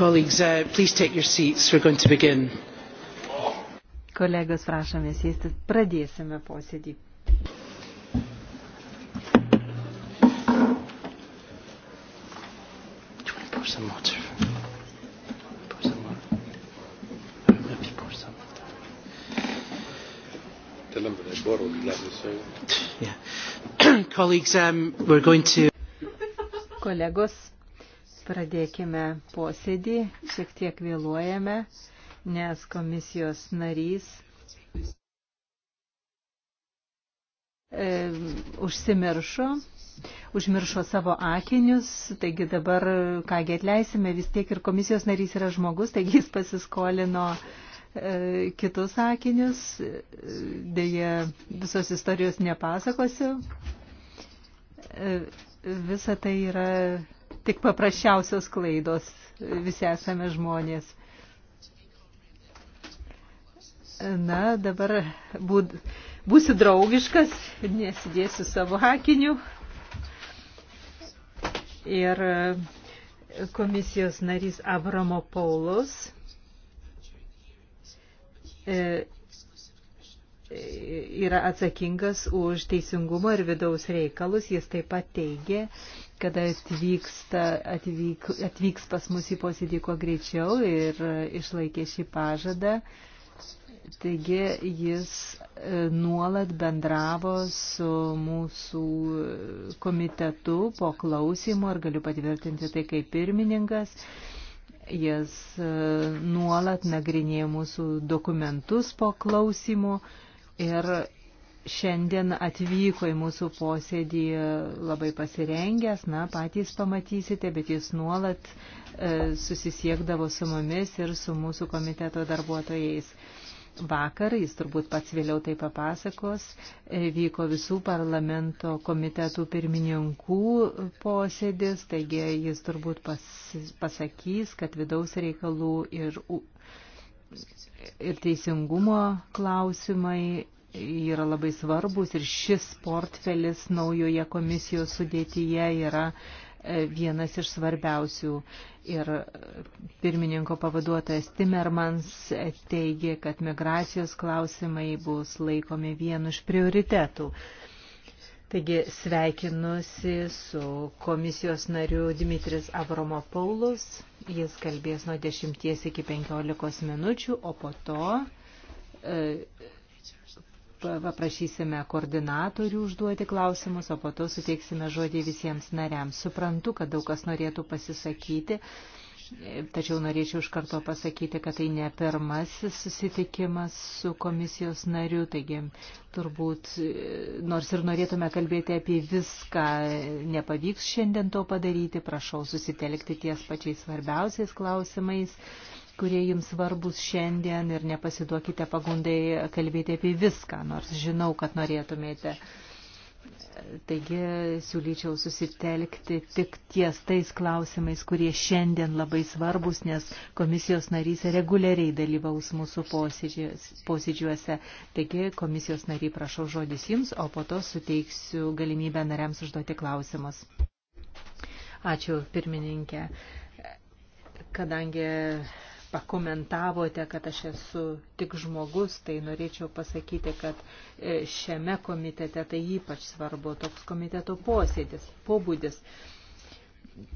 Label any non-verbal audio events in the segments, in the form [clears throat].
Colleagues, uh, please take your seats. We're going to begin. Kolegos, prašome sėstis. Pradėsime posėdį. Some water. Pour some water. Maybe pour some. Tell them that I borrowed glasses. Yeah. [clears throat] Colleagues, um, we're going to. Kolegos, Pradėkime posėdį, šiek tiek vėluojame, nes komisijos narys e, užsimiršo, užmiršo savo akinius, taigi dabar, kągi atleisime, vis tiek ir komisijos narys yra žmogus, taigi jis pasiskolino e, kitus akinius, dėja visos istorijos nepasakosiu. E, visa tai yra tik paprasčiausios klaidos. Visi esame žmonės. Na, dabar būd, būsiu draugiškas, nesidėsiu savo hakinių. Ir komisijos narys Avramo Paulus e, yra atsakingas už teisingumo ir vidaus reikalus. Jis taip pat teigia, kada atvyksta, atvyk, atvyks pas mus į posėdį kuo greičiau ir e, išlaikė šį pažadą. Taigi jis e, nuolat bendravo su mūsų komitetu po klausimų ir galiu patvirtinti tai kaip pirmininkas. Jis e, nuolat nagrinėjo mūsų dokumentus po klausimų ir šiandien atvyko į mūsų posėdį labai pasirengęs, na, patys pamatysite, bet jis nuolat e, susisiekdavo su mumis ir su mūsų komiteto darbuotojais. Vakar, jis turbūt pats vėliau tai papasakos, e, vyko visų parlamento komitetų pirmininkų posėdis, taigi jis turbūt pas, pasakys, kad vidaus reikalų ir, ir teisingumo klausimai yra labai svarbus ir šis portfelis naujoje komisijos sudėtyje yra e, vienas iš svarbiausių. Ir e, pirmininko pavaduotojas Timmermans e, teigia, kad migracijos klausimai bus laikomi vienu iš prioritetų. Taigi sveikinusi su komisijos nariu Dimitris Avromopaulus. Jis kalbės nuo 10 iki 15 minučių, o po to e, paprašysime koordinatorių užduoti klausimus, o po to suteiksime žodį visiems nariams. Suprantu, kad daug kas norėtų pasisakyti, tačiau norėčiau iš karto pasakyti, kad tai ne pirmasis susitikimas su komisijos nariu, taigi turbūt e, nors ir norėtume kalbėti apie viską, nepavyks šiandien to padaryti, prašau susitelkti ties pačiais svarbiausiais klausimais kurie jums svarbus šiandien ir nepasiduokite pagundai kalbėti apie viską, nors žinau, kad norėtumėte. Taigi siūlyčiau susitelkti tik ties tais klausimais, kurie šiandien labai svarbus, nes komisijos narys reguliariai dalyvaus mūsų posėdžiuose. Taigi komisijos nariai prašau žodis jums, o po to suteiksiu galimybę nariams užduoti klausimus. Ačiū pirmininkė. Kadangi pakomentavote, kad aš esu tik žmogus, tai norėčiau pasakyti, kad e, šiame komitete tai ypač svarbu toks komiteto posėdis, pobūdis.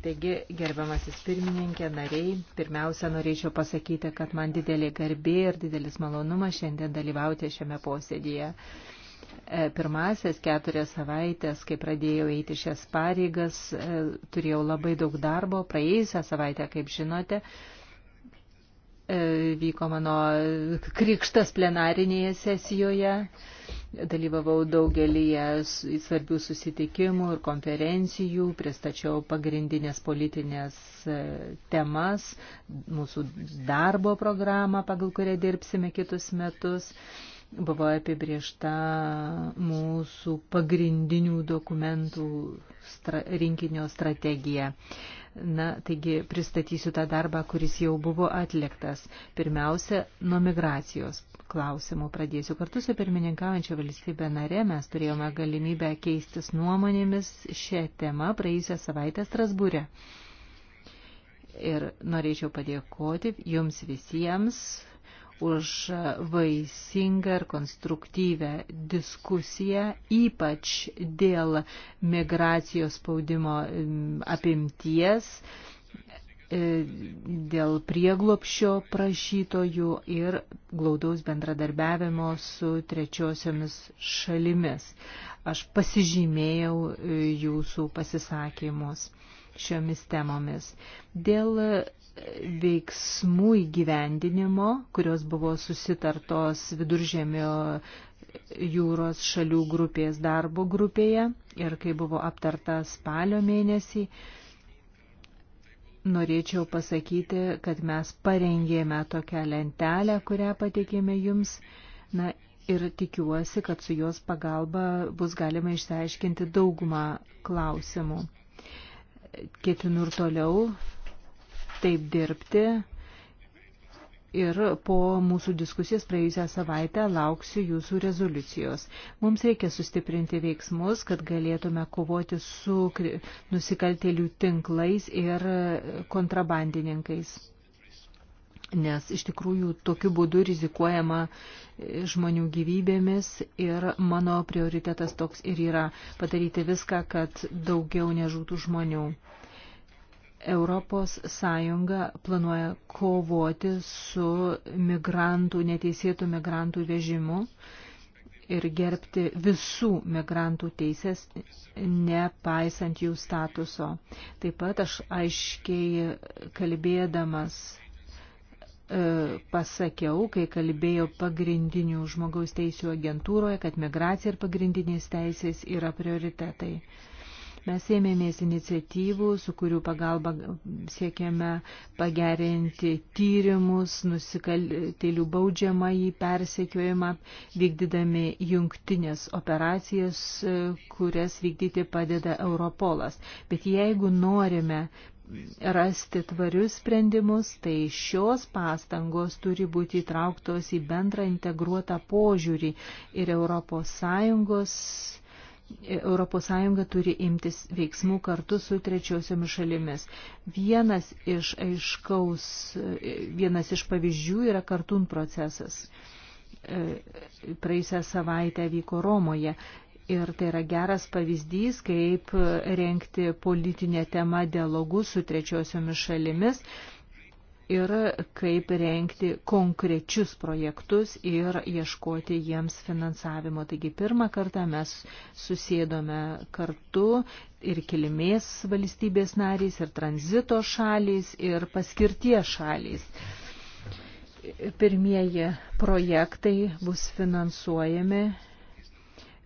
Taigi, gerbiamasis pirmininkė, nariai, pirmiausia, norėčiau pasakyti, kad man didelė garbė ir didelis malonumas šiandien dalyvauti šiame posėdėje. E, Pirmasis keturias savaitės, kai pradėjau eiti šias pareigas, e, turėjau labai daug darbo. Praėjusią savaitę, kaip žinote, E, vyko mano krikštas plenarinėje sesijoje. Dalyvavau daugelį svarbių susitikimų ir konferencijų, pristačiau pagrindinės politinės e, temas, mūsų darbo programą, pagal kurią dirbsime kitus metus buvo apibriešta mūsų pagrindinių dokumentų stra rinkinio strategija. Na, taigi pristatysiu tą darbą, kuris jau buvo atliktas. Pirmiausia, nuo migracijos klausimų pradėsiu. Kartu su pirmininkaujančia valstybė narė mes turėjome galimybę keistis nuomonėmis šią temą praėjusią savaitę Strasbūrė. Ir norėčiau padėkoti jums visiems už vaisingą ir konstruktyvę diskusiją, ypač dėl migracijos spaudimo apimties, e, dėl prieglopšio prašytojų ir glaudaus bendradarbiavimo su trečiosiomis šalimis. Aš pasižymėjau e, jūsų pasisakymus šiomis temomis. Dėl veiksmų įgyvendinimo, kurios buvo susitartos viduržėmio jūros šalių grupės darbo grupėje ir kai buvo aptarta spalio mėnesį, norėčiau pasakyti, kad mes parengėme tokią lentelę, kurią pateikėme jums. Na, ir tikiuosi, kad su jos pagalba bus galima išsiaiškinti daugumą klausimų ketinu ir toliau taip dirbti. Ir po mūsų diskusijos praėjusią savaitę lauksiu jūsų rezoliucijos. Mums reikia sustiprinti veiksmus, kad galėtume kovoti su nusikaltėlių tinklais ir kontrabandininkais nes iš tikrųjų tokiu būdu rizikuojama e, žmonių gyvybėmis ir mano prioritetas toks ir yra padaryti viską, kad daugiau nežūtų žmonių. Europos Sąjunga planuoja kovoti su migrantų, neteisėtų migrantų vežimu ir gerbti visų migrantų teisės, nepaisant jų statuso. Taip pat aš aiškiai kalbėdamas E, pasakiau, kai kalbėjau pagrindinių žmogaus teisų agentūroje, kad migracija ir pagrindinės teisės yra prioritetai. Mes ėmėmės iniciatyvų, su kurių pagalba siekėme pagerinti tyrimus, nusikaltėlių baudžiamą į persekiojimą, vykdydami jungtinės operacijas, e, kurias vykdyti padeda Europolas. Bet jeigu norime rasti tvarius sprendimus, tai šios pastangos turi būti įtrauktos į bendrą integruotą požiūrį ir ES, ES turi imtis veiksmų kartu su trečiosiomis šalimis. Vienas iš, aiškaus, vienas iš pavyzdžių yra kartun procesas praeisę savaitę vyko Romoje. Ir tai yra geras pavyzdys, kaip renkti politinę temą dialogus su trečiosiomis šalimis ir kaip renkti konkrečius projektus ir ieškoti jiems finansavimo. Taigi pirmą kartą mes susėdome kartu ir kilmės valstybės narys, ir tranzito šalys, ir paskirties šalys. Pirmieji projektai bus finansuojami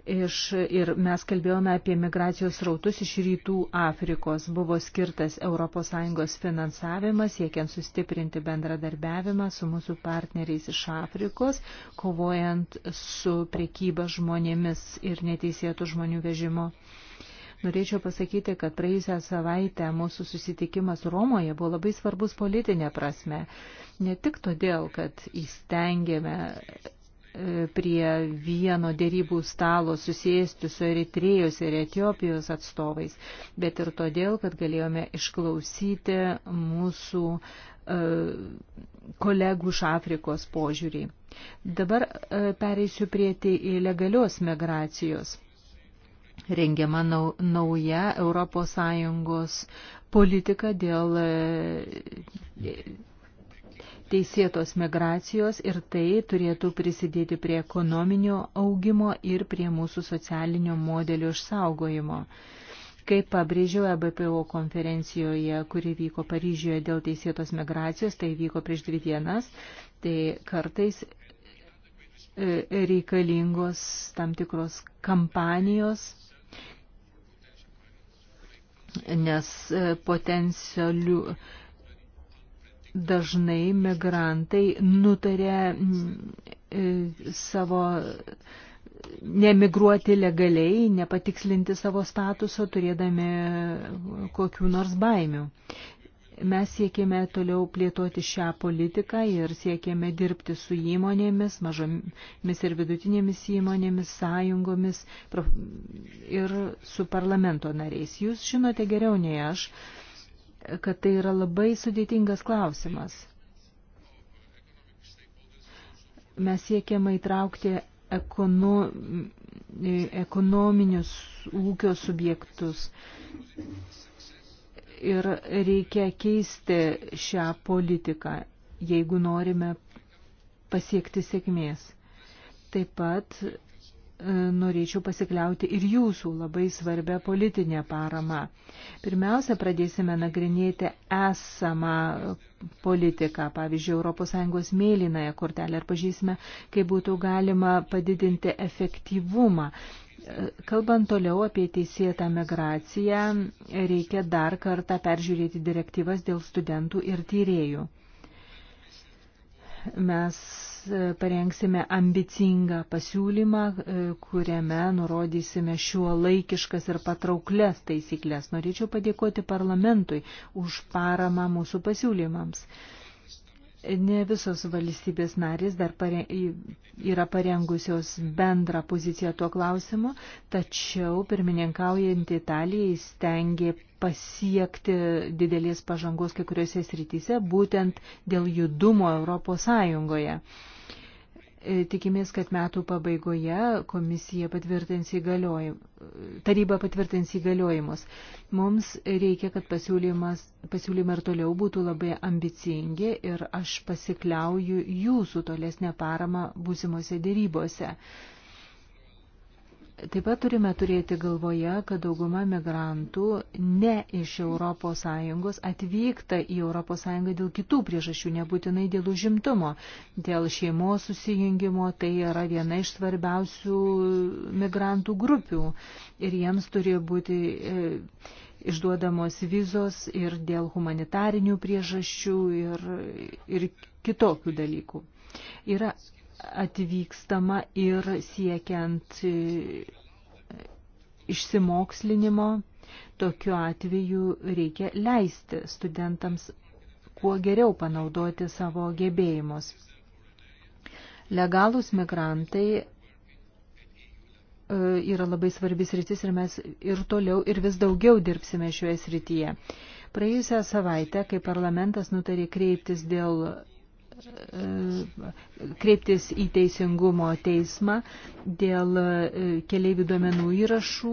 iš, ir mes kalbėjome apie migracijos rautus iš rytų Afrikos. Buvo skirtas ES finansavimas, siekiant sustiprinti bendradarbiavimą su mūsų partneriais iš Afrikos, kovojant su priekyba žmonėmis ir neteisėtų žmonių vežimo. Norėčiau pasakyti, kad praėjusią savaitę mūsų susitikimas Romoje buvo labai svarbus politinė prasme. Ne tik todėl, kad įstengėme prie vieno dėrybų stalo susėsti su Eritrėjos ir Etiopijos atstovais, bet ir todėl, kad galėjome išklausyti mūsų e, kolegų iš Afrikos požiūrį. Dabar e, pereisiu prie legalios migracijos. Rengiama nauja ES politika dėl e, teisėtos migracijos ir tai turėtų prisidėti prie ekonominio augimo ir prie mūsų socialinio modelio išsaugojimo. Kaip pabrėžiau EBPO konferencijoje, kuri vyko Paryžiuje dėl teisėtos migracijos, tai vyko prieš dvi dienas, tai kartais e, reikalingos tam tikros kampanijos, nes e, potencialių dažnai migrantai nutarė mm, e, savo nemigruoti legaliai, nepatikslinti savo statuso, turėdami kokių nors baimių. Mes siekėme toliau plėtoti šią politiką ir siekėme dirbti su įmonėmis, mažomis ir vidutinėmis įmonėmis, sąjungomis ir su parlamento nariais. Jūs žinote geriau nei aš, kad tai yra labai sudėtingas klausimas. Mes siekiame įtraukti ekono, ekonominius ūkio subjektus ir reikia keisti šią politiką, jeigu norime pasiekti sėkmės. Taip pat E, norėčiau pasikliauti ir jūsų labai svarbę politinę paramą. Pirmiausia, pradėsime nagrinėti esamą politiką, pavyzdžiui, ES mėlynąją kortelę ir pažįsime, kaip būtų galima padidinti efektyvumą. E, kalbant toliau apie teisėtą migraciją, reikia dar kartą peržiūrėti direktyvas dėl studentų ir tyriejų mes e, parengsime ambicingą pasiūlymą, e, kuriame nurodysime šiuo laikiškas ir patrauklės taisyklės. Norėčiau padėkoti parlamentui už paramą mūsų pasiūlymams. Ne visos valstybės narės dar pare, yra parengusios bendrą poziciją tuo klausimu, tačiau pirmininkaujant Italijai stengė pasiekti didelės pažangos kai kuriuose srityse, būtent dėl judumo Europos Sąjungoje. E, tikimės, kad metų pabaigoje komisija patvirtins įgaliojimus, taryba patvirtins įgaliojimus. Mums reikia, kad pasiūlymas, pasiūlymai ir toliau būtų labai ambicingi ir aš pasikliauju jūsų tolesnę paramą būsimose dėrybose. Taip pat turime turėti galvoje, kad dauguma migrantų ne iš ES atvyksta į ES dėl kitų priežasčių, nebūtinai dėl užimtumo, dėl šeimos susijungimo, tai yra viena iš svarbiausių migrantų grupių ir jiems turi būti e, išduodamos vizos ir dėl humanitarinių priežasčių ir, ir kitokių dalykų. Yra atvykstama ir siekiant e, išsimokslinimo. Tokiu atveju reikia leisti studentams kuo geriau panaudoti savo gebėjimus. Legalūs migrantai e, yra labai svarbis rytis ir mes ir toliau ir vis daugiau dirbsime šioje srityje. Praėjusią savaitę, kai parlamentas nutarė kreiptis dėl E, kreiptis į teisingumo teismą dėl e, keliaivių duomenų įrašų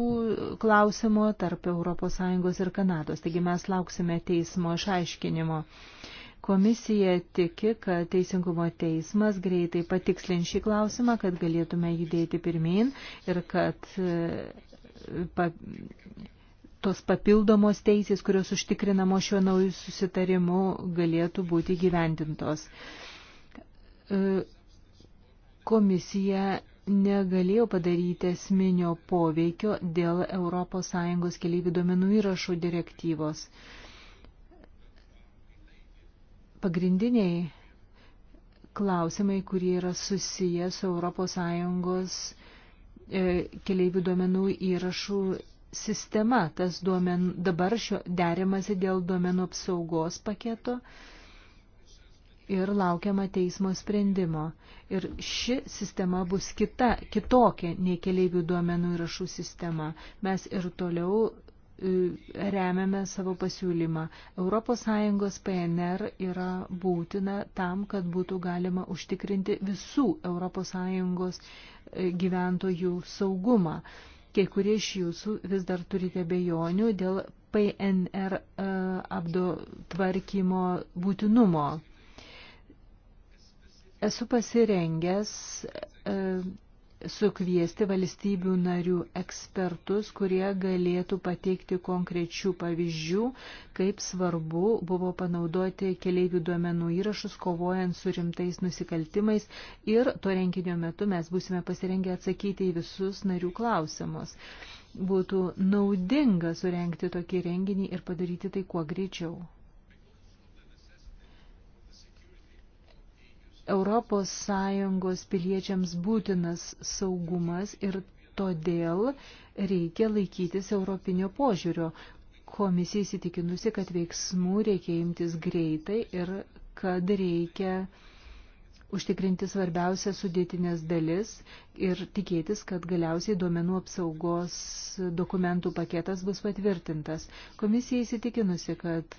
klausimo tarp ES ir Kanados. Taigi mes lauksime teismo išaiškinimo. Komisija tiki, kad Teisingumo teismas greitai patikslin šį klausimą, kad galėtume judėti pirmin ir kad e, pa, tos papildomos teisės, kurios užtikrinamo šiuo naujų susitarimu, galėtų būti gyvendintos. E, komisija negalėjo padaryti esminio poveikio dėl ES keliaivių duomenų įrašų direktyvos. Pagrindiniai klausimai, kurie yra susiję su ES e, keliaivių duomenų įrašų sistema, tas duomen, dabar šio derimasi dėl duomenų apsaugos paketo ir laukiama teismo sprendimo. Ir ši sistema bus kita, kitokia nei keliaivių duomenų įrašų sistema. Mes ir toliau e, remiame savo pasiūlymą. ES PNR yra būtina tam, kad būtų galima užtikrinti visų ES e, gyventojų saugumą. Kai kurie iš jūsų vis dar turite bejonių dėl PNR e, apdo tvarkymo būtinumo. Esu pasirengęs e, sukviesti valstybių narių ekspertus, kurie galėtų pateikti konkrečių pavyzdžių, kaip svarbu buvo panaudoti keliaivių duomenų įrašus, kovojant su rimtais nusikaltimais ir to renginio metu mes būsime pasirengę atsakyti į visus narių klausimus. Būtų naudinga surenkti tokį renginį ir padaryti tai kuo greičiau. ES piliečiams būtinas saugumas ir todėl reikia laikytis europinio požiūrio. Komisija įsitikinusi, kad veiksmų reikia imtis greitai ir kad reikia užtikrinti svarbiausias sudėtinės dalis ir tikėtis, kad galiausiai duomenų apsaugos dokumentų paketas bus patvirtintas. Komisija įsitikinusi, kad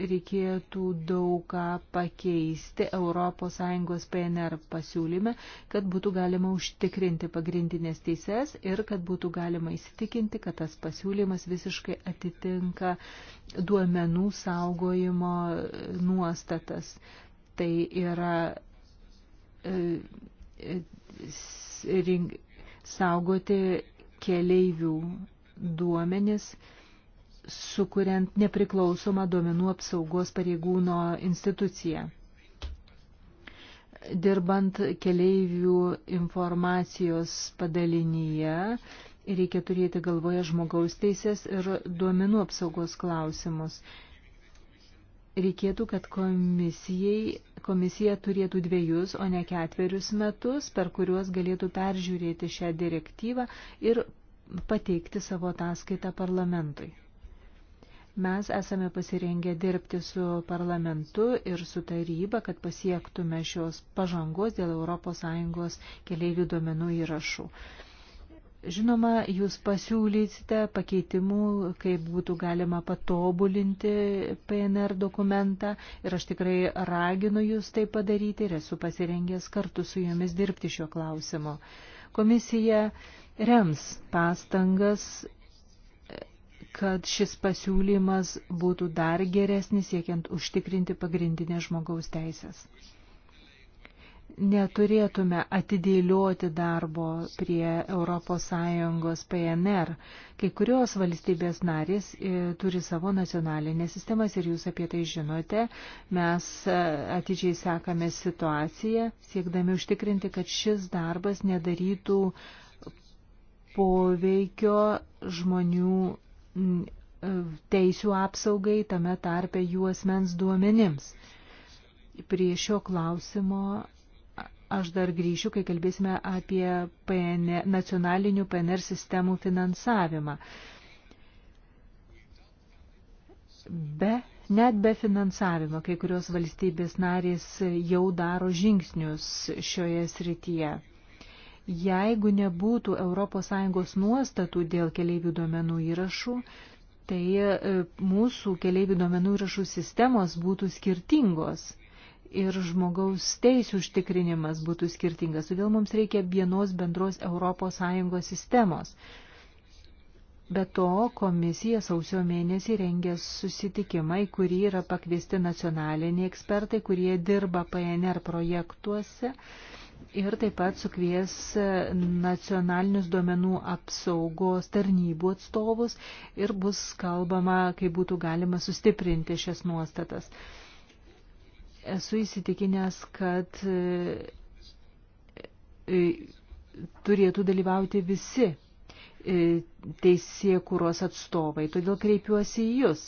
reikėtų daug ką pakeisti ES PNR pasiūlyme, kad būtų galima užtikrinti pagrindinės teises ir kad būtų galima įsitikinti, kad tas pasiūlymas visiškai atitinka duomenų saugojimo nuostatas. Tai yra e, e ring, saugoti keleivių duomenis. E, sukuriant nepriklausomą duomenų apsaugos pareigūno instituciją. Dirbant keleivių informacijos padalinyje, reikia turėti galvoje žmogaus teisės ir duomenų apsaugos klausimus. Reikėtų, kad komisijai, komisija turėtų dviejus, o ne ketverius metus, per kuriuos galėtų peržiūrėti šią direktyvą ir pateikti savo ataskaitą parlamentui. Mes esame pasirengę dirbti su parlamentu ir su taryba, kad pasiektume šios pažangos dėl ES keliaivių duomenų įrašų. Žinoma, jūs pasiūlysite pakeitimų, kaip būtų galima patobulinti PNR dokumentą ir aš tikrai raginu jūs tai padaryti ir esu pasirengęs kartu su jumis dirbti šiuo klausimu. Komisija rems pastangas kad šis pasiūlymas būtų dar geresnis, siekiant užtikrinti pagrindinės žmogaus teisės. Neturėtume atidėlioti darbo prie ES PNR. Kai kurios valstybės narės e, turi savo nacionalinės sistemas ir jūs apie tai žinote. Mes e, atidžiai sekame situaciją, siekdami užtikrinti, kad šis darbas nedarytų poveikio žmonių teisių apsaugai, tame tarpe jų asmens duomenims. Prie šio klausimo aš dar grįšiu, kai kalbėsime apie PN, e, nacionalinių PNR e sistemų finansavimą. Be, net be finansavimo kai kurios valstybės narės jau daro žingsnius šioje srityje. Jeigu nebūtų ES nuostatų dėl keliaivių duomenų įrašų, tai e, mūsų keliaivių duomenų įrašų sistemos būtų skirtingos ir žmogaus teisų užtikrinimas būtų skirtingas. Todėl mums reikia vienos bendros ES sistemos. Be to, komisija sausio mėnesį rengė susitikimą, į kurį yra pakviesti nacionaliniai ekspertai, kurie dirba PNR projektuose ir taip pat sukvies e, nacionalinius duomenų apsaugos tarnybų atstovus ir bus kalbama, kaip būtų galima sustiprinti šias nuostatas. Esu įsitikinęs, kad e, e, turėtų dalyvauti visi teisėkūros atstovai, todėl kreipiuosi į Jūs.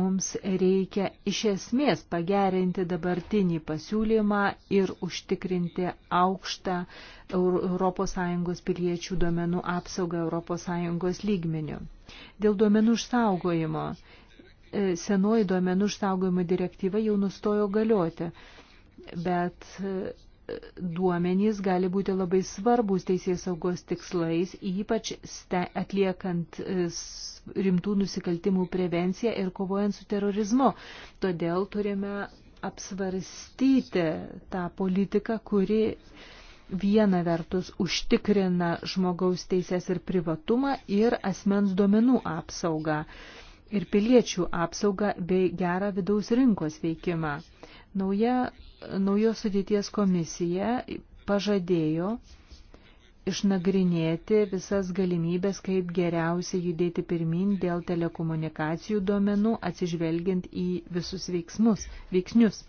Mums reikia iš esmės pagerinti dabartinį pasiūlymą ir užtikrinti aukštą ES piliečių duomenų apsaugą ES lygmenių. Dėl duomenų išsaugojimo. E, senoji duomenų išsaugojimo direktyva jau nustojo galioti, bet e, duomenys gali būti labai svarbus teisės saugos tikslais, ypač atliekant e, rimtų nusikaltimų prevenciją ir kovojant su terorizmu. Todėl turime apsvarstyti tą politiką, kuri viena vertus užtikrina žmogaus teisės ir privatumą ir asmens duomenų apsaugą ir piliečių apsaugą bei gerą vidaus rinkos veikimą. Nauja, naujos sudėties komisija pažadėjo išnagrinėti visas galimybės, kaip geriausia judėti pirmin dėl telekomunikacijų duomenų, atsižvelgiant į visus veiksmus, veiksnius. E,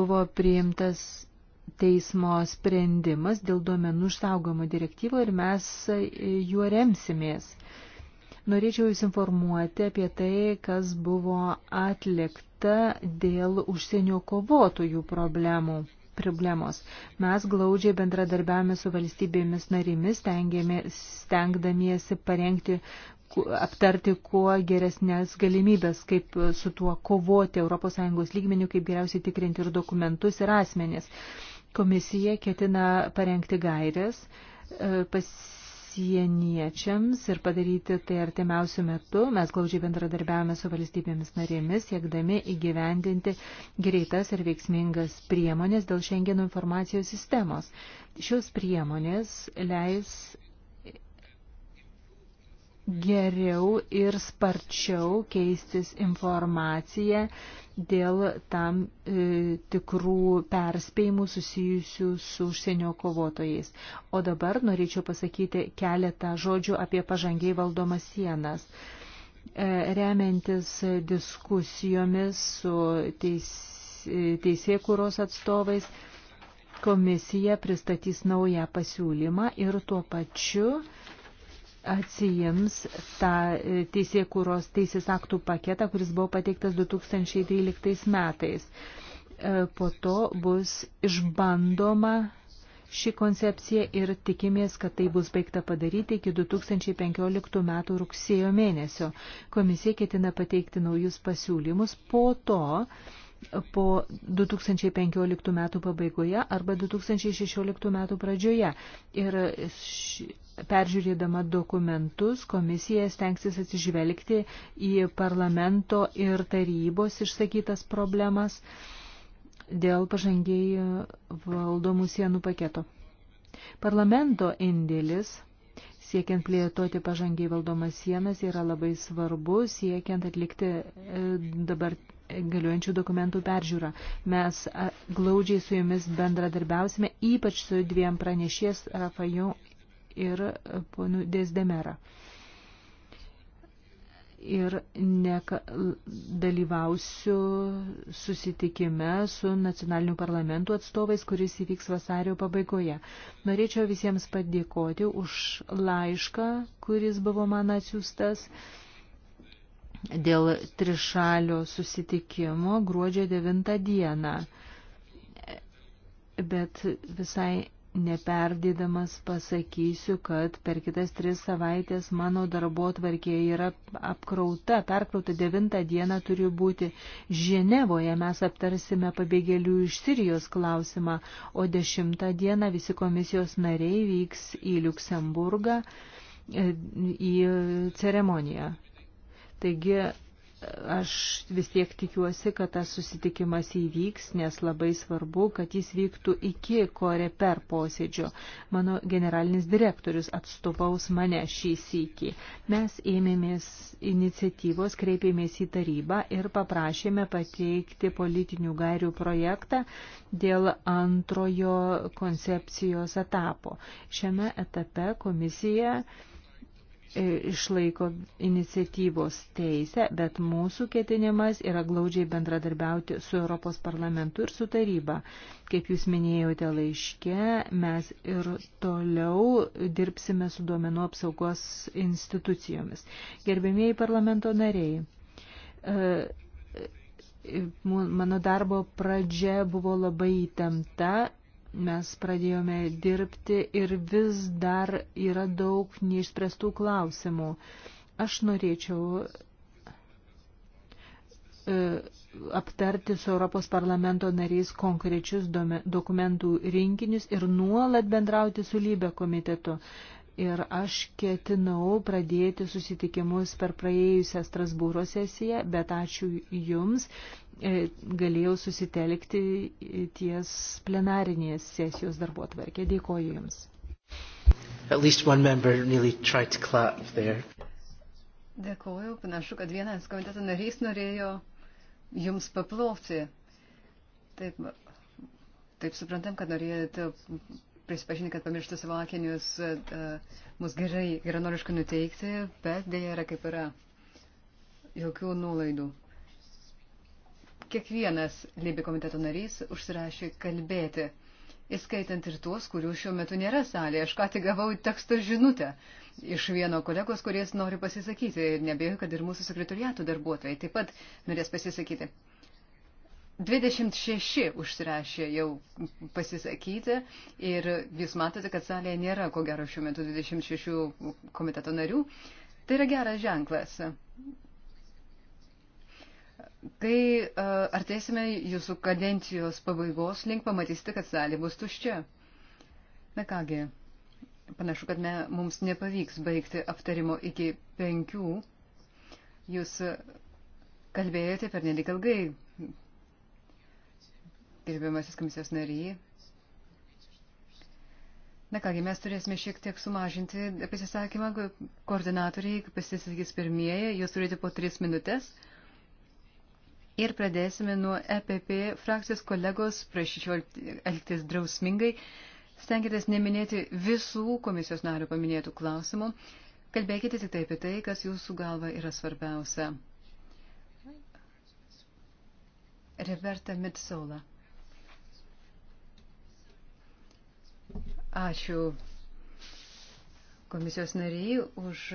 buvo priimtas teismo sprendimas dėl duomenų išsaugomo direktyvo ir mes juo remsimės. Norėčiau Jūs informuoti apie tai, kas buvo atlikta kita dėl užsienio kovotojų problemų. Problemos. Mes glaudžiai bendradarbiavame su valstybėmis narimis, stengdamiesi parengti, aptarti kuo geresnės galimybės, kaip su tuo kovoti ES lygmeniu, kaip geriausiai tikrinti ir dokumentus, ir asmenis. Komisija ketina parengti gairės, e, pas, pasieniečiams ir padaryti tai artimiausių metų. Mes glaudžiai bendradarbiavame su valstybėmis narėmis, siekdami įgyvendinti greitas ir veiksmingas priemonės dėl Schengeno informacijos sistemos. Šios priemonės leis geriau ir sparčiau keistis informaciją dėl tam e, tikrų perspėjimų susijusių su užsienio kovotojais. O dabar norėčiau pasakyti keletą žodžių apie pažangiai valdomas sienas. E, remiantis diskusijomis su teis, e, teisėkūros atstovais, komisija pristatys naują pasiūlymą ir tuo pačiu e, atsijims tą e, teisėkūros teisės aktų paketą, kuris buvo pateiktas 2013 metais. E, po to bus išbandoma ši koncepcija ir tikimės, kad tai bus baigta padaryti iki 2015 metų rugsėjo mėnesio. Komisija ketina pateikti naujus pasiūlymus po to, po 2015 metų pabaigoje arba 2016 metų pradžioje. Ir ši peržiūrėdama dokumentus, komisija stengsis atsižvelgti į parlamento ir tarybos išsakytas problemas dėl pažangiai valdomų sienų paketo. Parlamento indėlis siekiant plėtoti pažangiai valdomas sienas yra labai svarbu, siekiant atlikti e, dabar galiuojančių dokumentų peržiūrą. Mes glaudžiai su jumis bendradarbiausime, ypač su dviem pranešies Rafajo ir ponu Desdemera. Ir neka, dalyvausiu susitikime su nacionaliniu parlamentu atstovais, kuris įvyks vasario pabaigoje. Norėčiau visiems padėkoti už laišką, kuris buvo man atsiųstas dėl trišalio susitikimo gruodžio 9 dieną. Bet visai neperdėdamas pasakysiu, kad per kitas tris savaitės mano darbo tvarkė yra apkrauta, perkrauta devinta diena turi būti Ženevoje, mes aptarsime pabėgėlių iš Sirijos klausimą, o dešimtą dieną visi komisijos nariai vyks į Luksemburgą e, į ceremoniją. Taigi aš vis tiek tikiuosi, kad tas susitikimas įvyks, nes labai svarbu, kad jis vyktų iki koreper posėdžio. Mano generalinis direktorius atstovaus mane šį sykį. Mes ėmėmės iniciatyvos, kreipėmės į tarybą ir paprašėme pateikti politinių gairių projektą dėl antrojo koncepcijos etapo. Šiame etape komisija E, išlaiko iniciatyvos teisę, bet mūsų ketinimas yra glaudžiai bendradarbiauti su Europos parlamentu ir su taryba. Kaip jūs minėjote laiške, mes ir toliau dirbsime su duomenų apsaugos institucijomis. Gerbėmėjai parlamento nariai. E, e, mano darbo pradžia buvo labai įtempta, mes pradėjome dirbti ir vis dar yra daug neišspręstų klausimų. Aš norėčiau e, aptarti su Europos parlamento nariais konkrečius dokumentų rinkinius ir nuolat bendrauti su lybe komitetu. Ir aš ketinau pradėti susitikimus per praėjusią Strasbūro sesiją, bet ačiū Jums E, galėjau susitelkti ties plenarinės sesijos darbo atvarkė. Dėkoju Jums. Dėkoju, panašu, kad vienas komiteto narys norėjo Jums paploti. Taip, taip suprantam, kad norėjote prisipažinti, kad pamiršti savo akinius uh, mus gerai, geranoriškai nuteikti, bet dėja yra kaip yra. Jokių nuolaidų kiekvienas Libė komiteto narys užsirašė kalbėti, įskaitant ir tuos, kurių šiuo metu nėra salėje. Aš ką tik gavau teksto žinutę iš vieno kolegos, kuris nori pasisakyti ir nebejoju, kad ir mūsų sekretoriato darbuotojai taip pat norės pasisakyti. 26 užsirašė jau pasisakyti ir jūs matote, kad salėje nėra ko gero šiuo metu 26 komiteto narių. Tai yra geras ženklas. Kai e, artėsime jūsų kadencijos pabaigos link, pamatysite, kad salė bus tuščia. Na kągi, panašu, kad me, mums nepavyks baigti aptarimo iki penkių. Jūs kalbėjote per nelik ilgai, gerbiamasis komisijos nariai. Na kągi, mes turėsime šiek tiek sumažinti pasisakymą, koordinatoriai pasisakys pirmieji, jūs turite po tris minutės. Ir pradėsime nuo EPP frakcijos kolegos, prašyčiau elgtis drausmingai, stengiatės neminėti visų komisijos narių paminėtų klausimų, kalbėkite tik tai apie tai, kas jūsų galva yra svarbiausia. Reverta Mitsola. Ačiū komisijos nariai už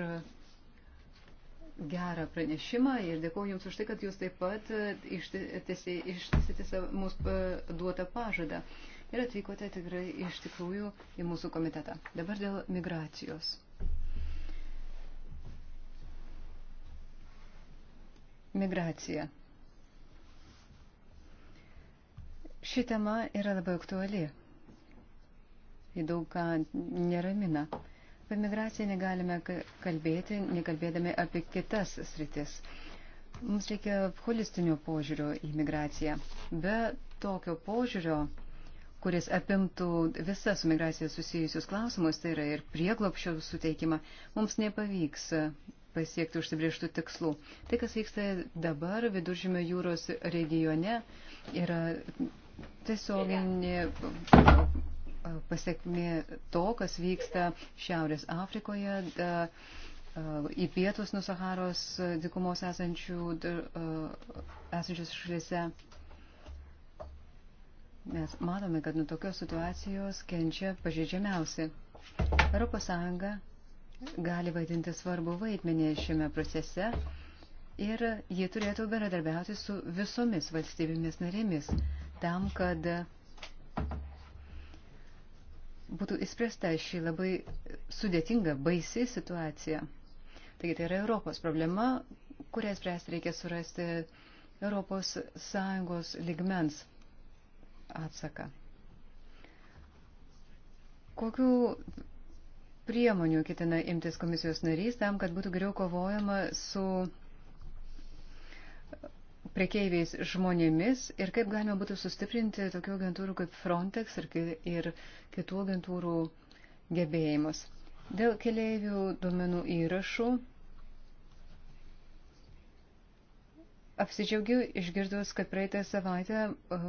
gerą pranešimą ir dėkuoju Jums už tai, kad Jūs taip pat e, ištisite mūsų e, duotą pažadą ir atvykote tikrai iš tikrųjų į mūsų komitetą. Dabar dėl migracijos. Migracija. Ši tema yra labai aktuali. Į daug ką neramina. Apie migraciją negalime kalbėti, nekalbėdami apie kitas sritis. Mums reikia holistinio požiūrio į migraciją. Be tokio požiūrio, kuris apimtų visas su migracija susijusius klausimus, tai yra ir prieglopščio suteikimą, mums nepavyks pasiekti užsibrieštų tikslų. Tai, kas vyksta dabar viduržymio jūros regione, yra tiesioginė pasiekmi to, kas vyksta Šiaurės Afrikoje, da, į pietus nuo Saharos dikumos esančių, esančios šalyse. Mes matome, kad nuo tokios situacijos kenčia pažeidžiamiausi. ES gali vaidinti svarbu vaidmenį šiame procese ir jie turėtų bendradarbiauti su visomis valstybėmis narėmis tam, kad būtų įspręsta šį labai sudėtingą, baisi situaciją. Taigi tai yra Europos problema, kurią spręsti reikia surasti Europos Sąjungos ligmens atsaką. Kokių priemonių ketina imtis komisijos narys tam, kad būtų geriau kovojama su prekeiviais žmonėmis ir kaip galima būtų sustiprinti tokių agentūrų kaip Frontex ir, ir kitų agentūrų gebėjimus. Dėl keleivių duomenų įrašų apsidžiaugiu išgirdus, kad praeitą savaitę uh,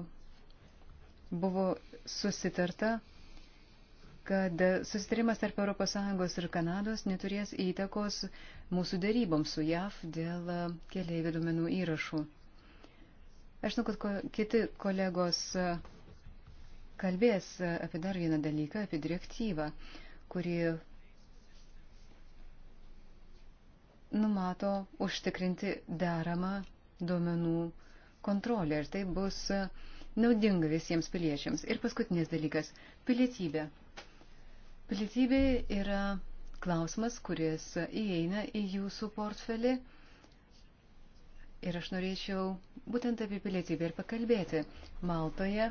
buvo susitarta, kad susitarimas tarp ES ir Kanados neturės įtakos mūsų daryboms su JAV dėl uh, keliaivių duomenų įrašų. Aš žinau, kad kiti kolegos e, kalbės e, apie dar vieną dalyką, apie direktyvą, kuri numato užtikrinti deramą duomenų kontrolę ir tai bus e, naudinga visiems piliečiams. Ir paskutinis dalykas - pilietybė. Pilietybė yra klausimas, kuris įeina į jūsų portfelį Ir aš norėčiau būtent apie pilietybę ir pakalbėti. Maltoje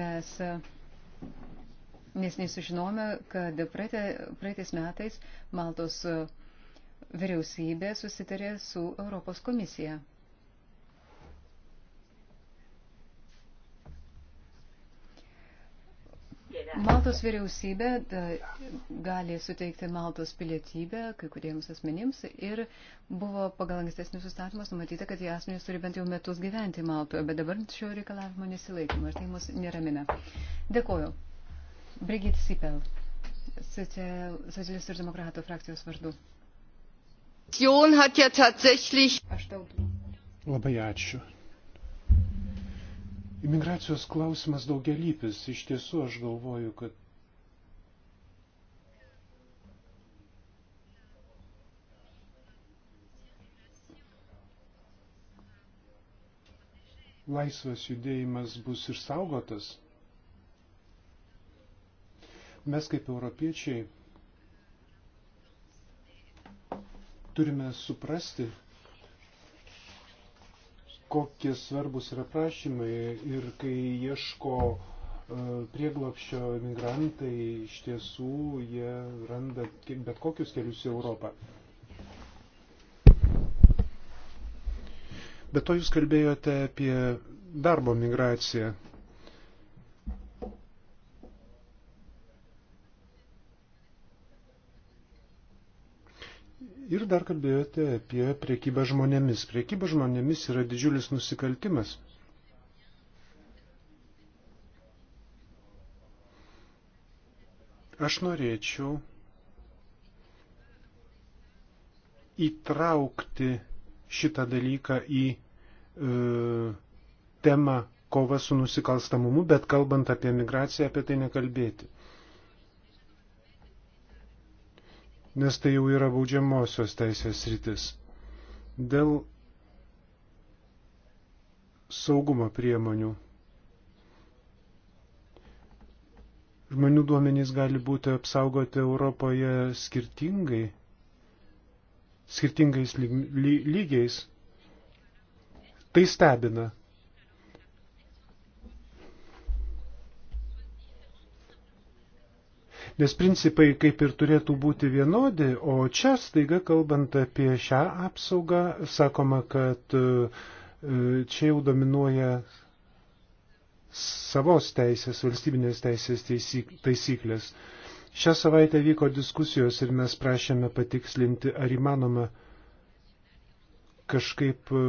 mes nesnei sužinome, kad praeitais metais Maltos e, vyriausybė susitarė su Europos komisija. Maltos vyriausybė da, gali suteikti Maltos pilietybę kai kuriems asmenims ir buvo pagal ankstesnius įstatymus numatyta, kad tie asmenys turi bent jau metus gyventi Maltoje, bet dabar šio reikalavimo nesilaikoma ir tai mus neramina. Dėkoju. Brigit Sipel, socialistų ir demokratų frakcijos vardu. Aš tau. Labai ačiū. Imigracijos klausimas daugialypis. Iš tiesų aš galvoju, kad laisvas judėjimas bus išsaugotas. Mes kaip europiečiai turime suprasti, kokie svarbus yra prašymai ir kai ieško e, prieglopščio migrantai iš tiesų jie randa bet kokius kelius į Europą. Bet to jūs kalbėjote apie darbo migraciją. Ir dar kalbėjote apie priekybą žmonėmis. Priekyba žmonėmis yra didžiulis nusikaltimas. Aš norėčiau įtraukti šitą dalyką į e, temą kova su nusikalstamumu, bet kalbant apie migraciją, apie tai nekalbėti. nes tai jau yra baudžiamosios teisės rytis. Dėl saugumo priemonių. Žmonių duomenys gali būti apsaugoti Europoje skirtingai, skirtingais lygiais. Tai stebina. nes principai kaip ir turėtų būti vienodi, o čia staiga kalbant apie šią apsaugą, sakoma, kad e, čia jau dominuoja savos teisės, valstybinės teisės taisyklės. Šią savaitę vyko diskusijos ir mes prašėme patikslinti, ar įmanoma kažkaip e,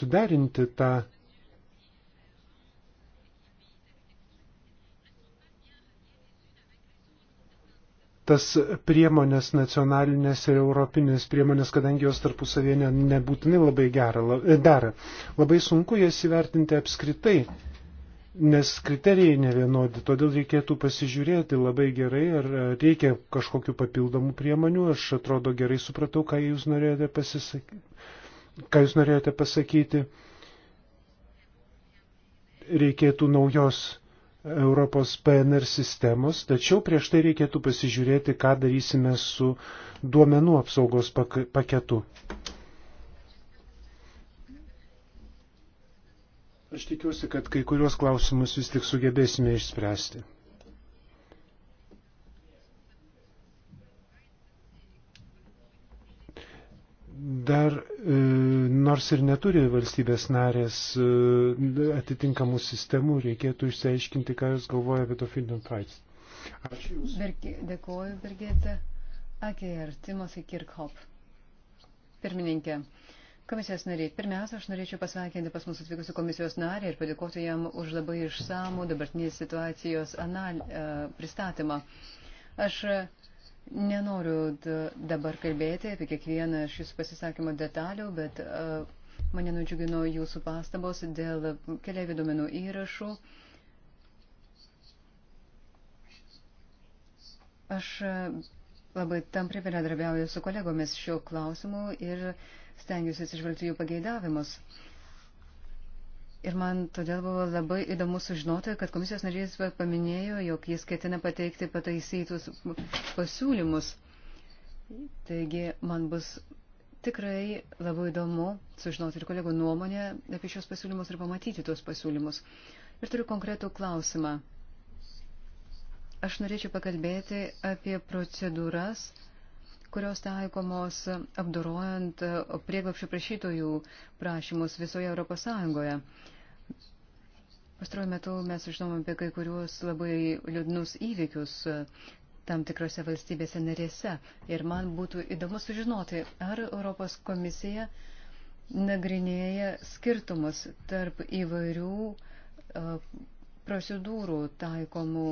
suderinti tą tas priemonės, nacionalinės ir europinės priemonės, kadangi jos tarpusavėje ne, nebūtinai labai gera, la, e, dera. Labai sunku jas įvertinti apskritai, nes kriterijai nevienodi, todėl reikėtų pasižiūrėti labai gerai, ar reikia kažkokių papildomų priemonių. Aš atrodo gerai supratau, ką jūs norėjote, pasisak... ką jūs norėjote pasakyti. Reikėtų naujos Europos PNR sistemos, tačiau prieš tai reikėtų pasižiūrėti, ką darysime su duomenų apsaugos paketu. Aš tikiuosi, kad kai kuriuos klausimus vis tik sugebėsime išspręsti. dar e, nors ir neturi valstybės narės e, atitinkamų sistemų, reikėtų išsiaiškinti, ką jūs galvoja apie to Freedom Prize. Ačiū Jums. Bergi, dėkuoju, Birgita. Akė ir Timosai Kirkhop. Pirmininkė. Komisijos nariai, pirmiausia, aš norėčiau pasveikinti pas mus atvykusių komisijos narį ir padėkoti jam už labai išsamų dabartinės situacijos anal, e, pristatymą. Aš uh, Nenoriu dabar kalbėti apie kiekvieną šis pasisakymo detalių, bet mane nudžiugino jūsų pastabos dėl keliaivių duomenų įrašų. Aš labai tampri bendradarbiauju su kolegomis šiuo klausimu ir stengiuosi atsižvelgti jų pageidavimus. Uh, Ir man todėl buvo labai įdomu sužinoti, kad komisijos narys paminėjo, jog jis ketina pateikti pataisytus pasiūlymus. Taigi man bus tikrai labai įdomu sužinoti ir kolegų nuomonę apie šios pasiūlymus ir pamatyti tuos pasiūlymus. Ir turiu konkretų klausimą. Aš norėčiau pakalbėti apie procedūras kurios taikomos apdorojant prieglapšių prašytojų prašymus visoje Europos Sąjungoje. Pastaruoju metu mes žinom apie kai kuriuos labai liūdnus įvykius tam tikrose valstybėse narėse. Ir man būtų įdomu sužinoti, ar Europos komisija nagrinėja skirtumus tarp įvairių uh, procedūrų taikomų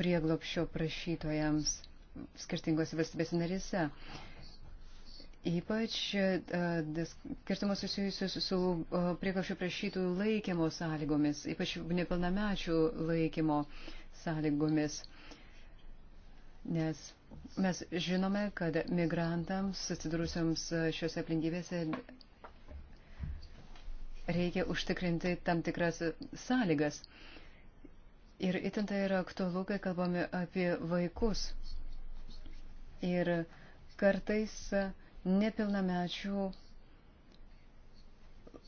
prieglopšio prašytojams skirtingose valstybės narėse. Ypač e, skirtumas susijusius su e, priekašio prašytų laikymo sąlygomis, ypač nepilnamečių laikymo sąlygomis. Nes mes žinome, kad migrantams atsidūrusiams e, šiuose aplinkybėse reikia užtikrinti tam tikras sąlygas. Ir itin tai yra aktualu, kai kalbame apie vaikus ir kartais nepilnamečių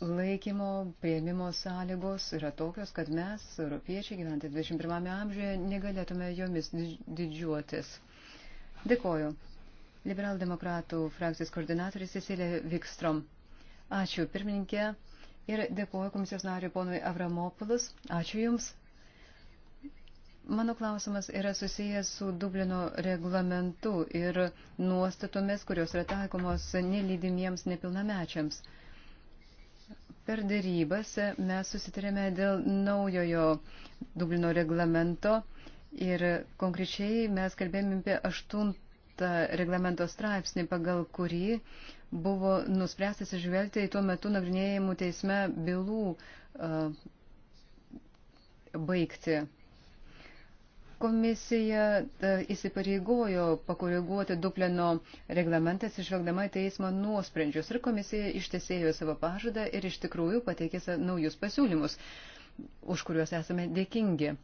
laikymo, prieimimo sąlygos yra tokios, kad mes, europiečiai, gyventi 21 amžiuje, negalėtume jomis didžiuotis. Dėkoju. Liberaldemokratų frakcijos koordinatorius Cecilė Vikstrom. Ačiū pirmininkė ir dėkoju komisijos nariui ponui Avramopoulos. Ačiū Jums. Mano klausimas yra susijęs su Dublino reglamentu ir nuostatomis, kurios yra taikomos nelydimiems nepilnamečiams. Per dėrybas mes susitarėme dėl naujojo Dublino reglamento ir konkrečiai mes kalbėjome apie aštuntą reglamento straipsnį, pagal kurį buvo nuspręstas išvelgti į tuo metu nagrinėjimų teisme bylų uh, baigti. Komisija e, įsipareigojo pakoreguoti Dublino reglamentą atsižvelgdama į teismo nuosprendžius ir komisija ištesėjo savo pažadą ir iš tikrųjų pateikė naujus pasiūlymus, už kuriuos esame dėkingi.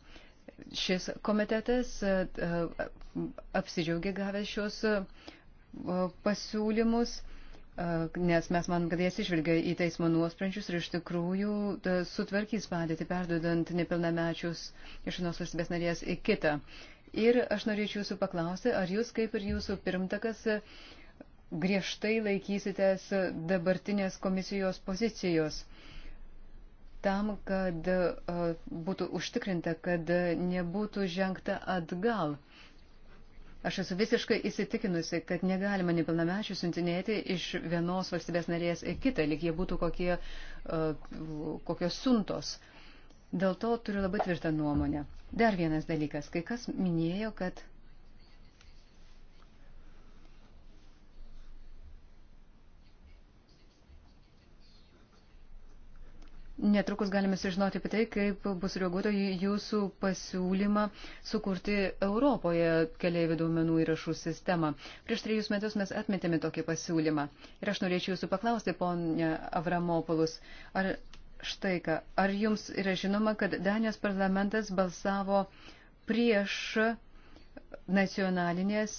Šis komitetas e, e, apsidžiaugė gavęs šios pasiūlymus nes mes manom, kad jie atsižvelgia į teismo nuosprendžius ir iš tikrųjų sutvarkys padėtį, perdodant nepilnamečius iš vienos valstybės narės į kitą. Ir aš norėčiau jūsų paklausti, ar jūs kaip ir jūsų pirmtakas griežtai laikysitės dabartinės komisijos pozicijos tam, kad būtų užtikrinta, kad nebūtų žengta atgal Aš esu visiškai įsitikinusi, kad negalima nepilnamečių siuntinėti iš vienos valstybės narės į kitą, lyg jie būtų kokie, uh, kokios suntos. Dėl to turiu labai tvirtą nuomonę. Dar vienas dalykas. Kai kas minėjo, kad Netrukus galime sužinoti apie tai, kaip bus reaguota į jūsų pasiūlymą sukurti Europoje keliaivių duomenų įrašų sistemą. Prieš trejus metus mes atmetėme tokį pasiūlymą. Ir aš norėčiau jūsų paklausti, ponė Avramopolus, ar štai ką, ar jums yra žinoma, kad Danijos parlamentas balsavo prieš nacionalinės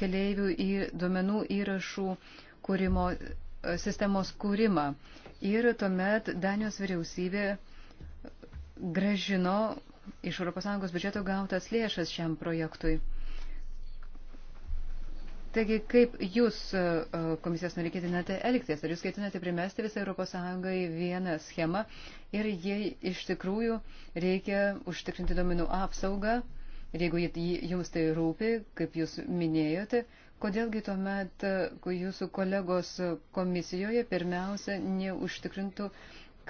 keliaivių į duomenų įrašų kūrimo, sistemos kūrimą? Ir tuomet Danijos vyriausybė gražino iš ES biudžeto gautas lėšas šiam projektui. Taigi, kaip jūs, e, komisijos nariai, ketinate elgtis? Ar jūs ketinate primesti visą ES vieną schemą ir jei iš tikrųjų reikia užtikrinti domenų apsaugą, ir jeigu jums tai rūpi, kaip jūs minėjote, kodėlgi tuomet e, jūsų kolegos komisijoje pirmiausia neužtikrintų,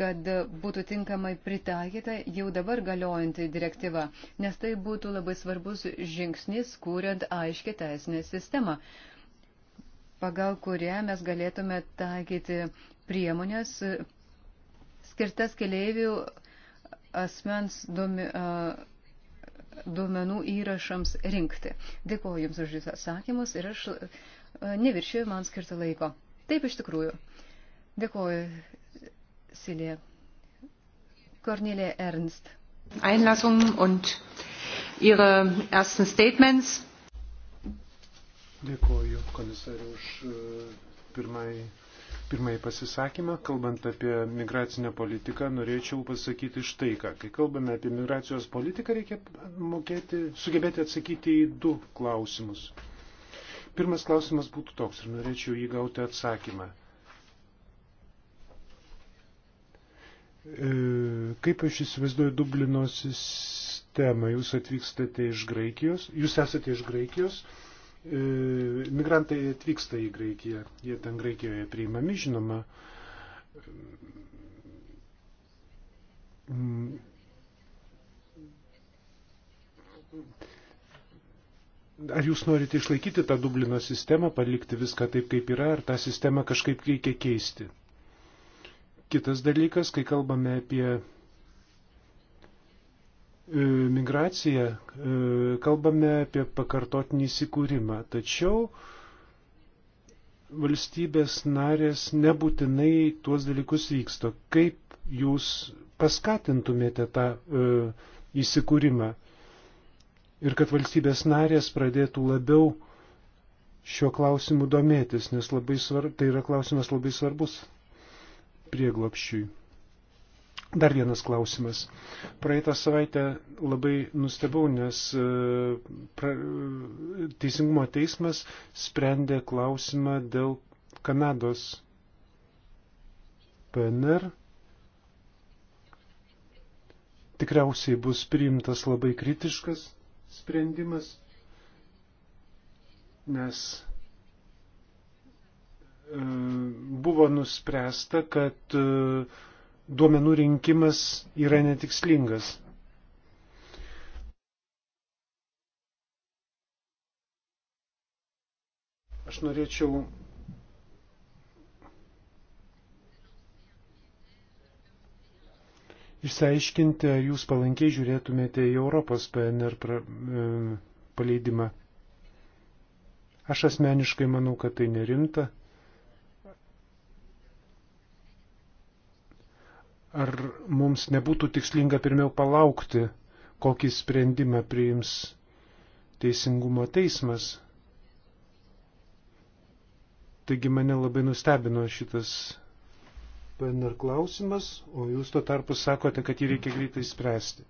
kad būtų tinkamai pritaikyta jau dabar galiojanti direktyva, nes tai būtų labai svarbus žingsnis, kuriant aiškį teisinę sistemą, pagal kurią mes galėtume taikyti priemonės e, skirtas keleivių asmens duomenų duomenų įrašams rinkti. Dėkuoju Jums už Jūsų atsakymus ir aš e, neviršiu man skirtą laiko. Taip iš tikrųjų. Dėkuoju, Silė. Kornelė Ernst. Einlassungen und Ihre ersten Statements. Dėkuoju komisariu už e, pirmąjį pirmąjį pasisakymą, kalbant apie migracinę politiką, norėčiau pasakyti štai ką. Kai kalbame apie migracijos politiką, reikia mokėti, sugebėti atsakyti į du klausimus. Pirmas klausimas būtų toks ir norėčiau jį gauti atsakymą. E, kaip aš įsivaizduoju Dublino sistemą? Jūs atvykstate iš Graikijos, jūs esate iš Graikijos, E, migrantai atvyksta į Graikiją, jie ten Graikijoje priimami, žinoma. Ar jūs norite išlaikyti tą Dublino sistemą, palikti viską taip, kaip yra, ar tą sistemą kažkaip reikia keisti? Kitas dalykas, kai kalbame apie E, migraciją, e, kalbame apie pakartotinį įsikūrimą, tačiau valstybės narės nebūtinai tuos dalykus vyksto. Kaip jūs paskatintumėte tą e, įsikūrimą ir kad valstybės narės pradėtų labiau šiuo klausimu domėtis, nes labai svarb, tai yra klausimas labai svarbus prieglopščiui. Dar vienas klausimas. Praeitą savaitę labai nustebau, nes e, pra, Teisingumo teismas sprendė klausimą dėl Kanados PNR. Tikriausiai bus priimtas labai kritiškas sprendimas, nes e, buvo nuspręsta, kad e, duomenų rinkimas yra netikslingas. Aš norėčiau išsiaiškinti, ar jūs palankiai žiūrėtumėte į Europos PNR pra, e, paleidimą. Aš asmeniškai manau, kad tai nerimta. Ar mums nebūtų tikslinga pirmiau palaukti, kokį sprendimą priims teisingumo teismas? Taigi mane labai nustebino šitas PNR klausimas, o jūs tuo tarpu sakote, kad jį reikia greitai spręsti.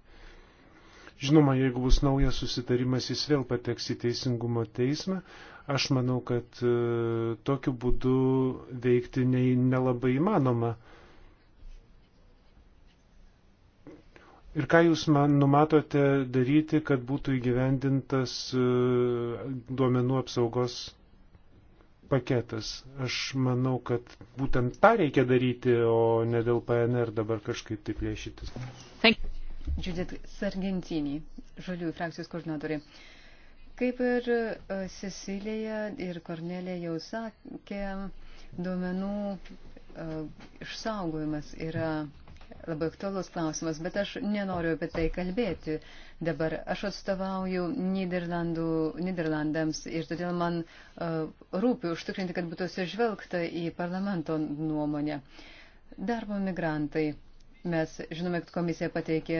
Žinoma, jeigu bus naujas susitarimas, jis vėl pateks į teisingumo teismą. Aš manau, kad e, tokiu būdu veikti ne, nelabai įmanoma. E, Ir ką Jūs man numatote daryti, kad būtų įgyvendintas e, duomenų apsaugos paketas? Aš manau, kad būtent tą reikia daryti, o ne dėl PNR dabar kažkaip taip lėšytis. Judith Sargentini, Žaliųjų frakcijos koordinatorė. Kaip ir e, Cecilija ir Kornelija jau sakė, duomenų e, išsaugojimas yra labai aktualus klausimas, bet aš nenoriu apie tai kalbėti dabar. Aš atstovauju Niderlandams ir todėl man uh, rūpi užtikrinti, kad būtų sižvelgta į parlamento nuomonę. Darbo migrantai. Mes žinome, kad komisija pateikė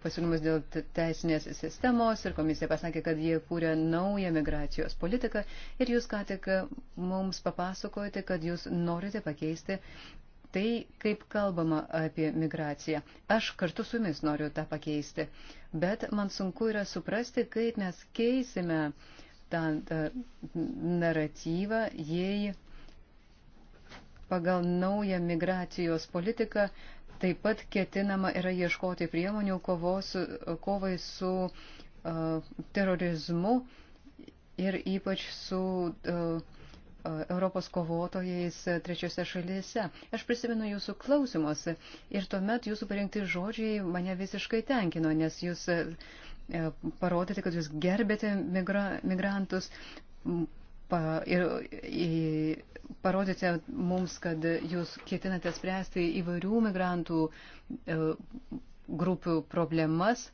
pasiūlymus dėl teisinės sistemos ir komisija pasakė, kad jie kūrė naują migracijos politiką ir jūs ką tik mums papasakojote, kad jūs norite pakeisti tai, kaip kalbama apie migraciją. Aš kartu su jumis noriu tą pakeisti, bet man sunku yra suprasti, kaip mes keisime tą, tą naratyvą, jei pagal naują migracijos politiką taip pat ketinama yra ieškoti priemonių kovos, kovai su uh, terorizmu ir ypač su uh, E, Europos kovotojais trečiose šalyse. Aš prisimenu jūsų klausimus ir tuomet jūsų parinkti žodžiai mane visiškai tenkino, nes jūs e, e, parodėte, kad jūs gerbėte migra, migrantus pa, ir, ir parodėte mums, kad jūs ketinate spręsti įvairių migrantų grupių problemas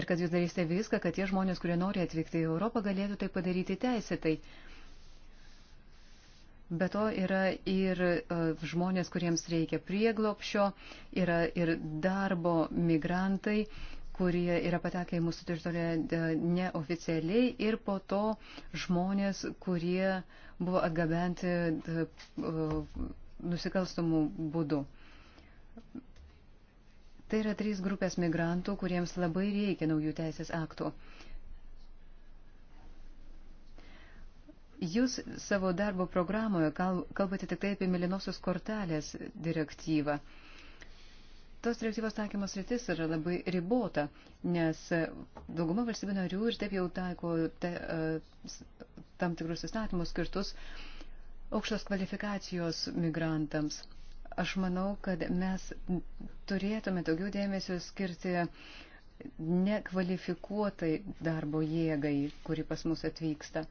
ir kad jūs darysite viską, kad tie žmonės, kurie nori atvykti į Europą, galėtų tai padaryti teisėtai. Be to yra ir uh, žmonės, kuriems reikia prieglopšio, yra ir darbo migrantai, kurie yra patekę į mūsų teritoriją uh, neoficialiai ir po to žmonės, kurie buvo atgabenti uh, nusikalstamų būdų. Tai yra trys grupės migrantų, kuriems labai reikia naujų teisės aktų. Jūs savo darbo programoje kalbate tik tai apie Milinosios kortelės direktyvą. Tos direktyvos taikymas rytis yra labai ribota, nes dauguma valstybių narių ir taip jau taiko te, e, tam tikrus įstatymus skirtus aukštos kvalifikacijos migrantams. Aš manau, kad mes turėtume daugiau dėmesio skirti nekvalifikuotai darbo jėgai, kuri pas mus atvyksta.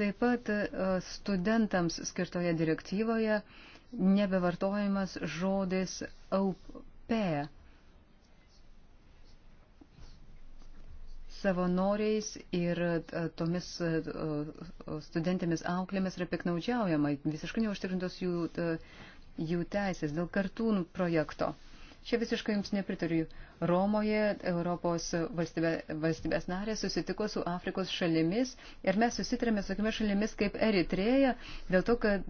Taip pat e, studentams skirtoje direktyvoje nebevartojamas žodis aupe. savanoriais ir e, tomis e, studentėmis auklėmis yra piknaudžiaujama, visiškai neužtikrintos jų, e, jų teisės dėl kartūnų projekto. Čia visiškai jums nepritariu. Romoje Europos valstybė, valstybės narė susitiko su Afrikos šalimis ir mes susitarėme su tokiamis šalimis kaip Eritreja dėl to, kad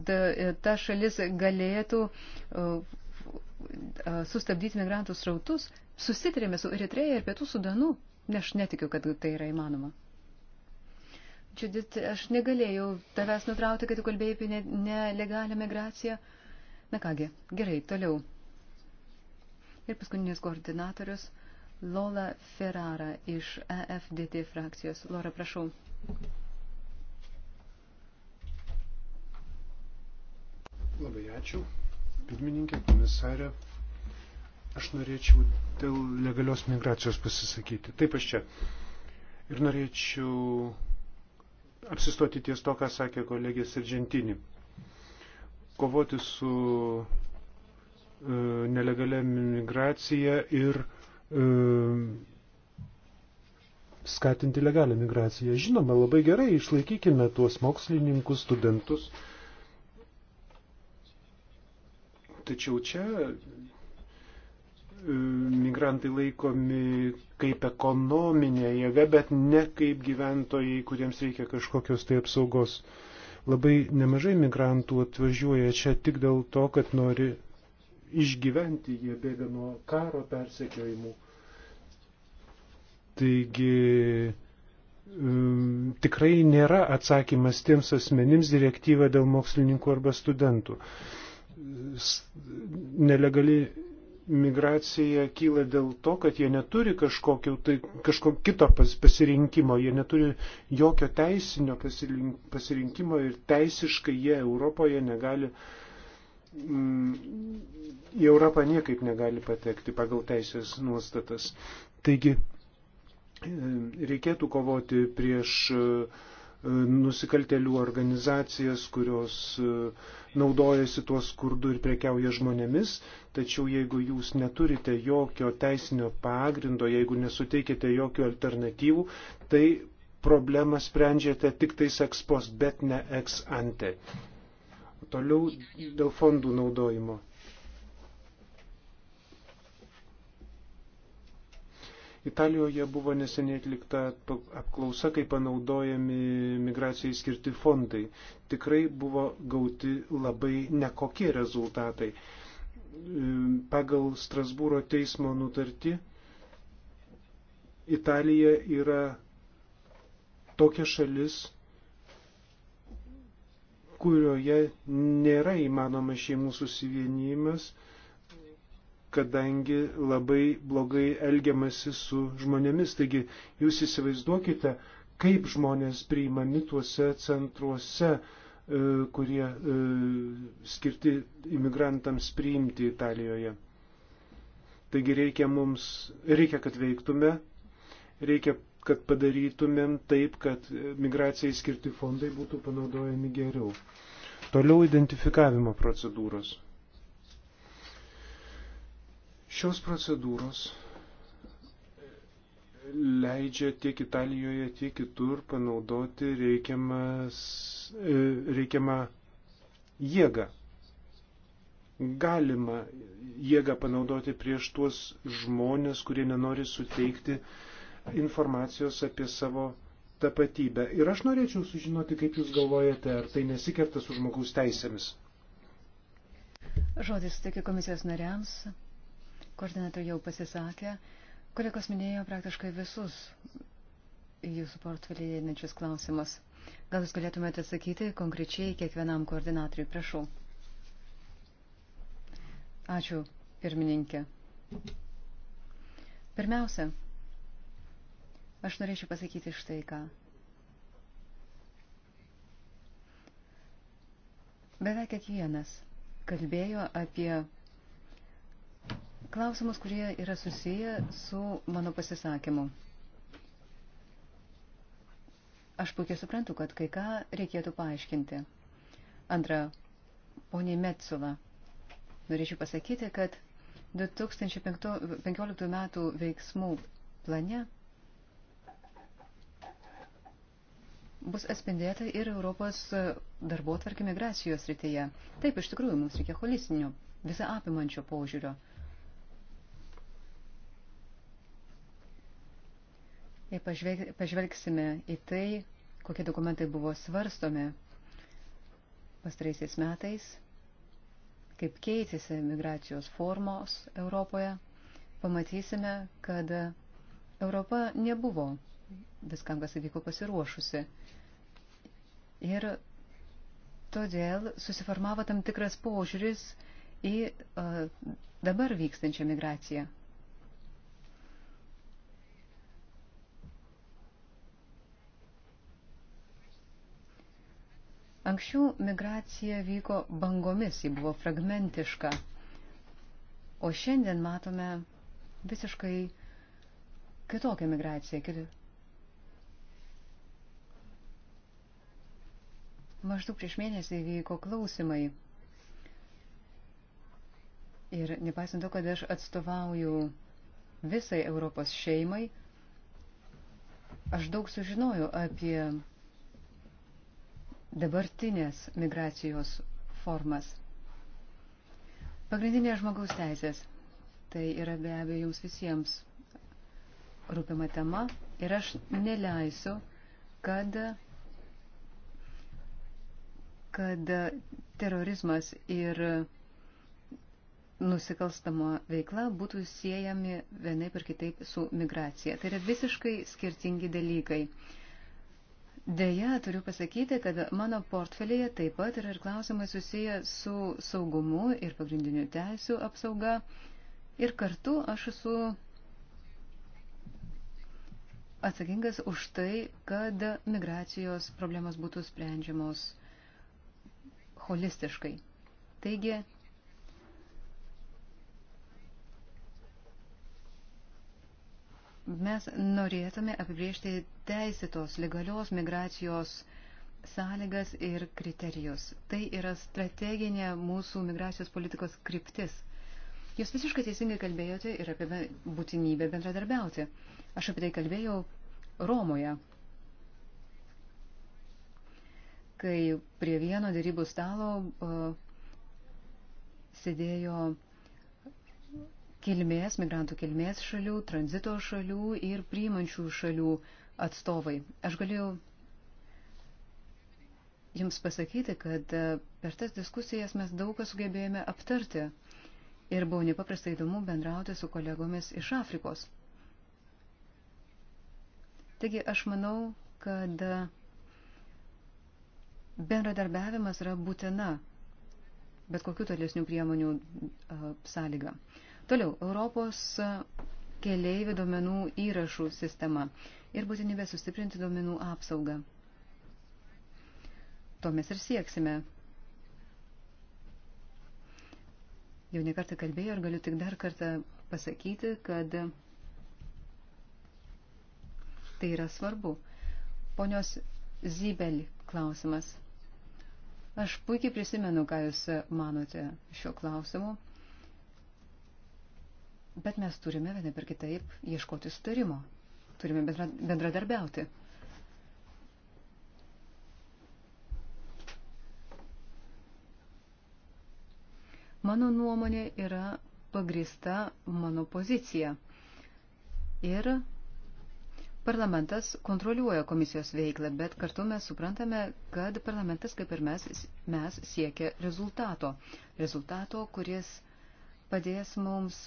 ta šalis galėtų sustabdyti migrantų srautus. Susitarėme su Eritreja ir Pietų Sudanu. Aš netikiu, kad tai yra įmanoma. Judith, aš negalėjau tavęs nutraukti, kad tu kalbėjai apie ne nelegalią migraciją. Na kągi, gerai, toliau. Ir paskutinis koordinatorius Lola Ferrara iš EFDT frakcijos. Lora, prašau. Labai ačiū. Pirmininkė, komisarė, Aš norėčiau dėl legalios migracijos pasisakyti. Taip aš čia. Ir norėčiau apsistoti ties to, ką sakė kolegė Sergentini. Kovoti su e, nelegalia migracija ir e, skatinti legalią migraciją. Žinoma, labai gerai išlaikykime tuos mokslininkus, studentus. Tačiau čia E, migrantai laikomi kaip ekonominė jėga, bet ne kaip gyventojai, kuriems reikia kažkokios tai apsaugos. Labai nemažai migrantų atvažiuoja čia tik dėl to, kad nori išgyventi, jie bėga nuo karo persekiojimų. Taigi e, tikrai nėra atsakymas tiems asmenims direktyva dėl mokslininkų arba studentų. Nelegali migracija kyla dėl to, kad jie neturi kažkokio, tai, kažkokio kito pasirinkimo, jie neturi jokio teisinio pasirinkimo ir teisiškai jie Europoje negali, mm, į Europą niekaip negali patekti pagal teisės nuostatas. Taigi e, reikėtų kovoti prieš uh, nusikaltelių organizacijas, kurios e, naudojasi tuo skurdu ir prekiauja žmonėmis, tačiau jeigu jūs neturite jokio teisinio pagrindo, jeigu nesuteikite jokių alternatyvų, tai problemą sprendžiate tik tais ekspos, bet ne ex ante. Toliau dėl fondų naudojimo. Italijoje buvo neseniai atlikta apklausa, kaip panaudojami migracijai skirti fondai. Tikrai buvo gauti labai nekokie rezultatai. Pagal Strasbūro teismo nutartį Italija yra tokia šalis, kurioje nėra įmanoma šeimų susivienimas, kadangi labai blogai elgiamasi su žmonėmis. Taigi jūs įsivaizduokite, kaip žmonės priimami tuose centruose, e, kurie e, skirti imigrantams priimti Italijoje. Taigi reikia mums, reikia, kad veiktume, reikia, kad padarytumėm taip, kad migracijai skirti fondai būtų panaudojami geriau. Toliau identifikavimo procedūros. Šios procedūros leidžia tiek Italijoje, tiek kitur panaudoti reikiamas, e, reikiamą jėgą. Galima jėgą panaudoti prieš tuos žmonės, kurie nenori suteikti informacijos apie savo tapatybę. Ir aš norėčiau sužinoti, kaip Jūs galvojate, ar tai nesikerta su žmogaus teisėmis. Žodis teikia komisijos nariams. Koordinatoriai jau pasisakė. Kolegos minėjo praktiškai visus jūsų portfelį einančius klausimus. Gal jūs galėtumėte atsakyti konkrečiai kiekvienam koordinatoriui, prašau. Ačiū, pirmininkė. Pirmiausia, aš norėčiau pasakyti štai ką. Beveik kiekvienas kalbėjo apie klausimus, kurie yra susiję su mano pasisakymu. Aš puikiai suprantu, kad kai ką reikėtų paaiškinti. Antra, poniai Metsula, norėčiau pasakyti, kad 2015 metų veiksmų plane bus atspindėta ir Europos darbo tvarkė migracijos rytyje. Taip, iš tikrųjų, mums reikia holistinio, visą apimančio požiūrio. Jei pažvelgsime į tai, kokie dokumentai buvo svarstomi pastaraisiais metais, kaip keitėsi migracijos formos Europoje, pamatysime, kad Europa nebuvo viskam, kas įvyko pasiruošusi. Ir todėl susiformavo tam tikras požiūris į uh, dabar vykstančią migraciją. Anksčiau migracija vyko bangomis, ji buvo fragmentiška, o šiandien matome visiškai kitokią migraciją. Kiti... Maždaug prieš mėnesį vyko klausimai Ir nepaisant to, kad aš atstovauju visai Europos šeimai, aš daug sužinojau apie dabartinės migracijos formas. Pagrindinės žmogaus teisės. Tai yra be abejo jums visiems rūpima tema ir aš neleisiu, kad, kad terorizmas ir nusikalstama veikla būtų siejami vienaip ir kitaip su migracija. Tai yra visiškai skirtingi dalykai. Uh, Deja, turiu pasakyti, kad mano portfelėje taip pat yra ir klausimai susiję su saugumu ir pagrindiniu teisų apsauga. Ir kartu aš esu atsakingas už tai, kad migracijos problemos būtų sprendžiamos holistiškai. Taigi, mes norėtume apibriežti teisėtos legalios migracijos sąlygas ir kriterijus. Tai yra strateginė mūsų migracijos politikos kryptis. Jūs visiškai teisingai kalbėjote ir apie būtinybę bendradarbiauti. Aš apie tai kalbėjau Romoje, kai prie vieno dėrybų stalo uh, sėdėjo kilmės, migrantų kilmės šalių, tranzito šalių ir priimančių šalių atstovai. Aš galėjau Jums pasakyti, kad e, per tas diskusijas mes daug ką sugebėjome aptarti ir buvo nepaprastai įdomu bendrauti su kolegomis iš Afrikos. Taigi aš manau, kad e, bendradarbiavimas yra būtina bet kokiu tolesnių priemonių e, sąlyga. Uh, Toliau, Europos keleivių duomenų įrašų sistema ir būtinybė sustiprinti duomenų apsaugą. To mes ir sieksime. Jau nekartą kalbėjau ir galiu tik dar kartą pasakyti, kad tai yra svarbu. Ponios Zybel klausimas. Aš puikiai prisimenu, ką Jūs manote šiuo klausimu. Bet mes turime vienai per kitaip ieškoti sutarimo. Turime bendra, bendradarbiauti. Mano nuomonė yra pagrista mano pozicija. Ir parlamentas kontroliuoja komisijos veiklą, bet kartu mes suprantame, kad parlamentas, kaip ir mes, mes siekia rezultato. Rezultato, kuris padės mums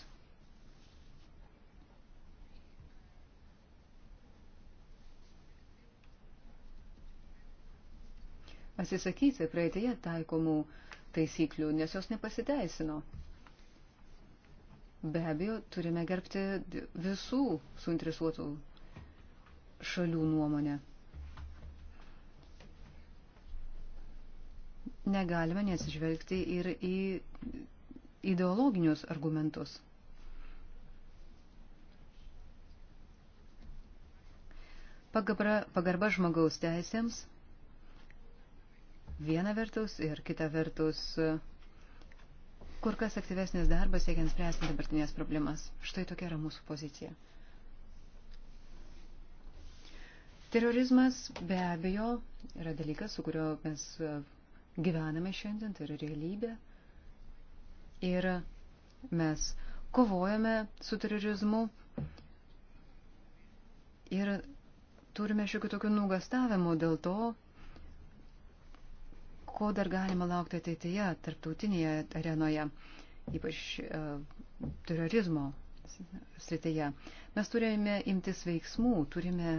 atsisakyti praeitėje taikomų taisyklių, nes jos nepasiteisino. Be abejo, turime gerbti visų suinteresuotų šalių nuomonę. Negalime nesižvelgti ir į ideologinius argumentus. Pagabra, pagarba žmogaus teisėms viena vertus ir kita vertus kur kas aktyvesnis darbas siekiant spręsti dabartinės problemas. Štai tokia yra mūsų pozicija. Terorizmas be abejo yra dalykas, su kuriuo mes gyvename šiandien, tai yra realybė. Ir mes kovojame su terorizmu ir turime šiokių tokių nugastavimų dėl to, ko dar galima laukti ateityje tarptautinėje arenoje, ypač uh, terorizmo srityje. Mes turime imtis veiksmų, turime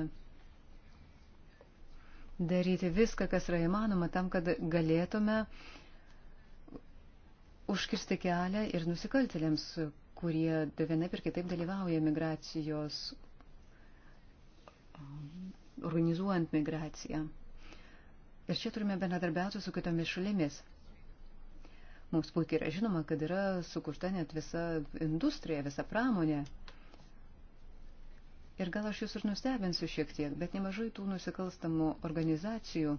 daryti viską, kas yra įmanoma, tam, kad galėtume užkirsti kelią ir nusikaltėliams, kurie vienaip ir kitaip dalyvauja migracijos, organizuojant migraciją. Ir čia turime bendradarbiauti su kitomis šalimis. Mums puikiai yra žinoma, kad yra sukurta net visa industrija, visa pramonė. Ir gal aš jūs ir nustebinsiu šiek tiek, bet nemažai tų nusikalstamų organizacijų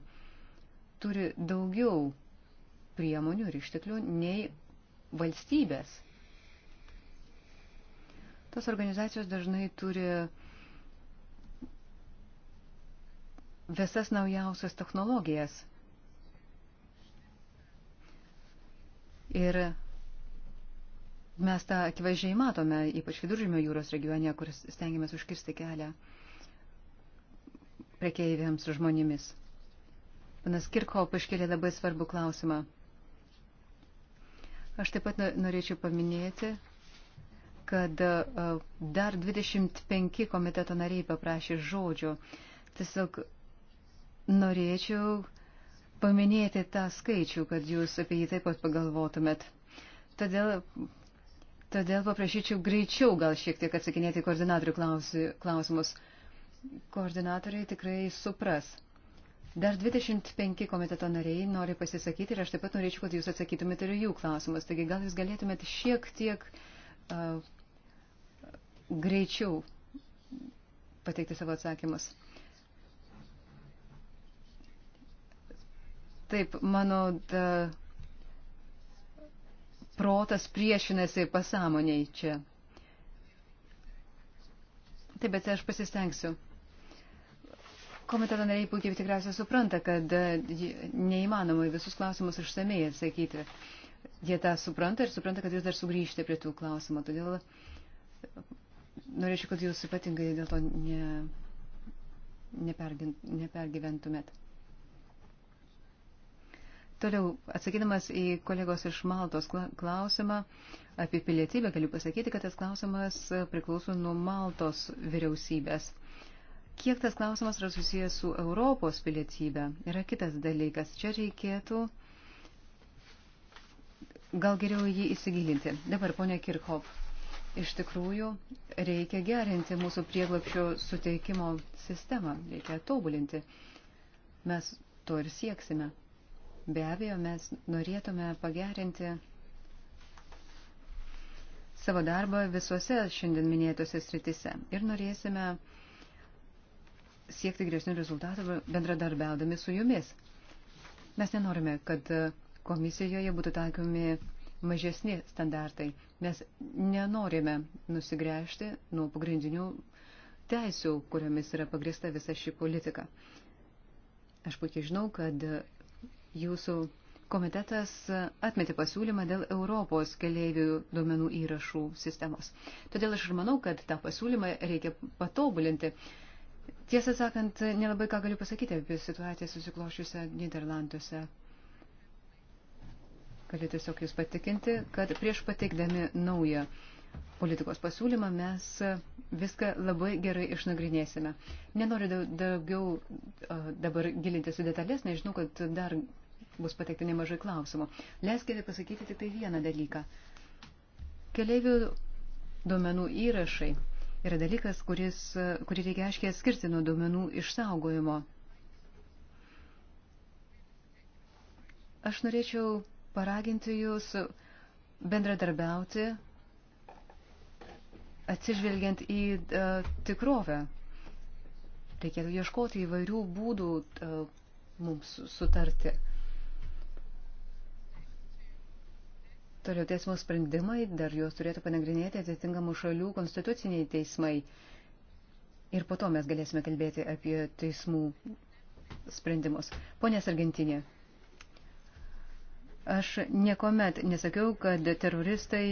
turi daugiau priemonių ir išteklių nei valstybės. Tos organizacijos dažnai turi uh, visas naujausias technologijas. Ir mes tą akivaizdžiai matome, ypač viduržymio jūros regione, kur stengiamės užkirsti kelią prekeiviams žmonėmis. Panas Kirko paškėlė labai svarbų klausimą. Aš taip pat norėčiau paminėti, kad dar 25 komiteto nariai paprašė žodžio. Tiesiog norėčiau paminėti tą skaičių, kad jūs apie jį taip pat pagalvotumėt. Todėl, todėl paprašyčiau greičiau gal šiek tiek atsakinėti koordinatorių klausimus. Koordinatoriai tikrai supras. Dar 25 komiteto nariai nori pasisakyti ir aš taip pat norėčiau, kad jūs atsakytumėte ir jų klausimus. Taigi gal jūs galėtumėte šiek tiek uh, greičiau pateikti savo atsakymus. Taip, mano da, protas priešinasi pasąmoniai čia. Taip, bet aš pasistengsiu. Komiteto nariai puikiai tikriausiai supranta, kad e, neįmanoma visus klausimus išsamei atsakyti. Jie tą supranta ir supranta, kad jūs dar sugrįžite prie tų klausimų. Todėl e, norėčiau, kad jūs ypatingai dėl to ne, nepergyventumėt. Toliau, atsakydamas į kolegos iš Maltos klausimą apie pilietybę, galiu pasakyti, kad tas klausimas priklauso nuo Maltos vyriausybės. Kiek tas klausimas yra susijęs su Europos pilietybė, yra kitas dalykas. Čia reikėtų gal geriau jį įsigilinti. Dabar, ponia Kirchhoff, iš tikrųjų reikia gerinti mūsų prieglapšio suteikimo sistemą, reikia tobulinti. Mes to ir sieksime. Be abejo, mes norėtume pagerinti savo darbą visuose šiandien minėtose sritise ir norėsime siekti grėžnių rezultatų bendradarbiaudami su jumis. Mes nenorime, kad komisijoje būtų taikomi mažesni standartai. Mes nenorime nusigręžti nuo pagrindinių teisių, kuriomis yra pagrista visa ši politika. Aš puikiai žinau, kad Jūsų komitetas atmetė pasiūlymą dėl Europos keliaivių duomenų įrašų sistemos. Todėl aš ir manau, kad tą pasiūlymą reikia patobulinti. Tiesą sakant, nelabai ką galiu pasakyti apie situaciją susiklošiusią Niderlanduose. Galiu tiesiog jūs patikinti, kad prieš pateikdami naują politikos pasiūlymą mes viską labai gerai išnagrinėsime. Nenoriu daugiau dabar gilinti su detalės, nežinau, kad dar bus pateikta nemažai klausimų. Leiskite pasakyti tik tai vieną dalyką. Keleivių duomenų įrašai yra dalykas, kuris, kurį reikia aiškiai atskirti nuo duomenų išsaugojimo. Aš norėčiau paraginti jūs bendradarbiauti atsižvelgiant į uh, tikrovę. Reikėtų ieškoti įvairių būdų uh, mums sutarti. Toliau teismo sprendimai, dar juos turėtų panagrinėti atitinkamų šalių konstituciniai teismai. Ir po to mes galėsime kalbėti apie teismų sprendimus. Ponės Argentinė, aš niekuomet nesakiau, kad teroristai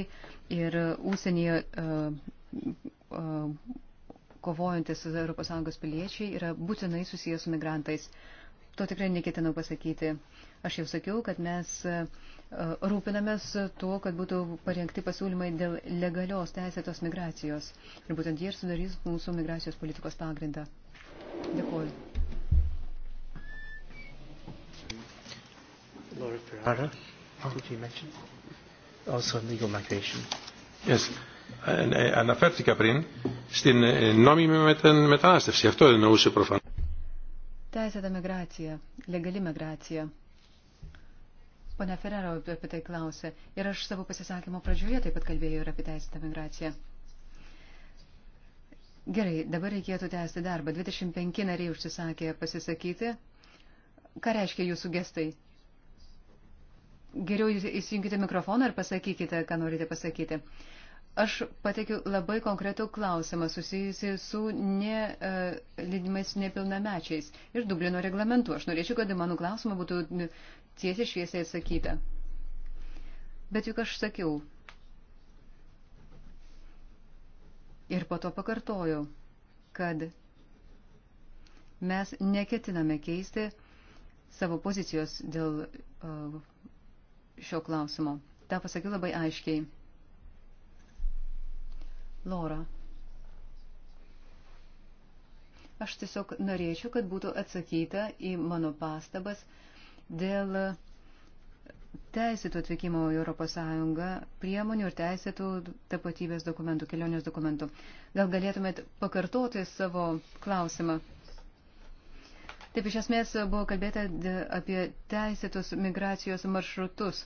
ir ūsienyje uh, e, uh, e, kovojantis ES piliečiai yra būtinai susijęs su migrantais. To tikrai neketinau pasakyti. Aš jau sakiau, kad mes. Uh, rūpinamės tuo, kad būtų parengti pasiūlymai dėl legalios teisėtos migracijos. Ir būtent jie ir sudarys mūsų migracijos politikos pagrindą. Dėkuoju. Laura Ferrara, oh. did you mention? Also legal migration. Yes. Αναφέρθηκα πριν στην νόμιμη μετανάστευση. Αυτό εννοούσε προφανώς. Τέσσερα migracija, legali migracija. Pone Ferrero apie tai klausė. Ir aš savo pasisakymo pradžioje taip pat kalbėjau ir apie teisėtą migraciją. Gerai, dabar reikėtų tęsti darbą. 25 nariai užsisakė pasisakyti. Ką reiškia jūsų gestai? Geriau įsijunkite mikrofoną ir pasakykite, ką norite pasakyti. Aš pateikiu labai konkretų klausimą susijusi su ne, uh, lydimais nepilnamečiais ir Dublino reglamentu. Aš norėčiau, kad mano klausimą būtų tiesiai šviesiai atsakyta. Bet juk aš sakiau. Ir po to pakartojau, kad mes neketiname keisti savo pozicijos dėl uh, šio klausimo. Ta pasakiau labai aiškiai. Lora. Aš tiesiog norėčiau, kad būtų atsakyta į mano pastabas dėl teisėtų atvykimo į ES priemonių ir teisėtų tapatybės dokumentų, kelionės dokumentų. Gal galėtumėt pakartoti savo klausimą? Taip, iš esmės buvo kalbėta apie teisėtus migracijos maršrutus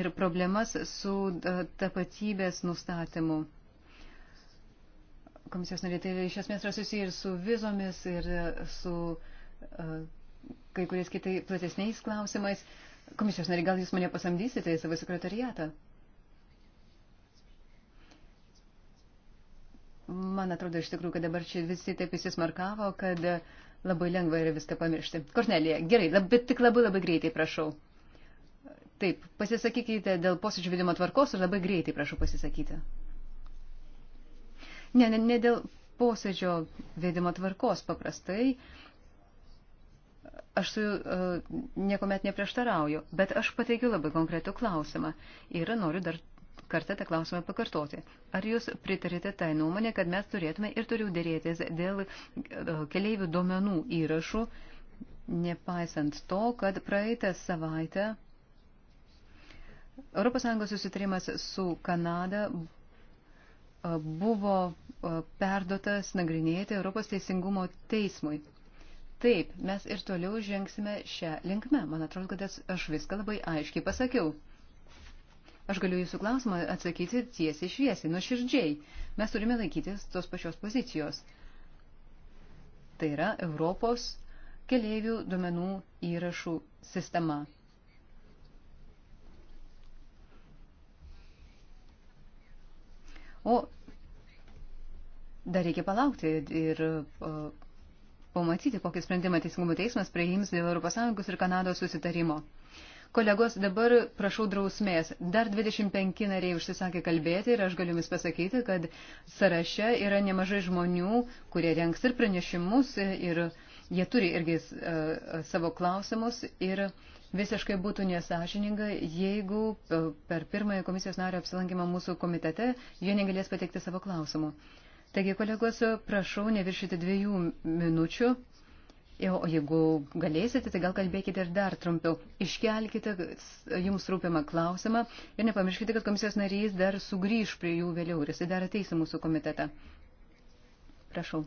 ir problemas su e, tapatybės nustatymu komisijos nariai, tai iš esmės yra susiję ir su vizomis, ir su e, kai kuriais kitai platesniais klausimais. Komisijos nariai, gal jūs mane pasamdysite į savo sekretariatą? Man atrodo iš tikrųjų, kad dabar čia visi taip įsismarkavo, kad labai lengva yra viską pamiršti. Kornelija, gerai, bet tik labai labai greitai prašau. Taip, pasisakykite dėl posėdžių vedimo tvarkos ir labai greitai prašau pasisakyti. Ne, ne, ne dėl posėdžio vedimo tvarkos paprastai. Aš su uh, niekuomet neprieštarauju, bet aš pateikiu labai konkretų klausimą ir noriu dar kartą tą klausimą pakartoti. Ar jūs pritarite tai nuomonė, kad mes turėtume ir turiu dėrėtis dėl e, keliaivių duomenų įrašų, nepaisant to, kad praeitą savaitę ES susitarimas su Kanada buvo perdotas nagrinėti Europos teisingumo teismui. Taip, mes ir toliau žengsime šią linkmę. Man atrodo, kad aš viską labai aiškiai pasakiau. Aš galiu jūsų klausimą atsakyti tiesiai šviesiai, nuoširdžiai. Mes turime laikytis tos pačios pozicijos. Tai yra Europos keliaivių duomenų įrašų sistema. O dar reikia palaukti ir pamatyti, kokį sprendimą Teisingumo teismas priims dėl ES ir Kanados susitarimo. Kolegos, dabar prašau drausmės. Dar 25 nariai užsisakė kalbėti ir aš galiu jums pasakyti, kad sąraše yra nemažai žmonių, kurie renks ir pranešimus, ir jie turi irgi uh, savo klausimus. Ir uh, Visiškai būtų nesažininga, jeigu e, per pirmąją komisijos nario apsilankimą mūsų komitete jie negalės pateikti savo klausimų. Taigi, kolegos, prašau neviršyti dviejų minučių. E, o jeigu galėsite, tai gal kalbėkite ir dar trumpiau. Iškelkite jums rūpimą klausimą ir nepamirškite, kad komisijos narys dar sugrįž prie jų vėliau ir jisai dar ateis į mūsų komitetą. Prašau.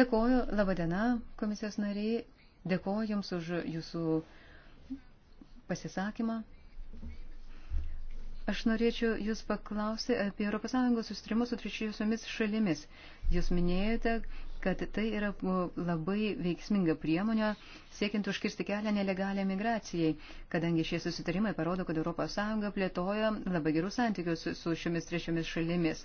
Dėkoju, labadiena, komisijos nariai. Dėkoju Jums už Jūsų pasisakymą. Aš norėčiau Jūs paklausti apie ES sustrimus su trečiosiomis šalimis. Jūs minėjote, kad tai yra labai veiksminga priemonė siekiant užkirsti kelią nelegalią migracijai, kadangi šie susitarimai parodo, kad ES plėtoja labai gerus santykius su šiomis trečiomis šalimis.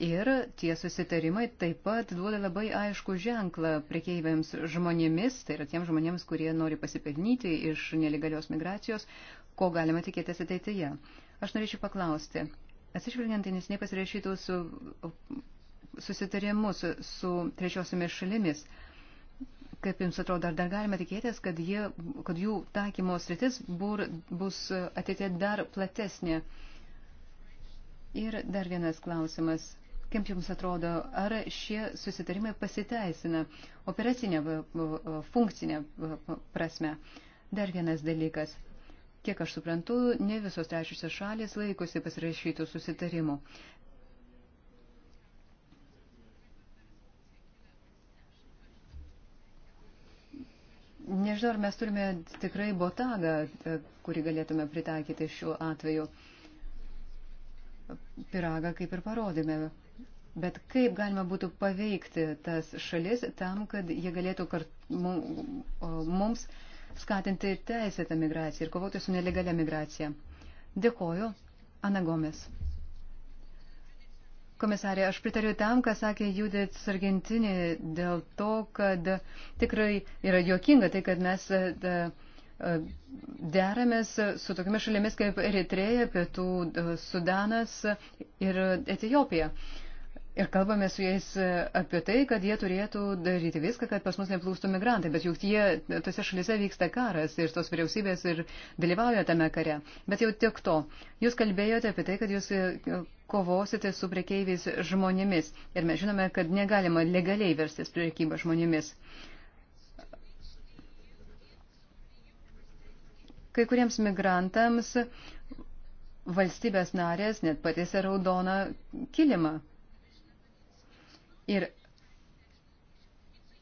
Ir tie susitarimai taip pat duoda labai aišku ženklą priekeiviams žmonėmis, tai yra tiems žmonėms, kurie nori pasipelnyti iš nelegalios migracijos, ko galima tikėtis ateityje. Aš norėčiau paklausti, atsižvelgiant į nesiniai pasirašytus su, susitarimus su trečiosiomis šalimis, kaip jums atrodo, ar dar galima tikėtis, kad, jie, kad jų taikymo sritis bur, bus ateitie dar platesnė? Ir dar vienas klausimas. Kaip jums atrodo, ar šie susitarimai pasiteisina operacinė funkcinė prasme? Dar vienas dalykas. Kiek aš suprantu, ne visos trečiosios šalis laikosi pasirašytų susitarimų. Nežinau, ar mes turime tikrai botagą, e, kurį galėtume pritaikyti šiuo atveju. Piragą kaip ir parodėme Bet kaip galima būtų paveikti tas šalis tam, kad jie galėtų kart mums skatinti teisėtą migraciją ir kovoti su nelegalia migracija? Dėkoju, Ana Gomes. Komisarė, aš pritariu tam, ką sakė Judith Sargentinė, dėl to, kad tikrai yra juokinga tai, kad mes deramės su tokiamis šalimis kaip Eritreja, Pietų Sudanas ir Etijopija. Uh, Ir kalbame su jais e, apie tai, kad jie turėtų daryti viską, kad pas mus neplūstų migrantai, bet juk jie, tose šalyse vyksta karas ir tos vyriausybės ir dalyvauja tame kare. Bet jau tiek to. Jūs kalbėjote apie tai, kad jūs e, kovosite su priekeiviais žmonėmis. Ir mes žinome, kad negalima legaliai verstis priekybą žmonėmis. Kai kuriems migrantams valstybės narės net patys raudoną kilimą. Ir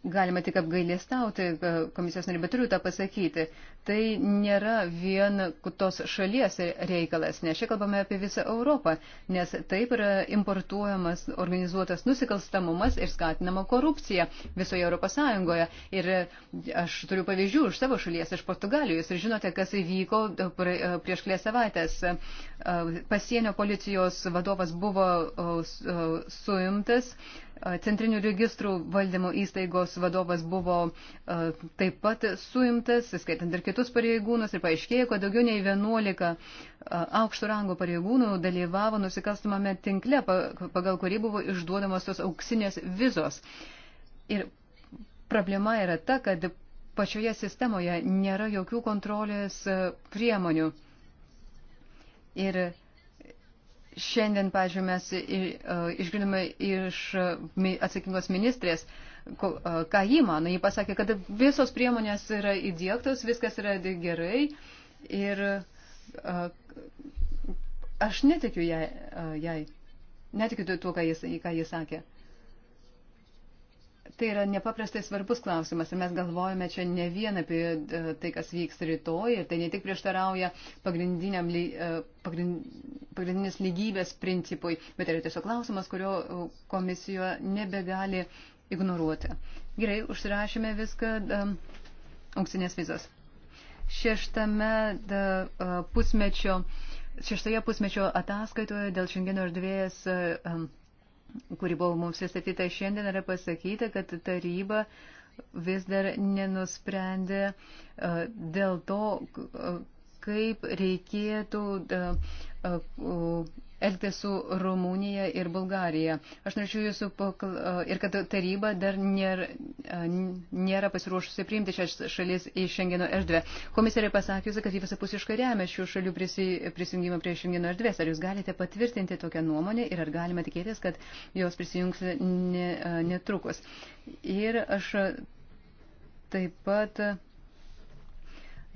galima tik apgailėstauti, e, komisijos nariai, bet turiu tą pasakyti, tai nėra vien tos šalies reikalas, nes čia kalbame apie visą Europą, nes taip yra importuojamas organizuotas nusikalstamumas ir skatinama korupcija visoje Europos Sąjungoje. Ir aš turiu pavyzdžių iš savo šalies, iš Portugalijos, ir žinote, kas įvyko prieš kelias savaitės. E, pasienio policijos vadovas buvo suimtas. Su Centrinių registrų valdymo įstaigos vadovas buvo taip pat suimtas, skaitant ir kitus pareigūnus, ir paaiškėjo, kad daugiau nei 11 aukšto rango pareigūnų dalyvavo nusikalstamame tinkle, pagal kurį buvo išduodamos tos auksinės vizos. Ir problema yra ta, kad pačioje sistemoje nėra jokių kontrolės priemonių. Ir Šiandien, pažiūrėjau, mes e, išgirdome iš e, atsakingos ministrės, e, ką jį mano. Jį pasakė, kad visos priemonės yra įdėktos, viskas yra gerai ir aš netikiu jai, jai. netikiu tuo, ką jis, ką jis sakė tai yra nepaprastai svarbus klausimas ir mes galvojame čia ne vien apie e, tai, kas vyks rytoj ir tai ne tik prieštarauja pagrindiniam, e, pagrindinės lygybės principui, bet yra tiesiog klausimas, kurio e, komisijoje nebegali ignoruoti. Gerai, užsirašėme viską. Auksinės vizos. Šeštame da, pusmečio, šeštoje pusmečio ataskaitoje dėl šengeno erdvėjas. Um, kuri buvo mums įstatyta šiandien, yra pasakyta, kad taryba vis dar nenusprendė dėl to, kaip reikėtų elgtis su Rumunija ir Bulgarija. Aš norėčiau jūsų pakl... E, ir kad taryba dar nėra, e, nėra pasiruošusi priimti šias šalis į Šengeno erdvę. Komisarė pasakiusi, kad jį visapusiškai remia šių šalių prisi... prisijungimą prie Šengeno erdvės. Ar jūs galite patvirtinti tokią nuomonę ir ar galima tikėtis, kad jos prisijungs ne... E, netrukus? Ir aš taip pat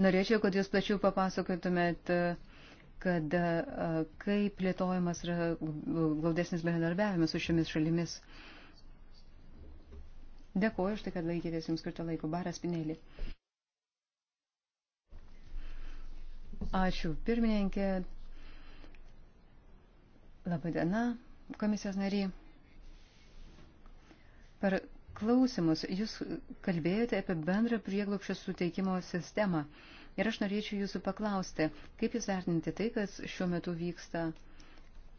norėčiau, kad jūs plačiau papasakotumėte. Uh, kad kaip plėtojamas yra glaudesnis bendradarbiavimas su šiomis šalimis. Dėkuoju už tai, kad laikytės jums skirtą laiko. Baras Pinėlį. Ačiū, pirmininkė. Labadiena, komisijos nariai. Per klausimus jūs kalbėjote apie bendrą prieglopščio suteikimo sistemą. Uh, Ir aš norėčiau jūsų paklausti, kaip jūs vertinate tai, kas šiuo metu vyksta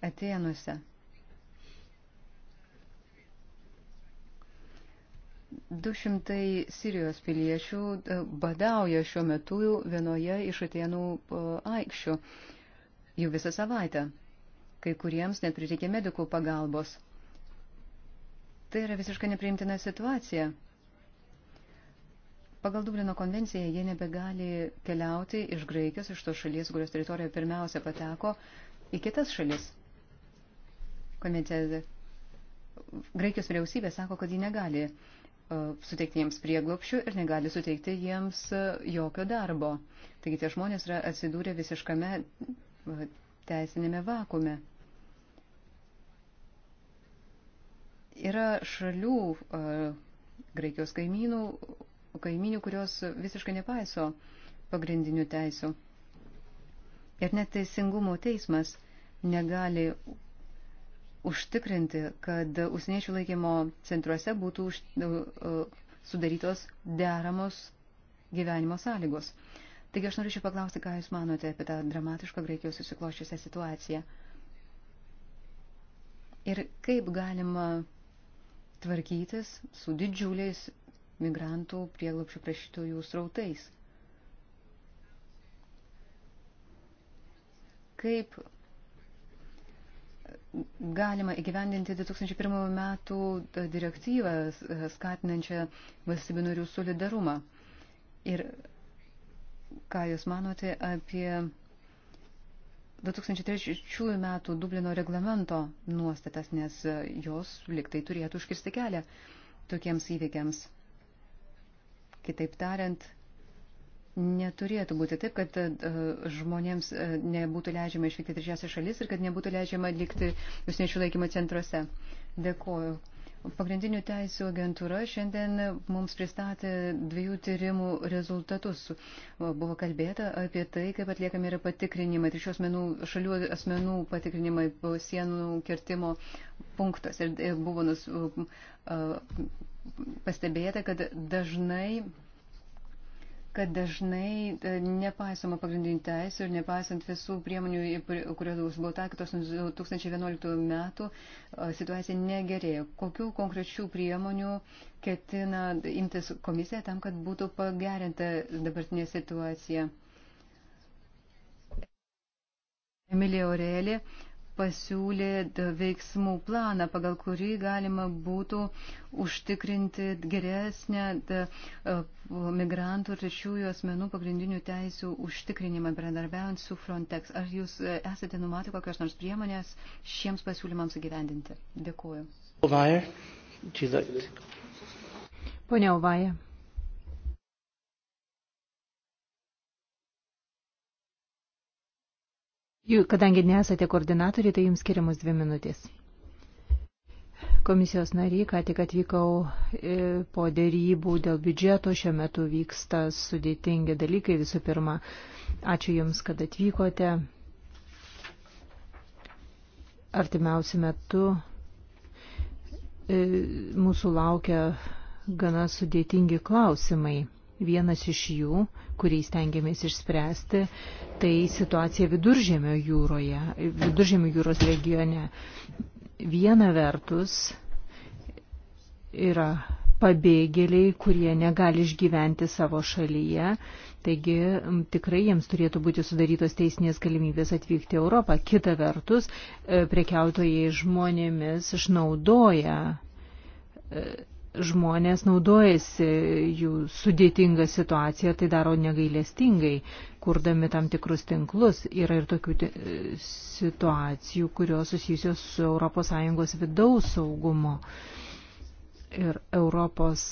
Atenuose? Du šimtai Sirijos piliečių e, badauja šiuo metu vienoje iš Atenų e, aikščių jau visą savaitę. Kai kuriems net prireikė medikų pagalbos. Tai yra visiškai nepriimtina situacija. Pagal Dublino konvenciją jie nebegali keliauti iš Graikijos, iš tos šalies, kurios teritorijoje pirmiausia pateko, į kitas šalis. Konvencija Graikijos vyriausybė sako, kad ji negali e, suteikti jiems prieglopšių ir negali suteikti jiems e, jokio darbo. Taigi tie žmonės yra atsidūrę visiškame e, teisinėme vakume. Yra šalių Graikijos kaimynų, kaiminių, kurios visiškai nepaiso pagrindinių teisų. Ir net teisingumo teismas negali užtikrinti, kad užsieniečių laikymo centruose būtų už, e, e, sudarytos deramos gyvenimo sąlygos. Taigi aš norėčiau paklausti, ką Jūs manote apie tą dramatišką Graikijos susikloščiusią situaciją. Ir kaip galima tvarkytis su didžiuliais migrantų prieglopšio prašytojų srautais. Kaip galima įgyvendinti 2001 metų direktyvą skatinančią valstybių narių solidarumą? Ir ką Jūs manote apie 2003 metų Dublino reglamento nuostatas, nes jos liktai turėtų užkirsti kelią tokiems įvykiams. Kitaip tariant, neturėtų būti taip, kad e, žmonėms e, nebūtų leidžiama išvykti trečiasias šalis ir kad nebūtų leidžiama likti jūsniečių laikymo centruose. Dėkuoju. Pagrindinių teisų agentūra šiandien mums pristatė dviejų tyrimų rezultatus. Buvo kalbėta apie tai, kaip atliekami yra patikrinimai, trečios menų, šalių asmenų patikrinimai sienų kirtimo punktas. Ir buvo nus, pastebėta, kad dažnai kad dažnai e, nepaisoma pagrindinių teisų ir nepaisant visų priemonių, kurios buvo taikytos nuo 2011 metų, e, situacija negerėjo. Kokių konkrečių priemonių ketina imtis komisija tam, kad būtų pagerinta dabartinė situacija? Emilija Orelė pasiūlė veiksmų planą, pagal kurį galima būtų užtikrinti geresnę e, migrantų ir trečiųjų asmenų pagrindinių teisų užtikrinimą, bendradarbiaujant su Frontex. Ar jūs e, esate numatę kokios nors priemonės šiems pasiūlymams įgyvendinti? Dėkuoju. Ovaja, Pone Ovaja. Jų, kadangi nesate koordinatoriai, tai jums skiriamos dvi minutės. Komisijos nariai, ką tik atvykau e, po dėrybų dėl biudžeto, šiuo metu vyksta sudėtingi dalykai. Visų pirma, ačiū Jums, kad atvykote. Artimiausiu metu e, mūsų laukia gana sudėtingi klausimai. Vienas iš jų kuriais tengiamės išspręsti, tai situacija viduržėmio jūroje, viduržėmio jūros regione. Viena vertus yra pabėgėliai, kurie negali išgyventi savo šalyje, taigi tikrai jiems turėtų būti sudarytos teisinės galimybės atvykti į Europą. Kita vertus, e, prekiautojai žmonėmis išnaudoja e, žmonės naudojasi jų sudėtingą situaciją, tai daro negailestingai, kurdami tam tikrus tinklus. Yra ir tokių situacijų, kurios susijusios su ES vidaus saugumu. Ir Europos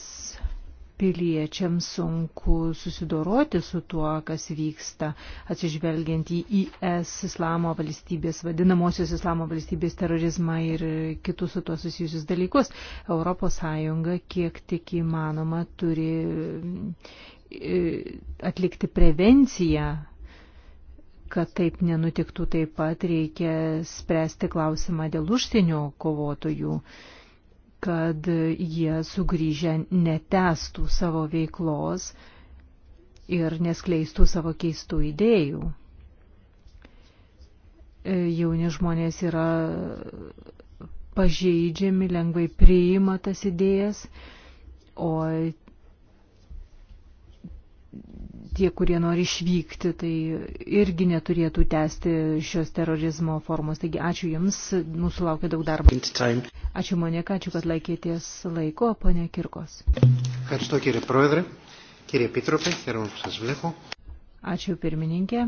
piliečiams sunku susidoroti su tuo, kas vyksta, atsižvelgiant į IS islamo valstybės, vadinamosios islamo valstybės terorizmą ir kitus su tuo susijusius dalykus. ES kiek tik įmanoma turi e, atlikti prevenciją kad taip nenutiktų taip pat reikia spręsti klausimą dėl užsienio kovotojų. Uh, kad jie sugrįžę netestų savo veiklos ir neskleistų savo keistų idėjų. E, jauni žmonės yra pažeidžiami, lengvai priima tas idėjas, o tie, kurie nori išvykti, tai irgi neturėtų tęsti šios terorizmo formos. Taigi ačiū Jums, mūsų laukia daug darbo. Ačiū Monika, ačiū, kad laikėties laiko, ponė Kirkos. Ačiū pirmininkė,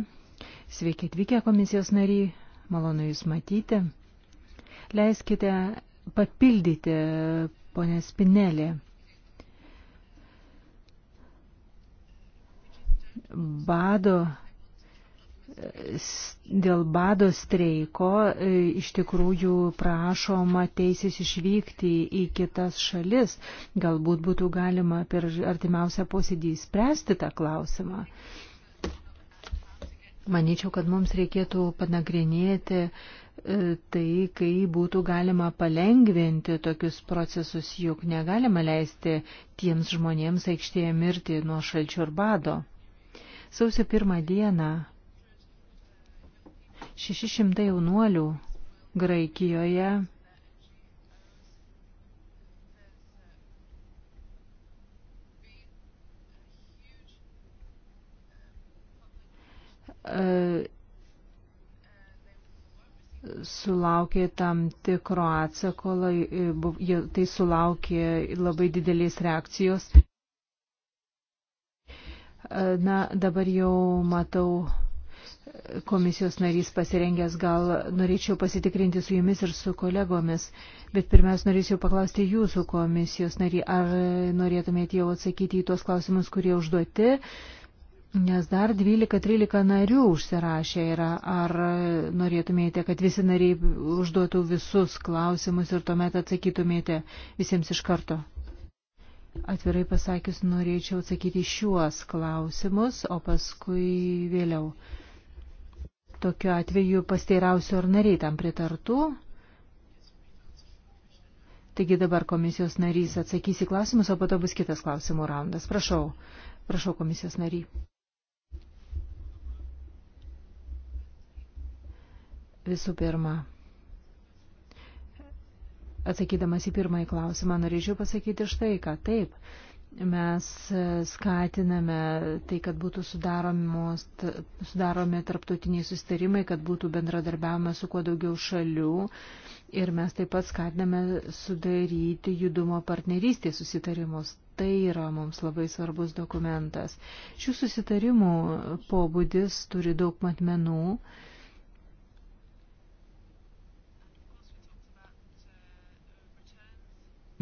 sveiki atvykę komisijos nariai, malonu Jūs matyti. Leiskite papildyti ponę Spinelį bado dėl bado streiko e, iš tikrųjų prašoma teisės išvykti į kitas šalis. Galbūt būtų galima per artimiausią posėdį spręsti tą klausimą. Manyčiau, kad mums reikėtų panagrinėti e, tai, kai būtų galima palengvinti tokius procesus, juk negalima leisti tiems žmonėms aikštėje mirti nuo šalčio ir bado. Sausio pirmą dieną 600 jaunuolių Graikijoje sulaukė tam tikro atsako, tai sulaukė labai didelės reakcijos. Na, dabar jau matau komisijos narys pasirengęs, gal norėčiau pasitikrinti su jumis ir su kolegomis, bet pirmiausia norėčiau paklausti jūsų komisijos narį, ar norėtumėte jau atsakyti į tuos klausimus, kurie užduoti, nes dar 12-13 narių užsirašė yra, ar norėtumėte, kad visi nariai užduotų visus klausimus ir tuomet atsakytumėte visiems iš karto. Atvirai pasakius, norėčiau atsakyti šiuos klausimus, o paskui vėliau. Tokiu atveju pasteirausiu, ar nariai tam pritartų. Taigi dabar komisijos narys atsakys į klausimus, o po to bus kitas klausimų raundas. Prašau, prašau komisijos nary. Visų pirma, Atsakydamas į pirmąjį klausimą, norėčiau pasakyti štai ką. Taip, mes skatiname tai, kad būtų sudaromi tarptautiniai sustarimai, kad būtų bendradarbiavama su kuo daugiau šalių ir mes taip pat skatiname sudaryti judumo partnerystės susitarimus. Tai yra mums labai svarbus dokumentas. Šių susitarimų pobūdis turi daug matmenų.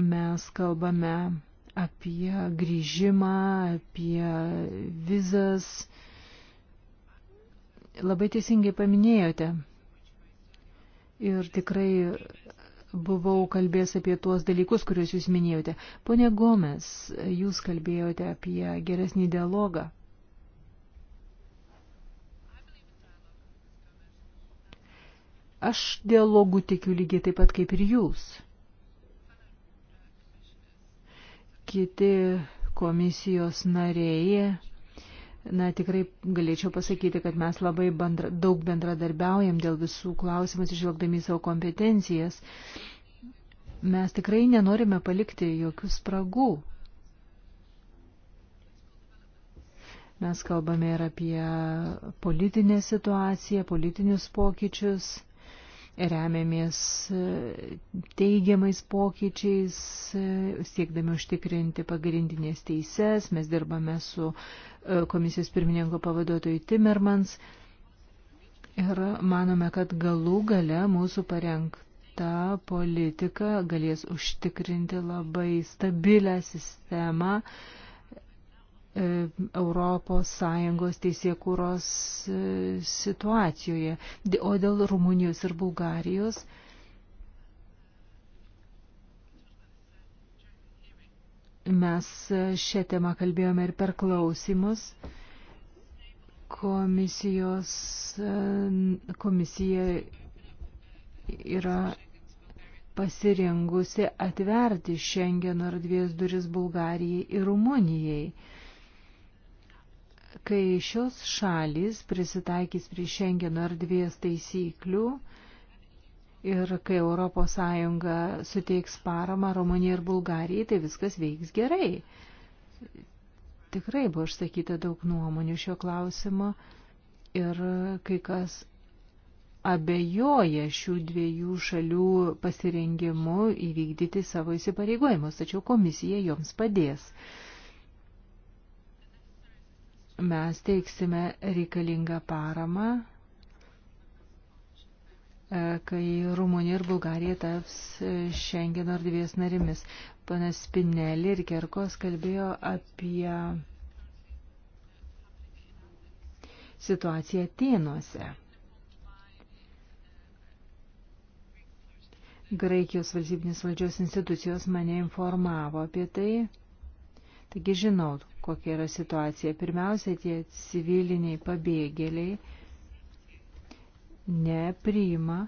mes kalbame apie grįžimą, apie vizas. Labai teisingai paminėjote. Ir tikrai buvau kalbės apie tuos dalykus, kuriuos jūs minėjote. Pone Gomes, jūs kalbėjote apie geresnį dialogą. Aš dialogų tikiu lygiai taip pat kaip ir jūs. kiti komisijos nariai. Na, tikrai galėčiau pasakyti, kad mes labai bandra, daug bendradarbiaujam dėl visų klausimų, išvelgdami savo kompetencijas. Mes tikrai nenorime palikti jokių spragų. Mes kalbame ir apie politinę situaciją, politinius pokyčius remiamės e, teigiamais pokyčiais, e, siekdami užtikrinti pagrindinės teises, mes dirbame su e, komisijos pirmininko pavaduotoju Timmermans ir manome, kad galų gale mūsų parengta politika galės užtikrinti labai stabilę sistemą, ES teisėkūros e, situacijoje. O dėl Rumunijos ir Bulgarijos mes e, šią temą kalbėjome ir per klausimus. Komisijos, e, komisija yra pasirengusi atverti Šengeno erdvės duris Bulgarijai ir Rumunijai kai šios šalys prisitaikys prie Schengeno erdvės taisyklių ir kai ES suteiks paramą Rumunijai ir Bulgarijai, tai viskas veiks gerai. Tikrai buvo išsakyta daug nuomonių šio klausimo ir kai kas abejoja šių dviejų šalių pasirengimu įvykdyti savo įsipareigojimus, tačiau komisija joms padės mes teiksime reikalingą paramą, e, kai Rumunija ir Bulgarija taps Šengeno e, erdvės narimis. Panas Spinelli ir Kerkos kalbėjo apie situaciją Tėnuose. Graikijos valstybinės valdžios institucijos mane informavo apie tai, taigi žinau, kokia yra situacija. Pirmiausia, tie civiliniai pabėgėliai nepriima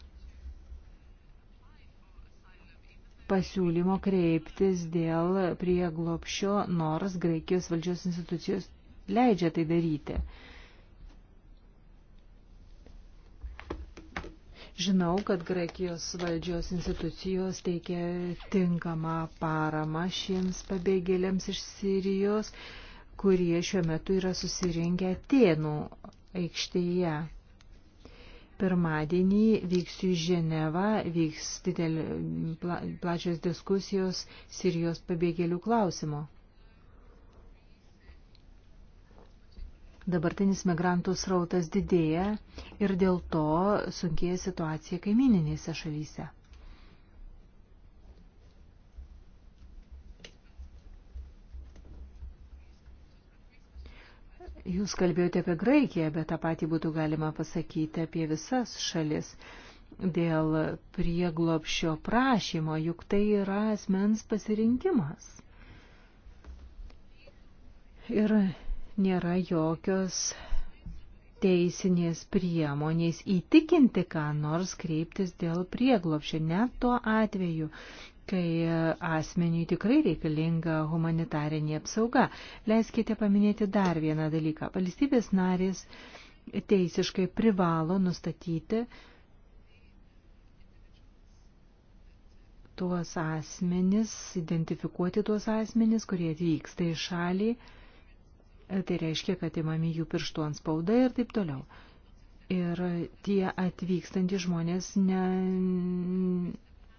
pasiūlymo kreiptis dėl prieglopšio, nors Graikijos valdžios institucijos leidžia tai daryti. Žinau, kad Graikijos valdžios institucijos teikia tinkamą paramą šiems pabėgėliams iš Sirijos kurie šiuo metu yra susirinkę Tėnų aikštėje. Pirmadienį vyksiu į Ženevą, vyks didelį, pla, plačios diskusijos Sirijos pabėgėlių klausimo. Dabartinis migrantų srautas didėja ir dėl to sunkėja situacija kaimininėse šalyse. Jūs kalbėjote apie Graikiją, bet tą patį būtų galima pasakyti apie visas šalis dėl prieglopšio prašymo, juk tai yra asmens pasirinkimas. Ir nėra jokios teisinės priemonės įtikinti, ką nors kreiptis dėl prieglopšio, net tuo atveju, kai asmeniui tikrai reikalinga humanitarinė apsauga. Leiskite paminėti dar vieną dalyką. Valstybės narės teisiškai privalo nustatyti tuos asmenis, identifikuoti tuos asmenis, kurie atvyksta į šalį. Tai reiškia, kad įmami jų pirštų ant spauda ir taip toliau. Ir tie atvykstantys žmonės ne,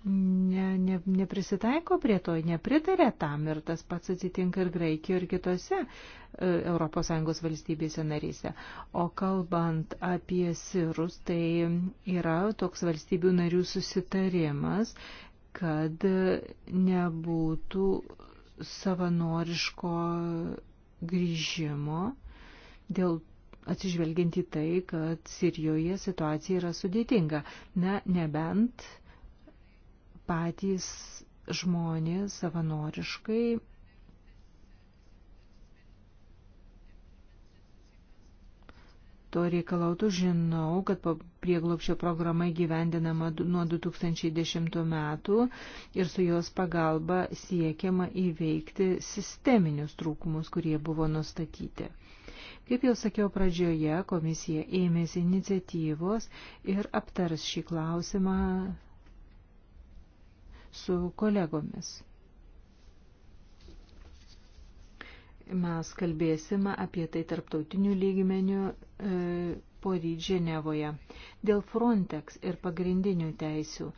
ne, ne, neprisitaiko prie to, nepritarė tam ir tas pats atsitinka ir Graikijoje, ir kitose ES valstybėse narėse. O kalbant apie sirus, tai yra toks valstybių narių susitarimas, kad nebūtų savanoriško grįžimo dėl atsižvelgiant į tai, kad Sirijoje situacija yra sudėtinga. Na, nebent patys žmonės savanoriškai to reikalautų, žinau, kad prieglopšio programa įgyvendinama nuo 2010 metų ir su jos pagalba siekiama įveikti sisteminius trūkumus, kurie buvo nustatyti. Kaip jau sakiau pradžioje, komisija ėmėsi iniciatyvos ir aptars šį klausimą su kolegomis. Mes kalbėsime apie tai tarptautinių lygmenių e, poryt Ženevoje dėl Frontex ir pagrindinių teisių.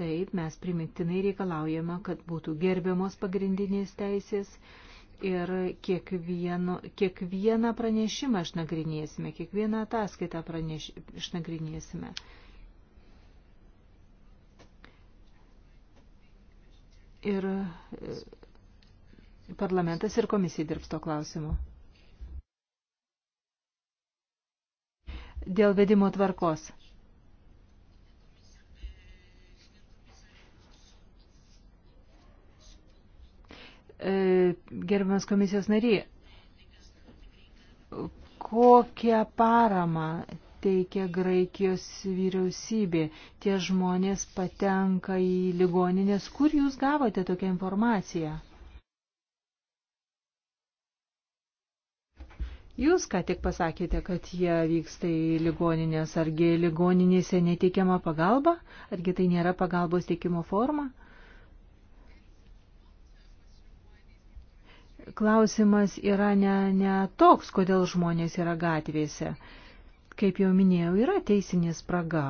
Taip, mes primiktinai reikalaujame, kad būtų gerbiamos pagrindinės teisės ir kiekvieno, kiekvieną pranešimą išnagrinėsime, kiekvieną ataskaitą praneš, išnagrinėsime. Praneš, Ir e, parlamentas ir komisija dirbs to klausimu. Dėl vedimo tvarkos. E, gerbiamas komisijos nariai, kokią paramą teikia Graikijos vyriausybė. Tie žmonės patenka į ligoninės. Kur jūs gavote tokią informaciją? Jūs ką tik pasakėte, kad jie vyksta į ligoninės. Argi ligoninėse neteikiama pagalba? Argi tai nėra pagalbos teikimo forma? Klausimas yra ne, ne toks, kodėl žmonės yra gatvėse. Uh, Kaip jau minėjau, yra teisinė spraga,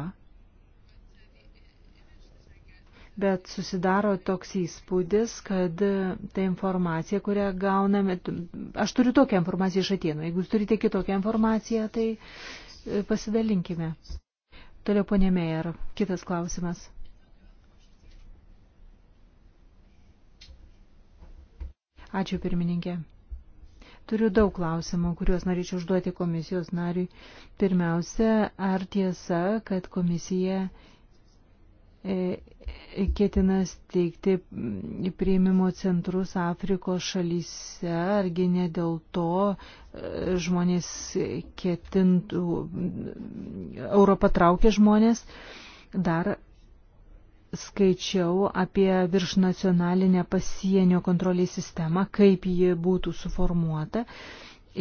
bet susidaro toks įspūdis, kad ta informacija, kurią gauname, aš turiu tokią informaciją iš atėnų, jeigu jūs turite kitokią informaciją, tai e, pasidalinkime. Toliau ponė Meijer, kitas klausimas. Ačiū pirmininkė. Turiu daug klausimų, kuriuos norėčiau užduoti komisijos nariui. Pirmiausia, ar tiesa, kad komisija e, ketina steigti prieimimo centrus Afrikos šalyse, argi ne dėl to e, žmonės ketintų, Europą traukia žmonės. Dar skaičiau apie viršnacionalinę pasienio kontrolės sistemą, kaip ji būtų suformuota.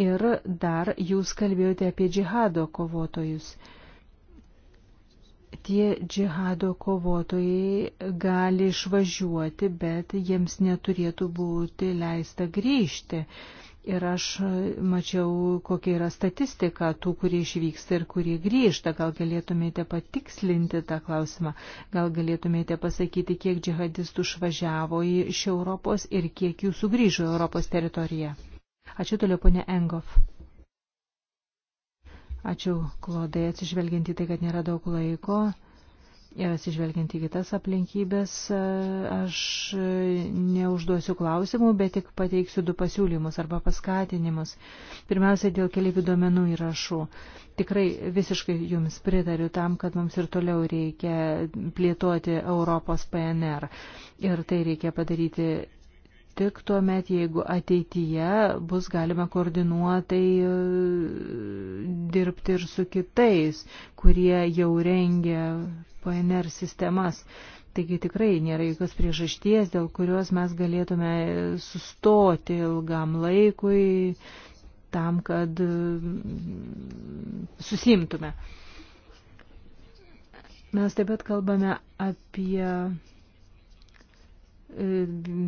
Ir dar jūs kalbėjote apie džihado kovotojus. Tie džihado kovotojai gali išvažiuoti, bet jiems neturėtų būti leista grįžti. Ir aš e, mačiau, kokia yra statistika tų, kurie išvyksta ir kurie grįžta. Gal galėtumėte patikslinti tą klausimą? Gal galėtumėte pasakyti, kiek džihadistų išvažiavo iš Europos ir kiek jų sugrįžo į Europos teritoriją? Ačiū toliau, ponė Engov. Ačiū, Klodai, atsižvelgiant į tai, kad nėra daug laiko. Ir atsižvelgiant į kitas aplinkybės, e, aš e, neužduosiu klausimų, bet tik pateiksiu du pasiūlymus arba paskatinimus. Pirmiausia, dėl keliaivių duomenų įrašų. Tikrai visiškai jums pritariu tam, kad mums ir toliau reikia plėtoti Europos PNR. Ir tai reikia padaryti tik tuo met, jeigu ateityje bus galima koordinuotai e, dirbti ir su kitais, kurie jau rengia PNR sistemas. Taigi tikrai nėra jokios priežasties, dėl kurios mes galėtume sustoti ilgam laikui tam, kad mm, susimtume. Mes taip pat kalbame apie e,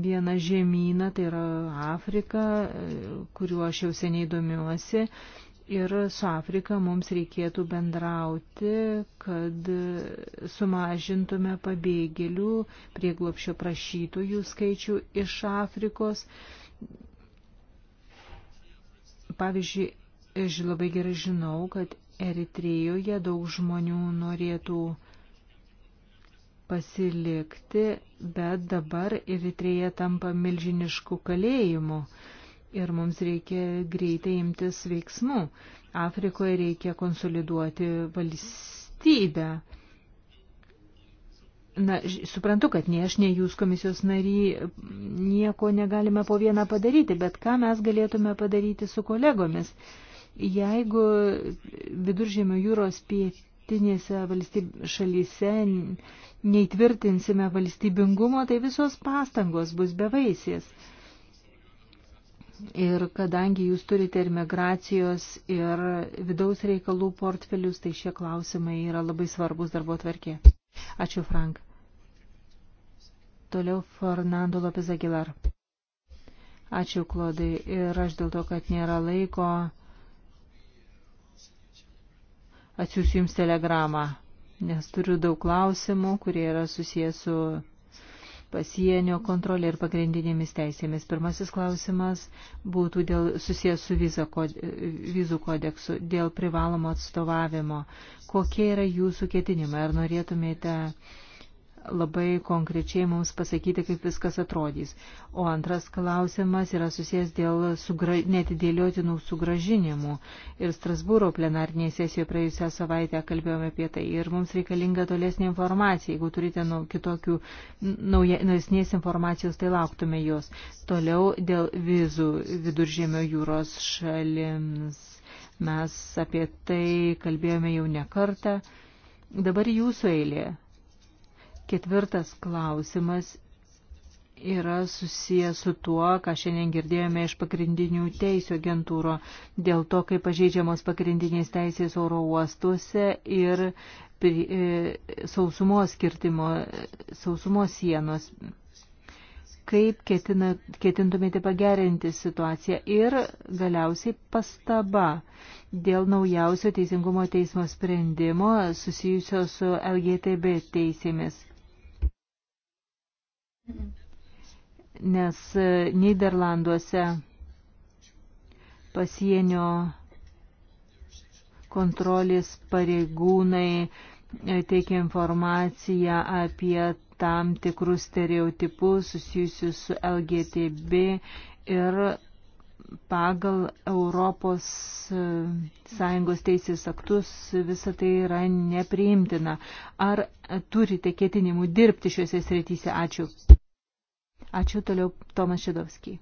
vieną žemyną, tai yra Afrika, e, kuriuo aš jau seniai domiuosi. Ir su Afrika mums reikėtų bendrauti, kad sumažintume pabėgėlių, prieglopšio prašytojų skaičių iš Afrikos. Pavyzdžiui, aš labai gerai žinau, kad Eritrėjoje daug žmonių norėtų pasilikti, bet dabar Eritrėja tampa milžinišku kalėjimu ir mums reikia greitai imtis veiksmų. Afrikoje reikia konsoliduoti valstybę. Na, suprantu, kad nei aš, nei jūs komisijos nariai nieko negalime po vieną padaryti, bet ką mes galėtume padaryti su kolegomis, jeigu viduržėmio jūros pietinėse valstyb... šalyse neįtvirtinsime valstybingumo, tai visos pastangos bus bevaisės. Ir kadangi jūs turite ir migracijos, ir vidaus reikalų portfelius, tai šie klausimai yra labai svarbus darbo tvarkė. Ačiū, Frank. Toliau Fernando Lopez Aguilar. Ačiū, Klodai. Ir aš dėl to, kad nėra laiko, atsiųsiu jums telegramą, nes turiu daug klausimų, kurie yra susijęs su pasienio kontrolė ir pagrindinėmis teisėmis. Pirmasis klausimas būtų dėl, susijęs su vizų kodeksu, dėl privalomo atstovavimo. Kokie yra jūsų ketinimai? Ar norėtumėte labai konkrečiai mums pasakyti, kaip viskas atrodys. O antras klausimas yra susijęs dėl sugra... netidėliotinų sugražinimų. Ir Strasbūro plenarnėje sesijoje praėjusią savaitę kalbėjome apie tai. Ir mums reikalinga tolesnė informacija. Jeigu turite nu, kitokių naujasnės informacijos, tai lauktume jos. Toliau dėl vizų viduržėmio jūros šalims. Mes apie tai kalbėjome jau ne kartą. Dabar jūsų eilė Ketvirtas klausimas yra susijęs su tuo, ką šiandien girdėjome iš pagrindinių teisų agentūro, dėl to, kaip pažeidžiamos pagrindinės teisės oro uostuose ir e, sausumos skirtimo, sausumos sienos. Kaip ketina, ketintumėte pagerinti situaciją ir galiausiai pastaba dėl naujausio Teisingumo teismo sprendimo susijusio su LGTB teisėmis nes e, Niderlanduose pasienio kontrolės pareigūnai e, teikia informaciją apie tam tikrus stereotipus susijusius su LGTB ir pagal Europos e, Sąjungos teisės aktus visa tai yra nepriimtina. Ar turite ketinimų dirbti šiuose srityse? Ačiū. Ačiū toliau Tomas Šidovskij.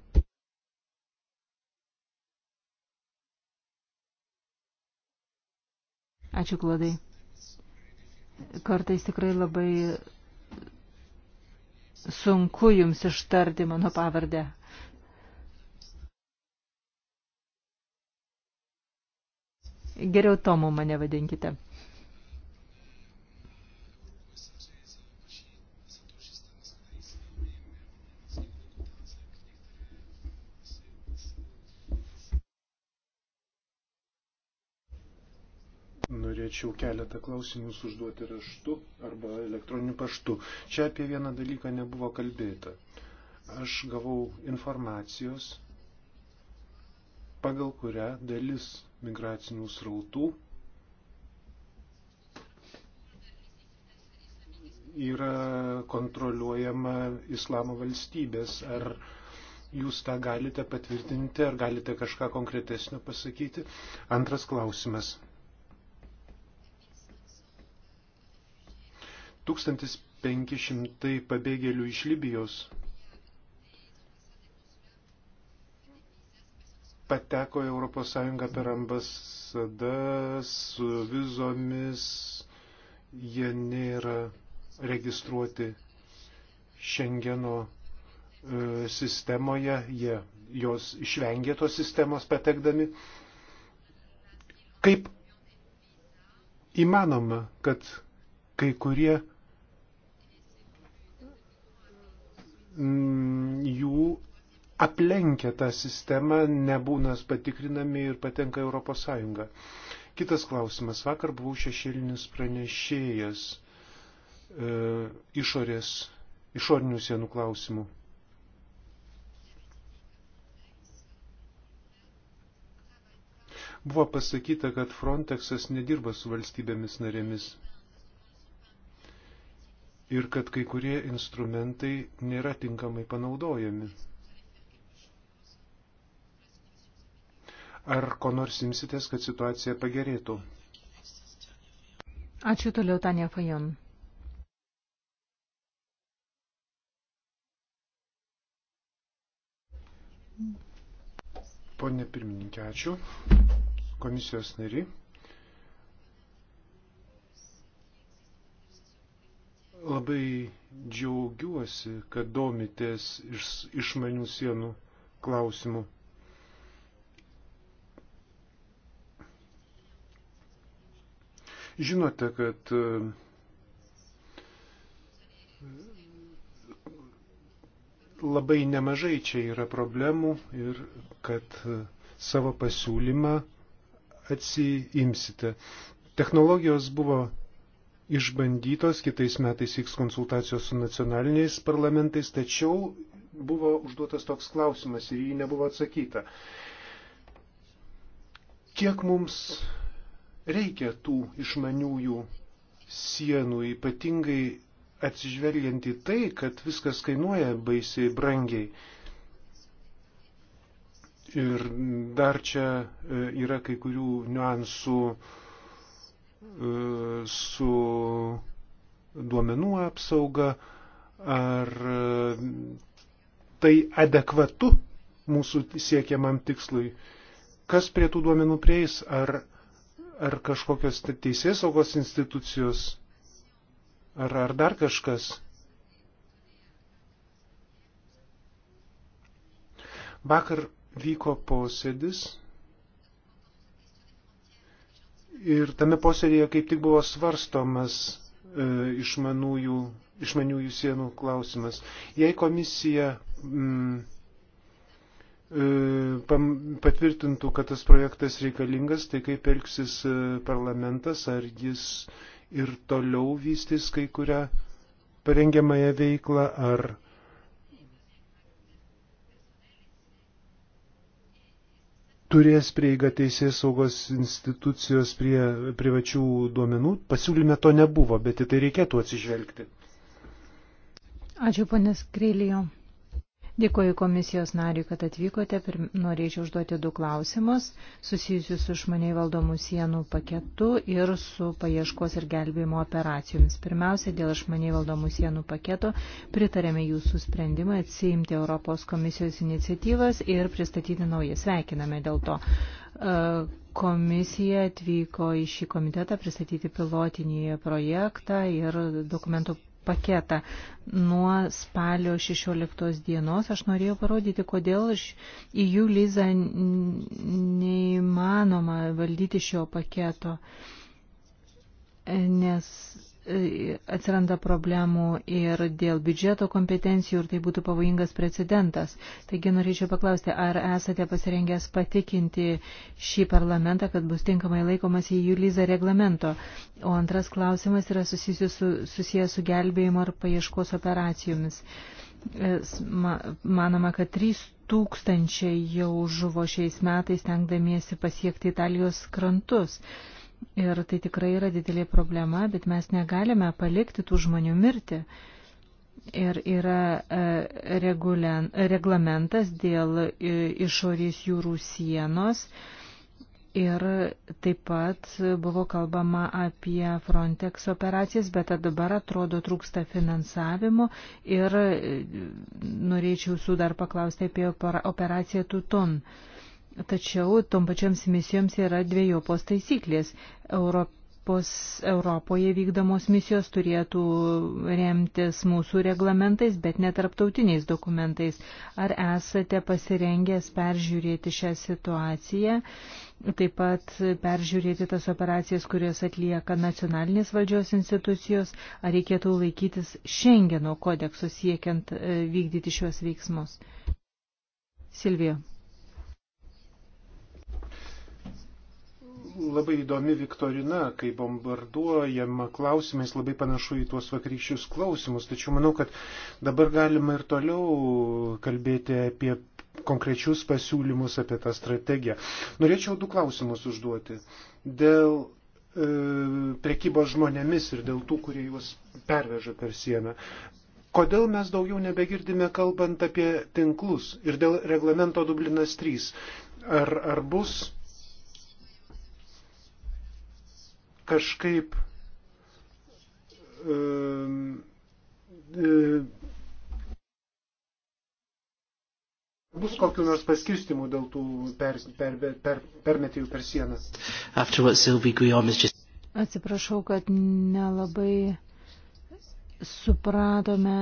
Ačiū, Klodai. Kartais tikrai labai sunku jums ištarti mano pavardę. Geriau Tomu mane vadinkite. Norėčiau keletą klausimų užduoti raštu arba elektroniniu paštu. Čia apie vieną dalyką nebuvo kalbėta. Aš gavau informacijos pagal kurią dalis migracinių srautų yra kontroliuojama islamo valstybės. Ar jūs tą galite patvirtinti, ar galite kažką konkretesnio pasakyti? Antras klausimas. 1500 pabėgėlių iš Libijos pateko į ES per ambasadas su vizomis, jie nėra registruoti Šengeno e, sistemoje, jie jos išvengė tos sistemos patekdami. Kaip įmanoma, kad kai kurie mm, jų aplenkia tą sistemą, nebūna patikrinami ir patenka Europos Sąjunga. Kitas klausimas. Vakar buvau šešėlinis pranešėjas e, išorės, išorinių sienų klausimų. Buvo pasakyta, kad Frontexas nedirba su valstybėmis narėmis ir kad kai kurie instrumentai nėra tinkamai panaudojami. Ar ko nors imsitės, kad situacija pagerėtų? Ačiū toliau, Tanja Fajon. Pone pirmininkė, ačiū. Komisijos nari. Labai džiaugiuosi, kad domitės iš, išmanių sienų klausimų. Žinote, kad e, labai nemažai čia yra problemų ir kad e, savo pasiūlymą atsiimsite. Technologijos buvo išbandytos, kitais metais vyks konsultacijos su nacionaliniais parlamentais, tačiau buvo užduotas toks klausimas ir jį nebuvo atsakyta. Kiek mums Reikia tų išmaniųjų sienų, ypatingai atsižvelgiant į tai, kad viskas kainuoja baisiai brangiai. Ir dar čia e, yra kai kurių niuansų e, su duomenų apsauga, ar e, tai adekvatu mūsų siekiamam tikslui, kas prie tų duomenų prieis, ar ar kažkokios teisės saugos institucijos, ar, ar dar kažkas. Vakar vyko posėdis ir tame posėdėje kaip tik buvo svarstomas e, išmaniųjų, išmaniųjų sienų klausimas. Jei komisija mm, E, patvirtintų, kad tas projektas reikalingas, tai kaip elgsis e, parlamentas, ar jis ir toliau vystys kai kurią parengiamąją veiklą, ar turės prieigą teisės saugos institucijos prie privačių duomenų. Pasiūlyme to nebuvo, bet į tai reikėtų atsižvelgti. Ačiū, ponės Krėlijo. Dėkuoju komisijos nariui, kad atvykote. Pirm, norėčiau užduoti du klausimus susijusius su išmaniai valdomų sienų paketu ir su paieškos ir gelbėjimo operacijomis. Pirmiausia, dėl išmaniai valdomų sienų paketo pritarėme jūsų sprendimą atsiimti Europos komisijos iniciatyvas ir pristatyti naują. Sveikiname dėl to. E, komisija atvyko į šį komitetą pristatyti pilotinį projektą ir dokumentų paketą nuo spalio 16 dienos. Aš norėjau parodyti, kodėl į jų lyzą neįmanoma valdyti šio paketo, nes atsiranda problemų ir dėl biudžeto kompetencijų ir tai būtų pavojingas precedentas. Taigi norėčiau paklausti, ar esate pasirengęs patikinti šį parlamentą, kad bus tinkamai laikomas į jų lyzą reglamento. O antras klausimas yra susijęs su, susijęs su gelbėjimo ar paieškos operacijomis. Manoma, kad 3 tūkstančiai jau žuvo šiais metais, tenkdamiesi pasiekti Italijos krantus. Ir tai tikrai yra didelė problema, bet mes negalime palikti tų žmonių mirti. Ir yra e, regulian, reglamentas dėl e, išorės jūrų sienos. Ir taip pat buvo kalbama apie Frontex operacijas, bet dabar atrodo trūksta finansavimo ir e, norėčiau su dar paklausti apie operaciją Tuton. Uh, Tačiau tom pačioms misijoms yra dviejopos taisyklės. Europos, Europoje vykdomos misijos turėtų remtis mūsų reglamentais, bet netarptautiniais dokumentais. Ar esate pasirengęs peržiūrėti šią situaciją? taip pat peržiūrėti tas operacijas, kurias atlieka nacionalinės valdžios institucijos, ar reikėtų laikytis Šengeno kodekso siekiant e, vykdyti šiuos veiksmus. Silvija. labai įdomi Viktorina, kai bombarduojama klausimais labai panašu į tuos vakarykščius klausimus, tačiau manau, kad dabar galima ir toliau kalbėti apie konkrečius pasiūlymus, apie tą strategiją. Norėčiau du klausimus užduoti. Dėl e, prekybos žmonėmis ir dėl tų, kurie juos perveža per sieną. Kodėl mes daugiau nebegirdime kalbant apie tinklus ir dėl reglamento Dublinas 3? Ar, ar bus kažkaip e, bus kokiu nors paskirstimų dėl tų per, per, per, permetėjų per sieną. Atsiprašau, kad nelabai supratome,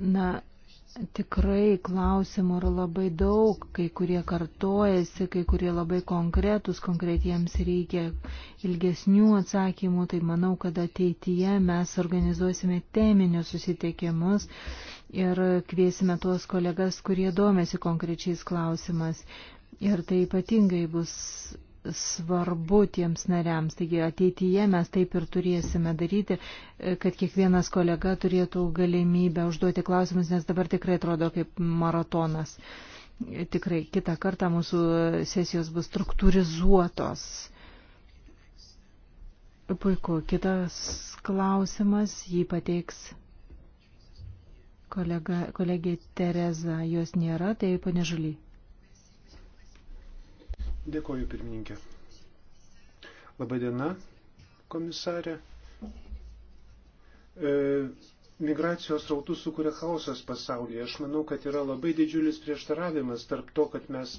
na, Tikrai klausimų yra labai daug, kai kurie kartojasi, kai kurie labai konkretus, konkretiems reikia ilgesnių atsakymų, tai manau, kad ateityje mes organizuosime teminius susitikimus ir kviesime tuos kolegas, kurie domėsi konkrečiais klausimas. Ir tai ypatingai bus svarbu tiems nariams. Taigi ateityje mes taip ir turėsime daryti, kad kiekvienas kolega turėtų galimybę užduoti klausimus, nes dabar tikrai atrodo kaip maratonas. Tikrai kitą kartą mūsų sesijos bus struktūrizuotos. Puiku, kitas klausimas jį pateiks kolega, kolegė Tereza, jos nėra, tai panežuly. Dėkoju, pirmininkė. Labadiena, komisarė. E, migracijos rautus sukuria chaosas pasaulyje. Aš manau, kad yra labai didžiulis prieštaravimas tarp to, kad mes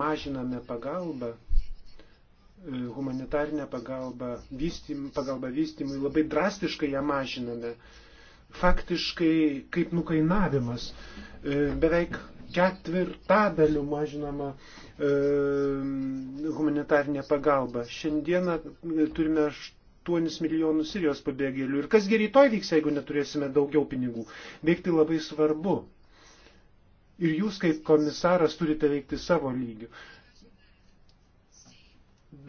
mažiname pagalbą, e, humanitarinę pagalbą, vystym, pagalbą vystymui, labai drastiškai ją mažiname. Faktiškai kaip nukainavimas. E, beveik ketvirtadaliu mažinama E, humanitarinė pagalba. Šiandieną turime 8 milijonus Sirijos pabėgėlių. Ir kas gerai rytoj vyks, jeigu neturėsime daugiau pinigų? Veikti labai svarbu. Ir jūs kaip komisaras turite veikti savo lygių.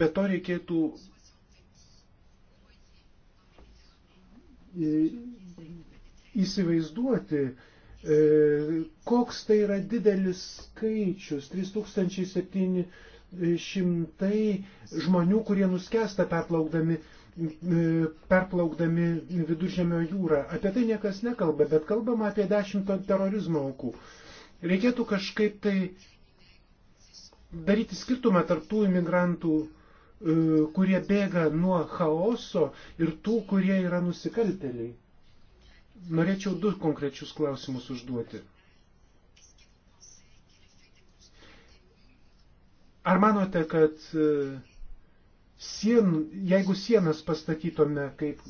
Be to reikėtų e, įsivaizduoti, E, koks tai yra didelis skaičius - 3700 žmonių, kurie nuskesta perplaukdami, e, perplaukdami viduržėmio jūrą. Apie tai niekas nekalba, bet kalbama apie dešimt terorizmo aukų. Reikėtų kažkaip tai daryti skirtumą tarptų imigrantų e, kurie bėga nuo chaoso ir tų, kurie yra nusikalteliai. Norėčiau du konkrečius klausimus užduoti. Ar manote, kad e, sien, jeigu sienas pastatytume, kaip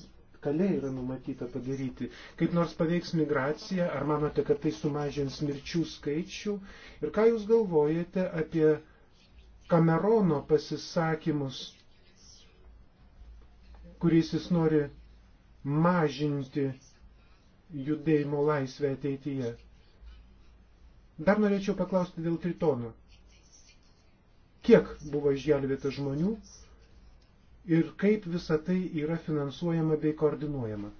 kalė yra numatyta padaryti, kaip nors paveiks migraciją, ar manote, kad tai sumažins mirčių skaičių? Ir ką Jūs galvojate apie Kamerono pasisakymus, kuriais jis nori mažinti judėjimo laisvę ateityje. Dar norėčiau paklausti dėl Tritono. Kiek buvo išgelbėta žmonių ir kaip visa tai yra finansuojama bei koordinuojama?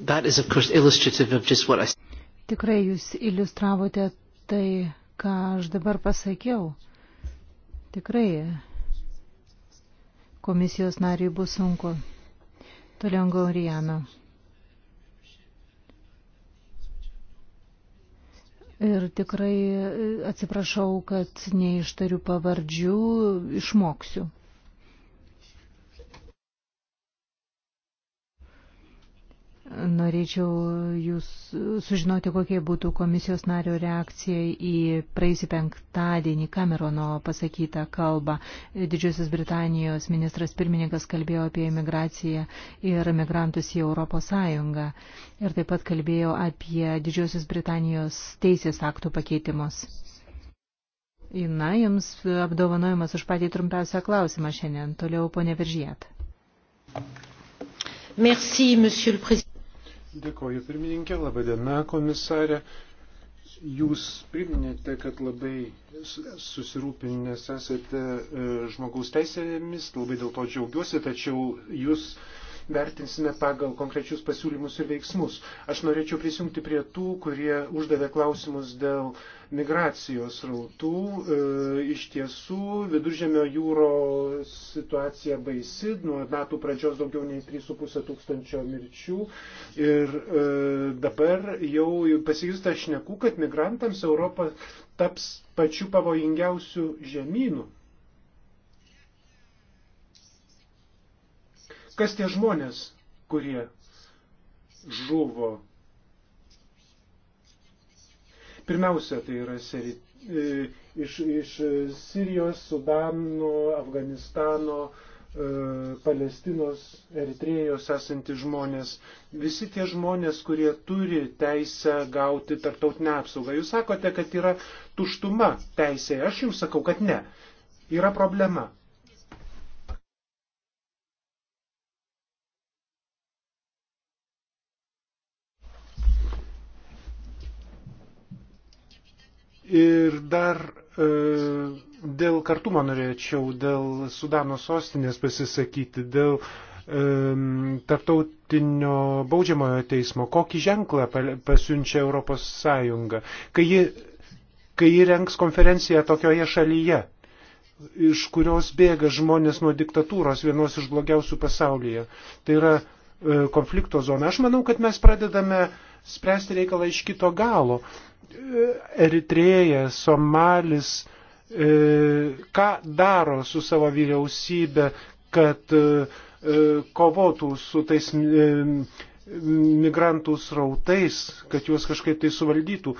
I... Tikrai jūs iliustravote tai, ką aš dabar pasakiau. Tikrai komisijos nariai bus sunku. Toliau Gauriano. Ir tikrai e, atsiprašau, kad neištariu pavardžių, išmoksiu. norėčiau jūs sužinoti, kokie būtų komisijos nario reakcija į praėjusį penktadienį Kamerono pasakytą kalbą. Didžiosios Britanijos ministras pirmininkas kalbėjo apie imigraciją ir migrantus į Europos Sąjungą. Ir taip pat kalbėjo apie Didžiosios Britanijos teisės aktų pakeitimus. Na, jums apdovanojimas už patį trumpiausią klausimą šiandien. Toliau, ponė Viržėt. Merci, Monsieur le Président. Dėkoju pirmininkė, laba diena komisarė. Jūs priminėte, kad labai susirūpinęs esate e, žmogaus teisėmis, labai dėl to džiaugiuosi, tačiau jūs vertinsime pagal konkrečius pasiūlymus ir veiksmus. Aš norėčiau prisijungti prie tų, kurie uždavė klausimus dėl migracijos rautų. E, iš tiesų, viduržėmio jūros situacija baisi, nuo metų pradžios daugiau nei 3,5 tūkstančio mirčių. Ir e, dabar jau pasijusta šneku, kad migrantams Europa taps pačiu pavojingiausiu žemynu Kas tie žmonės, kurie žuvo? Pirmiausia, tai yra seri... E, iš, iš Sirijos, Sudano, Afganistano, e, Palestinos, Eritrėjos esantys žmonės, visi tie žmonės, kurie turi teisę gauti tartautinę apsaugą. Jūs sakote, kad yra tuštuma teisėje, aš jums sakau, kad ne. Yra problema. Ir dar e, dėl kartumo norėčiau, dėl Sudano sostinės pasisakyti, dėl e, tarptautinio baudžiamojo teismo, kokį ženklą pasiunčia Europos Sąjunga, kai ji, kai ji renks konferenciją tokioje šalyje, iš kurios bėga žmonės nuo diktatūros vienos iš blogiausių pasaulyje. Tai yra e, konflikto zona. Aš manau, kad mes pradedame e, spręsti reikalą iš kito galo. Eritrėja, Somalis, e, ką daro su savo vyriausybė, kad e, e, kovotų su tais migrantų srautais, kad juos kažkaip tai suvaldytų.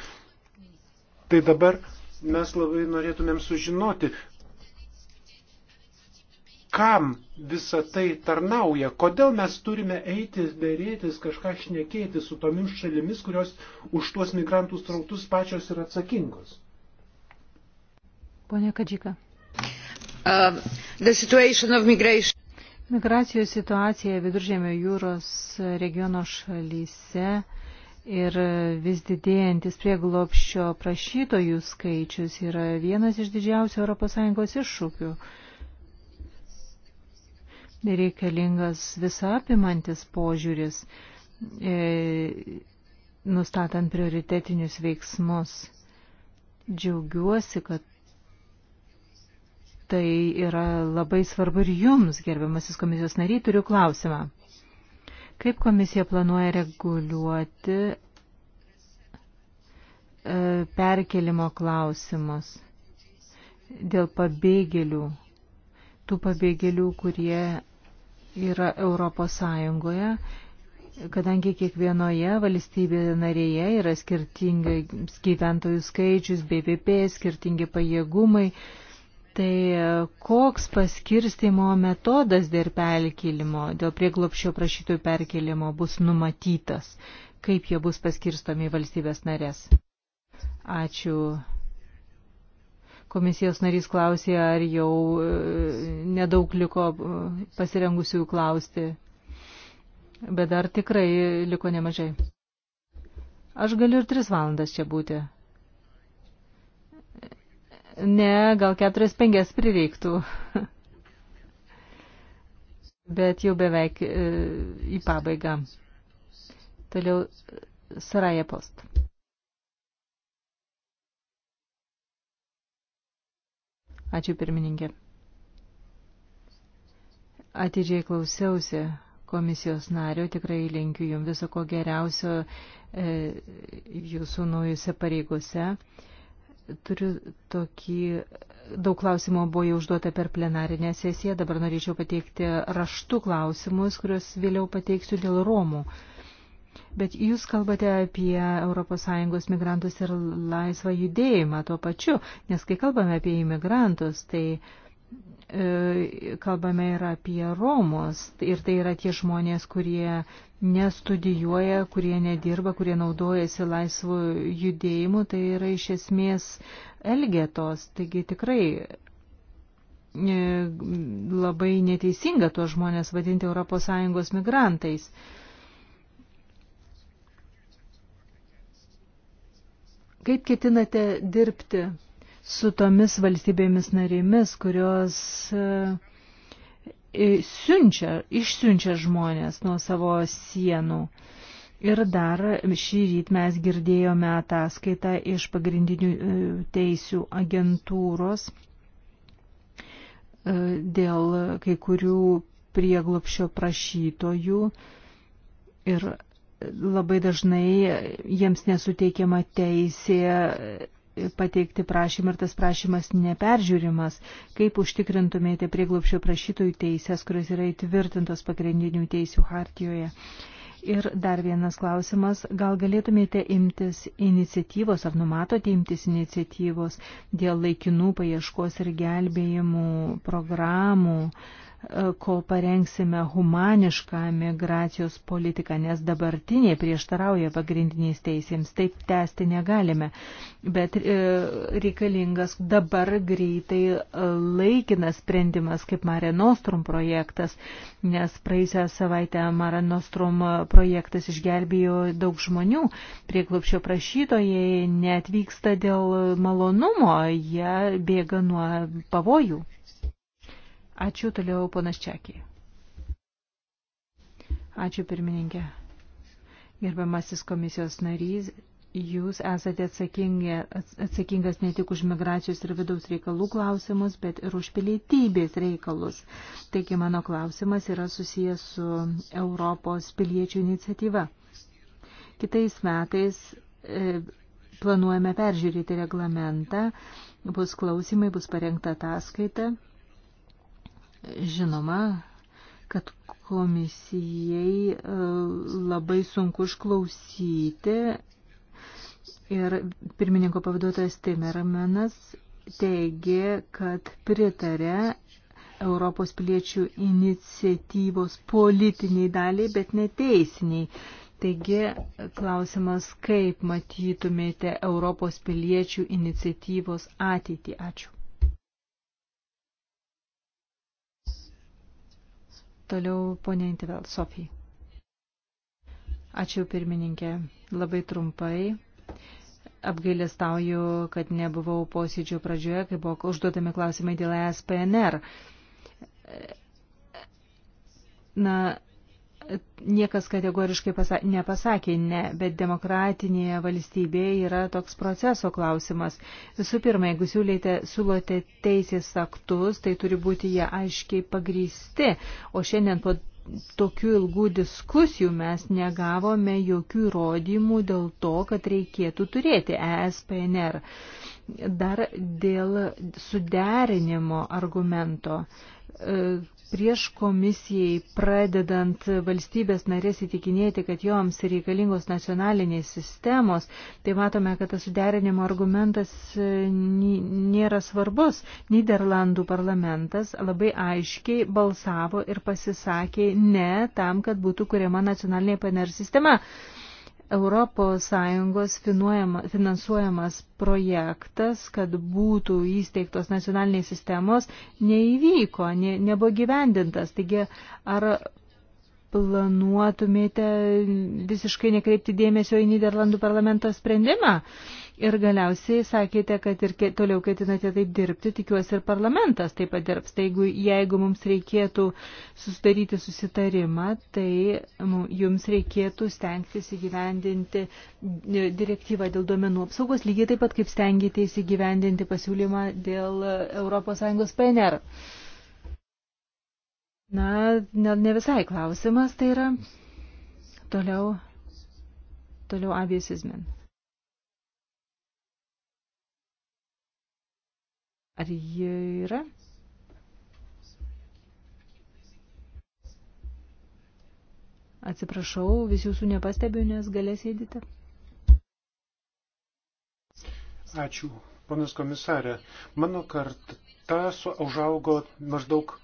Tai dabar mes labai norėtumėm sužinoti, kam visa tai tarnauja, kodėl mes turime eiti, dėrėtis, kažką šnekėti su tomis šalimis, kurios už tuos migrantų strautus pačios yra atsakingos. Pone Kadžika. Uh, Migracijos situacija viduržėmio jūros regiono šalyse ir vis didėjantis prieglopščio prašytojų skaičius yra vienas iš didžiausių ES iššūkių. Uh, reikalingas visapimantis požiūris, e, nustatant prioritetinius veiksmus. Džiaugiuosi, kad tai yra labai svarbu ir jums, gerbiamasis komisijos nariai, turiu klausimą. Kaip komisija planuoja reguliuoti e, perkelimo klausimus dėl pabėgėlių, tų pabėgėlių, kurie yra Europos Sąjungoje, kadangi kiekvienoje valstybėje narėje yra skirtingai gyventojų skaičius, BVP, skirtingi pajėgumai, tai koks paskirstimo metodas dėl perkelimo, dėl prieglopščio prašytojų perkelimo bus numatytas, kaip jie bus paskirstomi valstybės narės. Ačiū Komisijos narys klausė, ar jau e, nedaug liko e, pasirengusiųjų klausti, bet dar tikrai liko nemažai. Aš galiu ir tris valandas čia būti. Ne, gal keturias penkias prireiktų. [laughs] Bet jau beveik e, į pabaigą. Toliau Sarajepost. Post. Ačiū pirmininkė. Atidžiai klausiausi komisijos nario, tikrai linkiu jums viso ko geriausio e, jūsų naujose pareigose. Turiu tokį, daug klausimų buvo jau užduota per plenarinę sesiją, dabar norėčiau pateikti raštų klausimus, kuriuos vėliau pateiksiu dėl Romų. E, Bet jūs kalbate apie ES migrantus ir laisvą judėjimą tuo pačiu, nes kai kalbame apie imigrantus, tai e, kalbame ir apie Romus. Ir tai yra tie žmonės, kurie nestudijuoja, kurie nedirba, kurie naudojasi laisvu judėjimu, tai yra iš esmės elgetos. Taigi tikrai e, labai neteisinga tuos žmonės vadinti ES migrantais. E, Kaip ketinate dirbti su tomis valstybėmis narėmis, kurios e, siunčia, išsiunčia žmonės nuo savo sienų? Ir dar šį ryt mes girdėjome ataskaitą iš pagrindinių e, teisių agentūros e, dėl kai kurių prieglopšio prašytojų ir labai dažnai jiems nesuteikiama teisė pateikti prašymą ir tas prašymas neperžiūrimas. Kaip užtikrintumėte prieglopšio prašytojų teisės, kurios yra įtvirtintos pagrindinių teisių hartijoje? Ir dar vienas klausimas, gal galėtumėte imtis iniciatyvos ar numatote imtis iniciatyvos dėl laikinų paieškos ir gelbėjimų programų, uh, kol parengsime humanišką migracijos politiką, nes dabartinė prieštarauja pagrindiniais teisėms, taip tęsti negalime. Bet e, reikalingas dabar greitai e, laikinas sprendimas, kaip Mare Nostrum projektas, nes praeisę savaitę Mare Nostrum projektas išgelbėjo daug žmonių. Prieklopščio prašytojai neatvyksta dėl malonumo, jie bėga nuo pavojų. Ačiū toliau, ponas Čekį. Ačiū pirmininkė. Gerbiamasis komisijos narys, jūs esate atsakingas ne tik už migracijos ir vidaus reikalų klausimus, bet ir už pilietybės reikalus. Taigi mano klausimas yra susijęs su Europos piliečių iniciatyva. Kitais metais e, planuojame peržiūrėti reglamentą, bus klausimai, bus parengta ataskaita Žinoma, kad komisijai e, labai sunku išklausyti ir pirmininko pavaduotojas Timermanas teigė, kad pritarė Europos piliečių iniciatyvos politiniai daliai, bet neteisiniai. Taigi klausimas, kaip matytumėte Europos piliečių iniciatyvos ateitį? Ačiū. Toliau ponė Intivel, Sofija. Ačiū pirmininkė. Labai trumpai. Apgailestauju, kad nebuvau posėdžio pradžioje, kai buvo užduodami klausimai dėl ESPNR. Na, niekas kategoriškai pasa nepasakė ne, bet demokratinėje valstybėje yra toks proceso klausimas. Visų pirma, jeigu siūlėte, siūlote teisės aktus, tai turi būti jie aiškiai pagrysti, o šiandien po tokių ilgų diskusijų mes negavome jokių įrodymų dėl to, kad reikėtų turėti ESPNR. Dar dėl suderinimo argumento prieš komisijai pradedant valstybės narės įtikinėti, kad joms reikalingos nacionalinės sistemos, tai matome, kad tas suderinimo argumentas e, nėra svarbus. Niderlandų parlamentas labai aiškiai balsavo ir pasisakė ne tam, kad būtų kuriama nacionalinė PNR sistema. ES finansuojamas projektas, kad būtų įsteigtos nacionalinės sistemos, neįvyko, ne, nebuvo gyvendintas. Taigi, ar planuotumėte visiškai nekreipti dėmesio į Niderlandų parlamento sprendimą? Ir galiausiai sakėte, kad ir toliau ketinate taip dirbti, tikiuosi ir parlamentas taip pat dirbs. Tai jeigu, jeigu mums reikėtų susidaryti susitarimą, tai jums reikėtų stengtis įgyvendinti e, direktyvą dėl duomenų apsaugos, lygiai taip pat kaip stengėte įsigyvendinti pasiūlymą dėl ES PNR. Uh, Na, ne, ne visai klausimas, tai yra toliau, toliau aviesizmin. Ar jie yra? Atsiprašau, vis jūsų nepastebiu, nes galės sėdite. Ačiū, ponas komisarė. Mano karta užaugo maždaug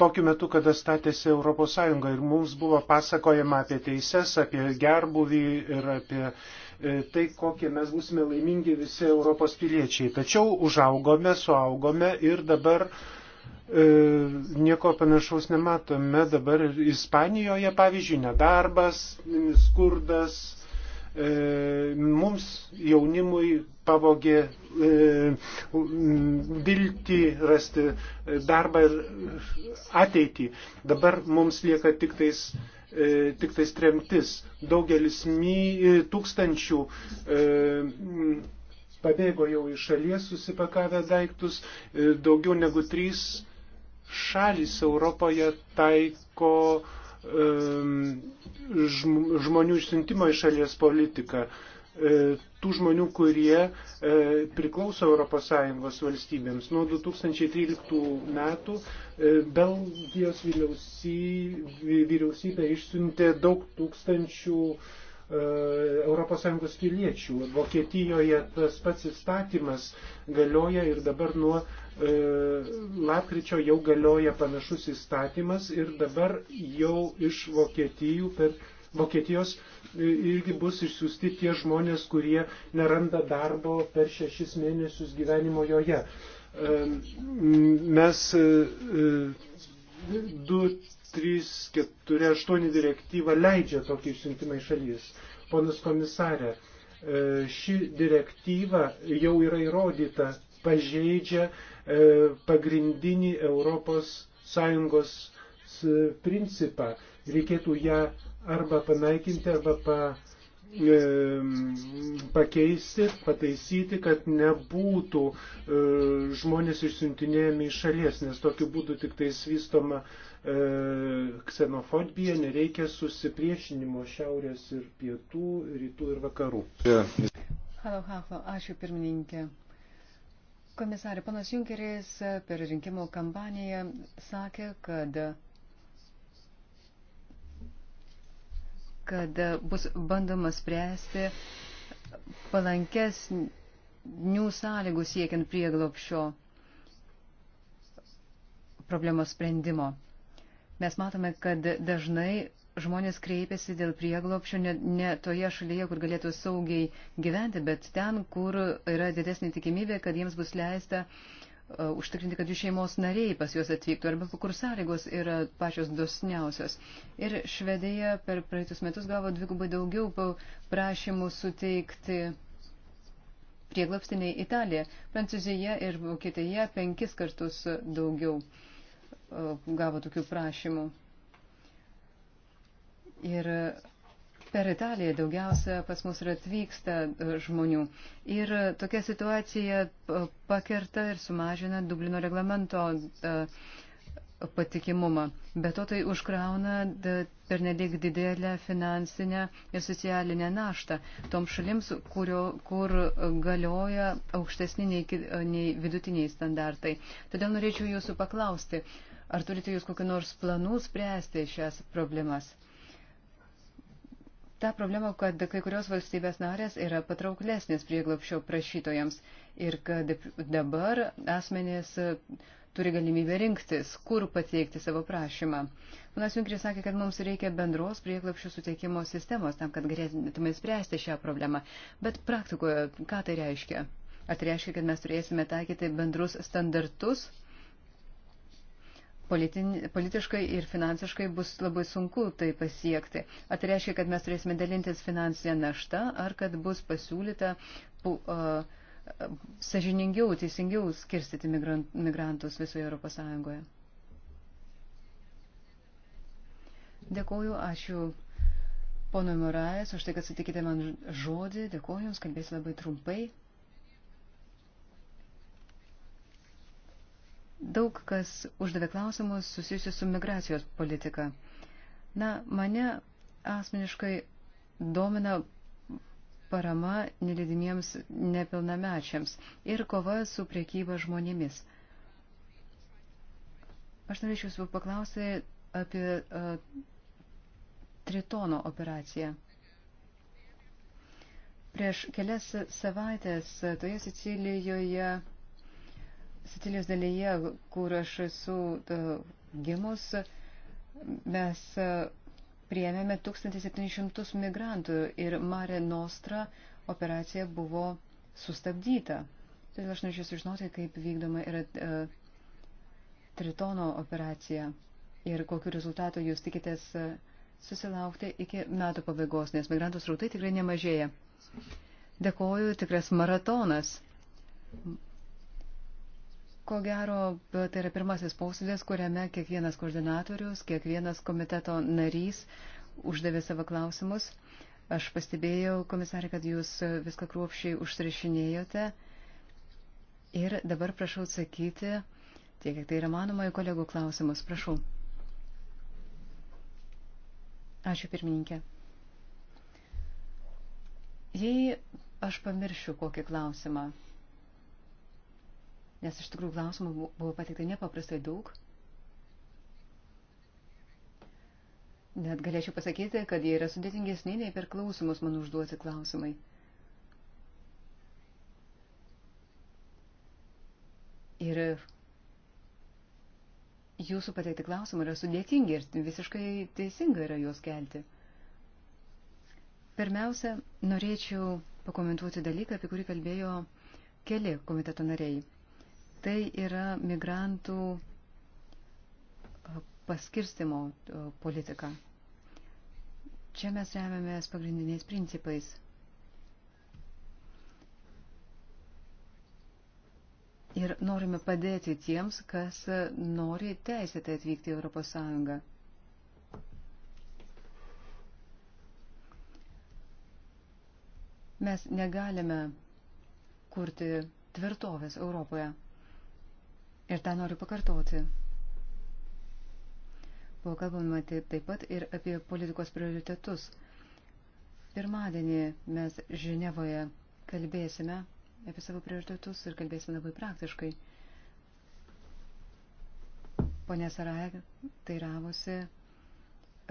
tokiu metu, kada statėsi ES ir mums buvo pasakojama apie teises, apie gerbuvį ir apie e, tai, kokie mes būsime laimingi visi Europos piliečiai. Tačiau užaugome, suaugome ir dabar e, nieko panašaus nematome. Dabar Ispanijoje, pavyzdžiui, nedarbas, skurdas, E, mums jaunimui pavogė e, viltį rasti darbą ir ateitį. Dabar mums lieka tik tais, e, tik tais tremtis. Daugelis my, tūkstančių pabėgo jau iš šalies susipakavę daiktus, daugiau negu trys šalis Europoje taiko žmonių išsiuntimo iš šalies politiką, e, tų žmonių, kurie e, priklauso ES valstybėms. Nuo 2013 metų e, Belgijos vyriausybė išsiuntė daug tūkstančių ES piliečių. Vokietijoje tas pats įstatymas galioja ir dabar nuo e, lapkričio jau galioja panašus įstatymas ir dabar jau iš Vokietijų per Vokietijos e, irgi bus išsiųsti tie žmonės, kurie neranda darbo per šešis mėnesius gyvenimo joje. E, mes e, du 1348 direktyva leidžia tokį išsiuntimą iš šalies. Ponas komisarė, e, ši direktyva jau yra įrodyta pažeidžia e, pagrindinį Europos Sąjungos principą. Reikėtų ją arba panaikinti, arba pa, e, pakeisti, pataisyti, kad nebūtų e, žmonės išsiuntinėjami iš šalies, nes tokiu būdu tik tai svystoma e, E, ksenofobija, nereikia susipriešinimo šiaurės ir pietų, rytų ir vakarų. Halo, halo, ačiū pirmininkė. Komisarė, panas Junkeris per rinkimo kampaniją sakė, kad kad bus bandoma spręsti palankesnių sąlygų siekiant prieglopšio problemos sprendimo. Mes matome, kad dažnai žmonės kreipiasi dėl prieglopšio ne, ne toje šalyje, kur galėtų saugiai gyventi, bet ten, kur yra didesnė tikimybė, kad jiems bus leista uh, užtikrinti, kad jų šeimos nariai pas juos atvyktų, arba kur sąlygos yra pačios dosniausios. Ir Švedija per praeitus metus gavo dvigubai daugiau prašymų suteikti prieglopstiniai Italija, Prancūzija ir Vokietija penkis kartus daugiau. Uh, gavo tokių prašymų. Ir per Italiją daugiausia pas mus ir atvyksta e, žmonių. Ir tokia situacija e, pakerta ir sumažina Dublino reglamento e, patikimumą. Be to tai užkrauna per nedėk didelę finansinę ir socialinę naštą tom šalims, kurio, kur galioja aukštesni nei, nei vidutiniai standartai. Todėl norėčiau jūsų paklausti, uh, Ar turite jūs kokiu nors planų spręsti šias problemas? Ta problema, kad kai kurios valstybės narės yra patrauklesnės prieglopšio prašytojams ir kad dabar asmenės turi galimybę rinktis, kur pateikti savo prašymą. Panas Junkris sakė, kad mums reikia bendros prieglapščių suteikimo sistemos tam, kad galėtume spręsti šią problemą. Bet praktikoje, ką tai reiškia? Ar tai reiškia, kad mes turėsime taikyti bendrus standartus politin, politiškai ir finansiškai bus labai sunku tai pasiekti. Ar tai reiškia, kad mes turėsime dalintis finansinę naštą, ar kad bus pasiūlyta uh, sažiningiau, teisingiau skirstyti migrant, migrantus visoje Europos Sąjungoje? Dėkuoju, ačiū ponui Morais už tai, kad sutikite man žodį. Dėkuoju Jums, kalbės labai trumpai. Daug kas uždavė klausimus susijusius su migracijos politika. Na, mane asmeniškai domina parama nelidimiems nepilnamečiams ir kova su priekyba žmonėmis. Aš norėčiau jūsų paklausti apie uh, Tritono operaciją. Prieš kelias savaitės toje Sicilijoje uh, Sicilijos dalyje, kur aš esu e, gimus, mes e, priėmėme 1700 migrantų ir Mare Nostra operacija buvo sustabdyta. Todėl aš norėčiau sužinoti, kaip vykdoma yra e, Tritono operacija ir kokiu rezultatu jūs tikitės susilaukti iki metų pabaigos, nes migrantų srautai tikrai nemažėja. Dėkoju, tikras maratonas. Ko gero, tai yra pirmasis posėdis, kuriame kiekvienas koordinatorius, kiekvienas komiteto narys uždavė savo klausimus. Aš pastebėjau, komisarė, kad jūs viską kruopšiai užsirašinėjote. Ir dabar prašau atsakyti, tiek kiek tai yra manoma, į kolegų klausimus. Prašau. Ačiū, pirmininkė. Jei aš pamiršiu kokį klausimą, nes iš tikrųjų klausimų buvo patikta nepaprastai daug. Net galėčiau pasakyti, kad jie yra sudėtingesni nei per klausimus man užduoti klausimai. Ir jūsų pateikti klausimai yra sudėtingi ir visiškai teisinga yra juos kelti. Pirmiausia, norėčiau pakomentuoti dalyką, apie kurį kalbėjo keli komiteto nariai. Tai yra migrantų e, paskirstimo e, politika. Čia mes remiamės pagrindiniais principais. Ir norime padėti tiems, kas nori teisėtai atvykti į Europos Sąjungą. Mes negalime kurti tvirtovės Europoje. Ir tą noriu pakartoti. Buvo kalbama taip, taip pat ir apie politikos prioritetus. Pirmadienį mes Ženevoje kalbėsime apie savo prioritetus ir kalbėsime labai praktiškai. Pone Saraja teiravosi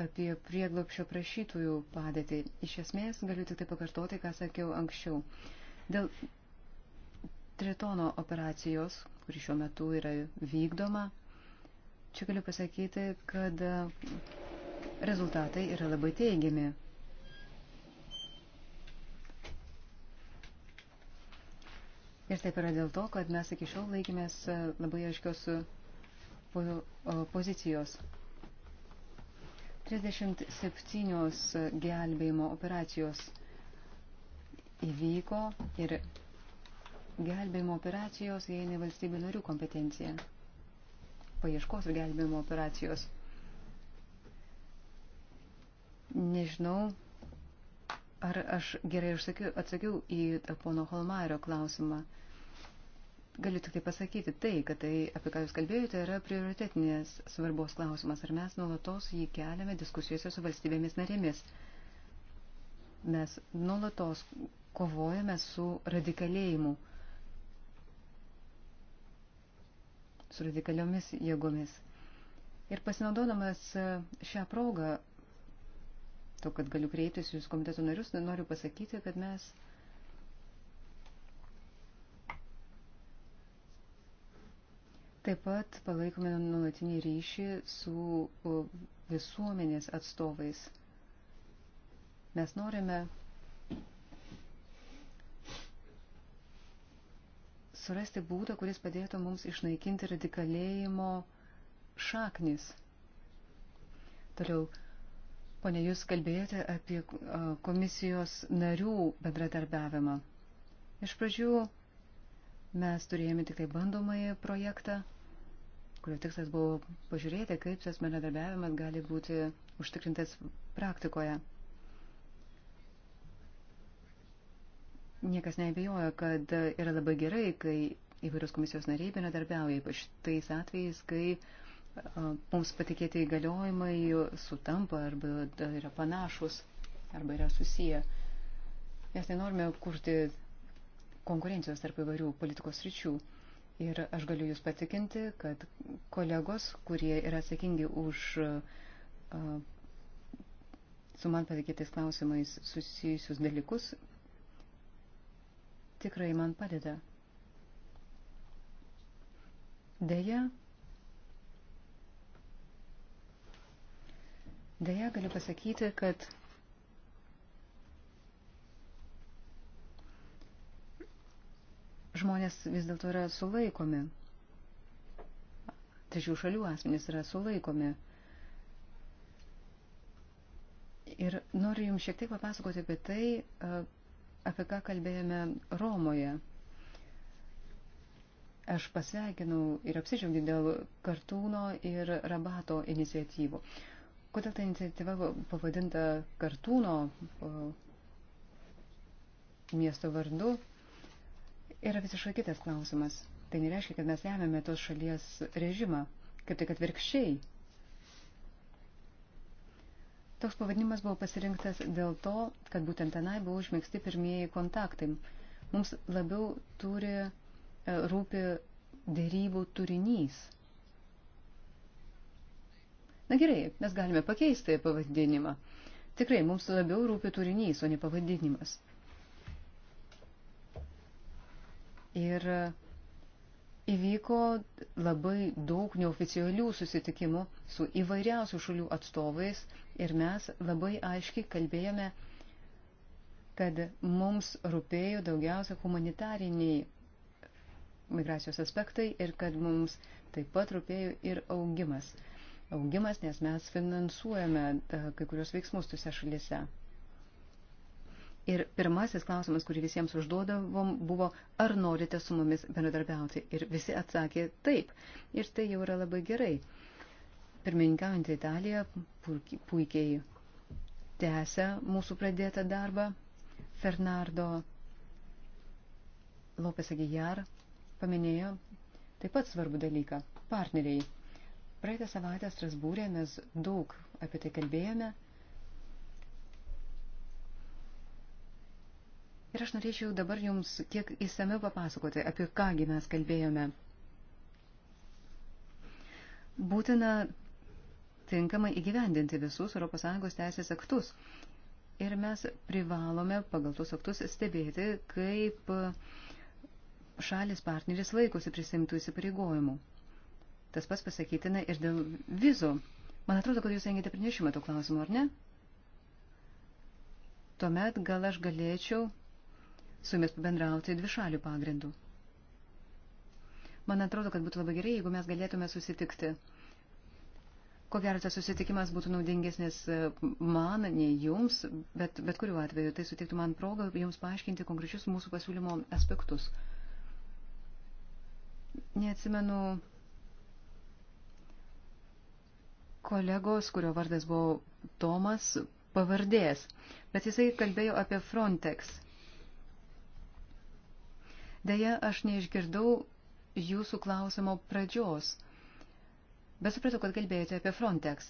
apie prieglopšio prašytojų padėtį. Iš esmės galiu tik tai pakartoti, ką sakiau anksčiau. Dėl Tritono operacijos, kuri šiuo metu yra vykdoma. Čia galiu pasakyti, kad rezultatai yra labai teigiami. Ir taip yra dėl to, kad mes iki šiol laikėmės labai aiškios pozicijos. 37 gelbėjimo operacijos įvyko ir gelbėjimo operacijos įeina valstybių narių kompetencija. Paieškos ir gelbėjimo operacijos. Nežinau, ar aš gerai išsakiau, atsakiau į pono Holmario klausimą. Galiu tik tai pasakyti tai, kad tai, apie ką jūs kalbėjote, yra prioritetinės svarbos klausimas. Ar mes nuolatos jį keliame diskusijose su valstybėmis narėmis? Mes nuolatos kovojame su radikalėjimu. su radikaliomis jėgomis. Ir pasinaudodamas e, šią progą, to, kad galiu kreiptis jūs komiteto narius, noriu pasakyti, kad mes taip pat palaikome nuolatinį ryšį su visuomenės atstovais. Mes norime surasti būdą, kuris padėtų mums išnaikinti radikalėjimo šaknis. Toliau, ponė, jūs kalbėjote apie komisijos narių bendradarbiavimą. Iš pradžių mes turėjome tik tai bandomąjį projektą, kurio tikslas buvo pažiūrėti, kaip tas bendradarbiavimas gali būti užtikrintas praktikoje. Niekas neabejoja, kad yra labai gerai, kai įvairios komisijos nariai bendradarbiauja, ypač tais atvejais, kai mums patikėti įgaliojimai sutampa arba yra panašus arba yra susiję. Mes nenorime kurti konkurencijos tarp įvairių politikos ryčių. Ir aš galiu Jūs patikinti, kad kolegos, kurie yra atsakingi už su man patikėtais klausimais susijusius dalykus, tikrai man padeda. Deja, deja galiu pasakyti, kad žmonės vis dėlto yra sulaikomi. Trečių šalių asmenys yra sulaikomi. Ir noriu Jums šiek tiek papasakoti apie tai, apie ką kalbėjome Romoje. Aš pasveikinau ir apsižiaugiu dėl kartūno ir rabato iniciatyvų. Kodėl ta iniciatyva pavadinta kartūno miesto vardu, yra visiškai kitas klausimas. Tai nereiškia, kad mes remiame tos šalies režimą, kaip tik atvirkščiai. Toks pavadinimas buvo pasirinktas dėl to, kad būtent tenai buvo užmėgsti pirmieji kontaktai. Mums labiau turi e, rūpi dėrybų turinys. Na gerai, mes galime pakeisti pavadinimą. Tikrai, mums labiau rūpi turinys, o ne pavadinimas. Ir įvyko labai daug neoficialių susitikimų su įvairiausių šalių atstovais ir mes labai aiškiai kalbėjome, kad mums rūpėjo daugiausia humanitariniai migracijos aspektai ir kad mums taip pat rūpėjo ir augimas. Augimas, nes mes finansuojame e, kai kurios veiksmus tuose šalyse. Ir pirmasis klausimas, kurį visiems užduodavom, buvo, ar norite su mumis bendradarbiauti. Ir visi atsakė taip. Ir tai jau yra labai gerai. Pirmininkaujant Italiją puikiai tęsia mūsų pradėtą darbą. Fernando Lopes Aguilar paminėjo taip pat svarbų dalyką – partneriai. Praeitą savaitę Strasbūrė mes daug apie tai kalbėjome – Ir aš norėčiau dabar jums kiek įsame papasakoti, apie kągi mes kalbėjome. Būtina tinkamai įgyvendinti visus ES teisės aktus. Ir mes privalome pagal tuos aktus stebėti, kaip šalis partneris laikosi prisimtų įsipareigojimų. Tas pas pasakytina ir dėl vizų. Man atrodo, kad jūs rengėte pranešimą to klausimu, ar ne? Tuomet gal aš galėčiau su jumis bendrauti dvišalių pagrindų. Man atrodo, kad būtų labai gerai, jeigu mes galėtume susitikti. Ko gero, tas susitikimas būtų naudingesnis e, man, nei jums, bet, bet kuriuo atveju tai sutiktų man progą jums paaiškinti konkrečius mūsų pasiūlymo aspektus. Neatsimenu kolegos, kurio vardas buvo Tomas, pavardės, bet jisai kalbėjo apie Frontex. Deja, aš neišgirdau jūsų klausimo pradžios, bet supratau, kad kalbėjote apie Frontex.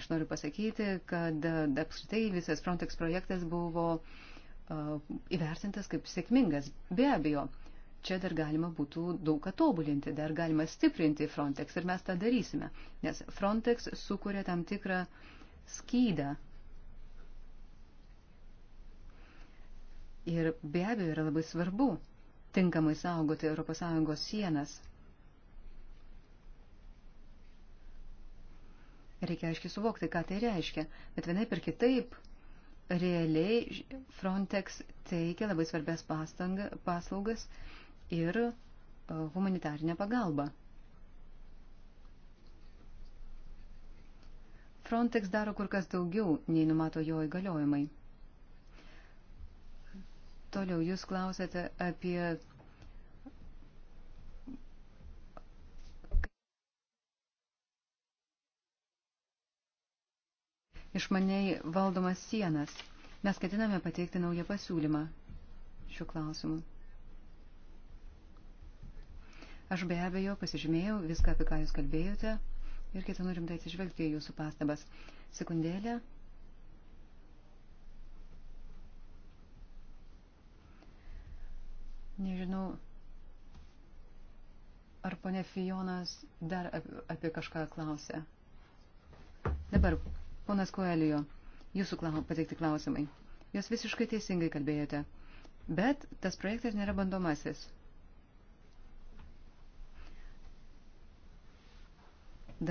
Aš noriu pasakyti, kad e, apskritai visas Frontex projektas buvo uh, įvertintas kaip sėkmingas. Be abejo, čia dar galima būtų daug ką tobulinti, dar galima stiprinti Frontex ir mes tą darysime, nes Frontex sukuria tam tikrą skydą Ir be abejo yra labai svarbu tinkamai saugoti ES sienas. Reikia aiškiai suvokti, ką tai reiškia. Bet vienaip ir kitaip, realiai Frontex teikia labai svarbias pastanga, paslaugas ir e, humanitarinę pagalbą. Frontex daro kur kas daugiau, nei numato jo įgaliojimai. Toliau jūs klausėte apie išmaniai valdomas sienas. Mes ketiname pateikti naują pasiūlymą šiuo klausimu. Aš be abejo pasižymėjau viską, apie ką jūs kalbėjote ir ketinu rimtai atsižvelgti į jūsų pastabas. Sekundėlę. Nežinau, ar ponė Fijonas dar apie kažką klausė. Dabar, ponas Koelijo, jūsų klau, pateikti klausimai. Jūs visiškai teisingai kalbėjote, bet tas projektas nėra bandomasis.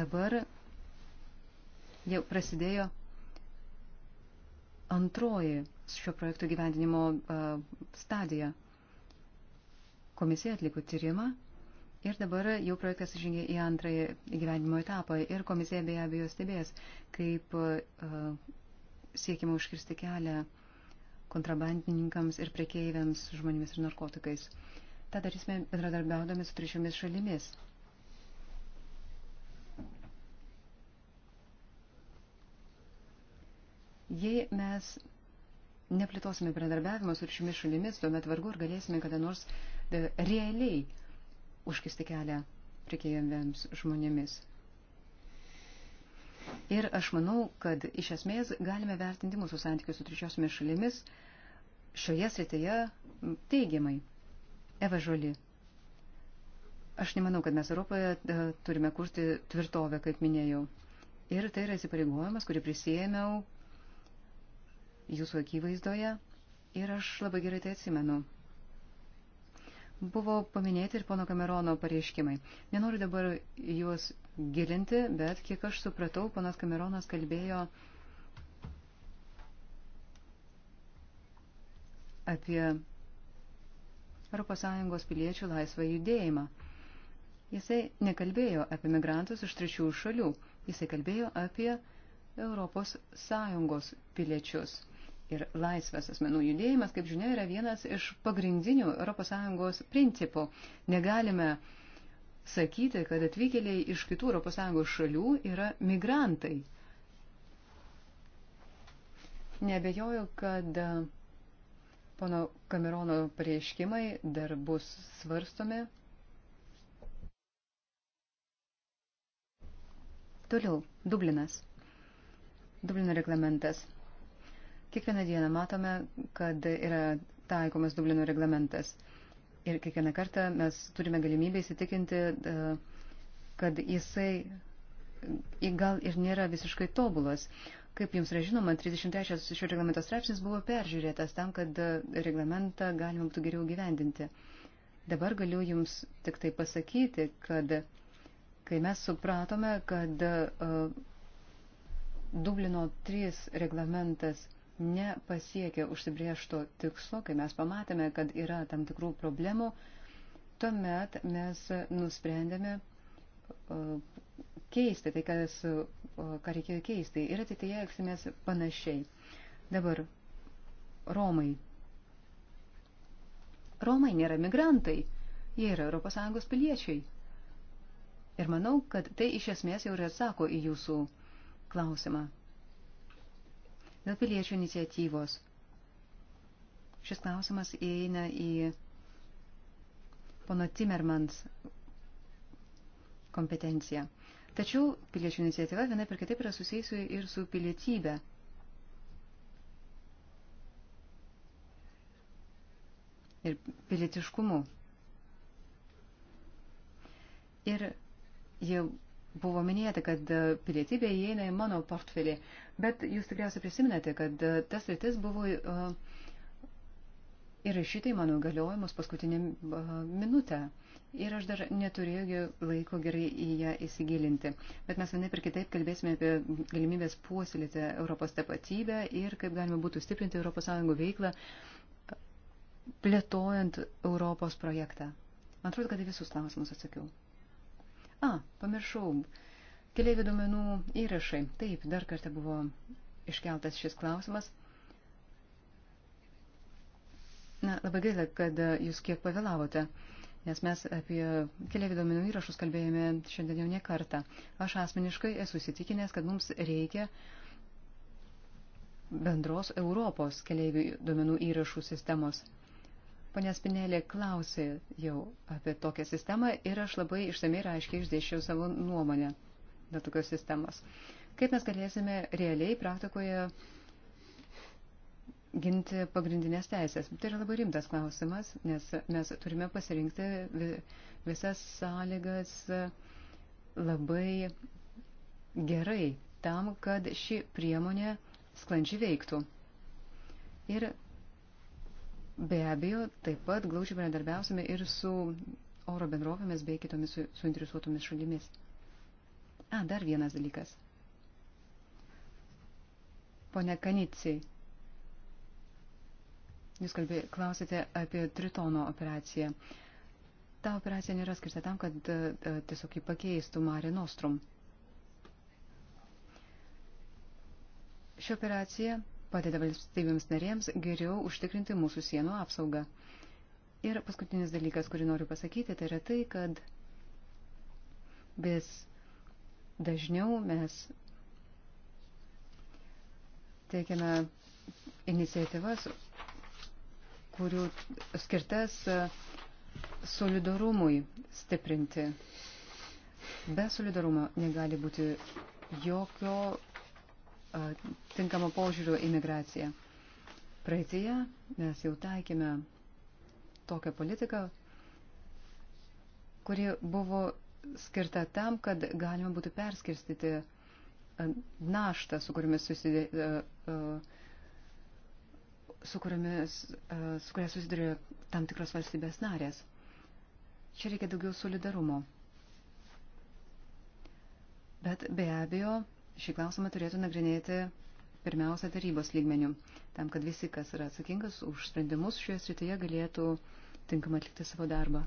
Dabar jau prasidėjo antroji šio projekto gyvendinimo uh, stadija. Komisija atliko tyrimą ir dabar jau projektas žingė į antrąjį gyvenimo etapą ir komisija be abejo stebės, kaip e, siekime užkirsti kelią kontrabandininkams ir prekeiviams žmonėmis ir narkotikais. Ta darysime bendradarbiaudami su trečiomis šalimis. Jei mes neplėtosime bendradarbiavimo su šiomis šalimis, tuomet vargu ir galėsime kada nors uh, E, realiai užkisti kelią priekėjams žmonėmis. Ir aš manau, kad iš esmės galime vertinti mūsų santykius su trečiosiomis šalimis šioje srityje teigiamai. Eva Žoli. Aš nemanau, kad mes Europoje e, turime kurti tvirtovę, kaip minėjau. Ir tai yra įsipareigojimas, kurį prisėmiau jūsų akivaizdoje. Ir aš labai gerai tai atsimenu. Buvo paminėti ir pono Kamerono pareiškimai. Nenoriu dabar juos gilinti, bet kiek aš supratau, ponas Kameronas kalbėjo apie ES piliečių laisvą judėjimą. Jisai nekalbėjo apie migrantus iš trečiųjų šalių, jisai kalbėjo apie ES piliečius. Ir laisvas asmenų judėjimas, kaip žinia, yra vienas iš pagrindinių ES principų. Negalime sakyti, kad atvykėliai iš kitų ES šalių yra migrantai. Nebejoju, kad e, pono Kamerono pareiškimai dar bus svarstomi. Toliau, Dublinas. Dublino reglamentas. Kiekvieną dieną matome, kad yra taikomas Dublino reglamentas. Ir kiekvieną kartą mes turime galimybę įsitikinti, e, kad jisai gal ir nėra visiškai tobulas. Kaip jums yra žinoma, 33 šio reglamento straipsnis buvo peržiūrėtas tam, kad e, reglamentą galima būtų geriau gyvendinti. Dabar galiu jums tik tai pasakyti, kad kai mes supratome, kad uh, Dublino 3 reglamentas nepasiekia užsibriešto tikslo, kai mes pamatėme, kad yra tam tikrų problemų, tuomet mes nusprendėme keisti tai, kas, ką reikėjo keisti ir ateityje elgsimės panašiai. Dabar Romai. Romai nėra migrantai, jie yra ES piliečiai. Ir manau, kad tai iš esmės jau ir atsako į jūsų klausimą. Dėl piliečių iniciatyvos. Šis klausimas įeina į pono Timmermans kompetenciją. Tačiau piliečių iniciatyva vienaip ir kitaip yra susijusi ir su pilietybė. Ir pilietiškumu. Ir jau buvo minėta, kad e, pilietybė įeina į mano portfelį, bet jūs tikriausiai prisiminate, kad e, tas rytis buvo e, įrašyta į mano galiojimus paskutinę minutę. Ir aš dar neturėjau laiko gerai į ją įsigilinti. Bet mes vienaip ir kitaip kalbėsime apie galimybės puoselėti Europos tapatybę ir kaip galima būtų stiprinti ES veiklą, plėtojant Europos projektą. Man atrodo, kad į visus klausimus atsakiau. A, pamiršau. Keliaivių duomenų įrašai. Taip, dar kartą buvo iškeltas šis klausimas. Na, labai gaila, kad jūs kiek pavėlavote, nes mes apie keliaivių duomenų įrašus kalbėjome šiandien jau ne kartą. Aš asmeniškai esu įsitikinęs, kad mums reikia bendros Europos keliaivių duomenų įrašų sistemos. Pane Spinelė klausė jau apie tokią sistemą ir aš labai išsamei ir aiškiai išdėščiau savo nuomonę dėl tokios sistemos. Kaip mes galėsime realiai praktikoje ginti pagrindinės teisės? Tai yra labai rimtas klausimas, nes mes turime pasirinkti visas sąlygas labai gerai tam, kad ši priemonė sklandžiai veiktų. Ir Be abejo, taip pat glaučiai bendradarbiausime ir su oro bendrovėmis bei kitomis su, suinteresuotomis šalimis. A, dar vienas dalykas. Pone Kanicijai, jūs kalbė, klausėte apie Tritono operaciją. Ta operacija nėra skirta tam, kad e, e, tiesiog jį pakeistų Mare Nostrum. Ši operacija padeda valstybėms narėms geriau užtikrinti mūsų sienų apsaugą. Ir paskutinis dalykas, kurį noriu pasakyti, tai yra tai, kad vis dažniau mes teikiame iniciatyvas, kurių skirtas solidarumui stiprinti. Be solidarumo negali būti jokio tinkamo požiūrio į migraciją. Praeitie mes jau taikėme tokią politiką, kuri buvo skirta tam, kad galima būtų perskirstyti naštą, su kuriomis susidė, su, kuriomis, su kuria susiduria tam tikros valstybės narės. Čia reikia daugiau solidarumo. Bet be abejo, šį klausimą turėtų nagrinėti pirmiausia tarybos lygmenių, tam, kad visi, kas yra atsakingas už sprendimus šioje srityje, galėtų tinkamai atlikti savo darbą.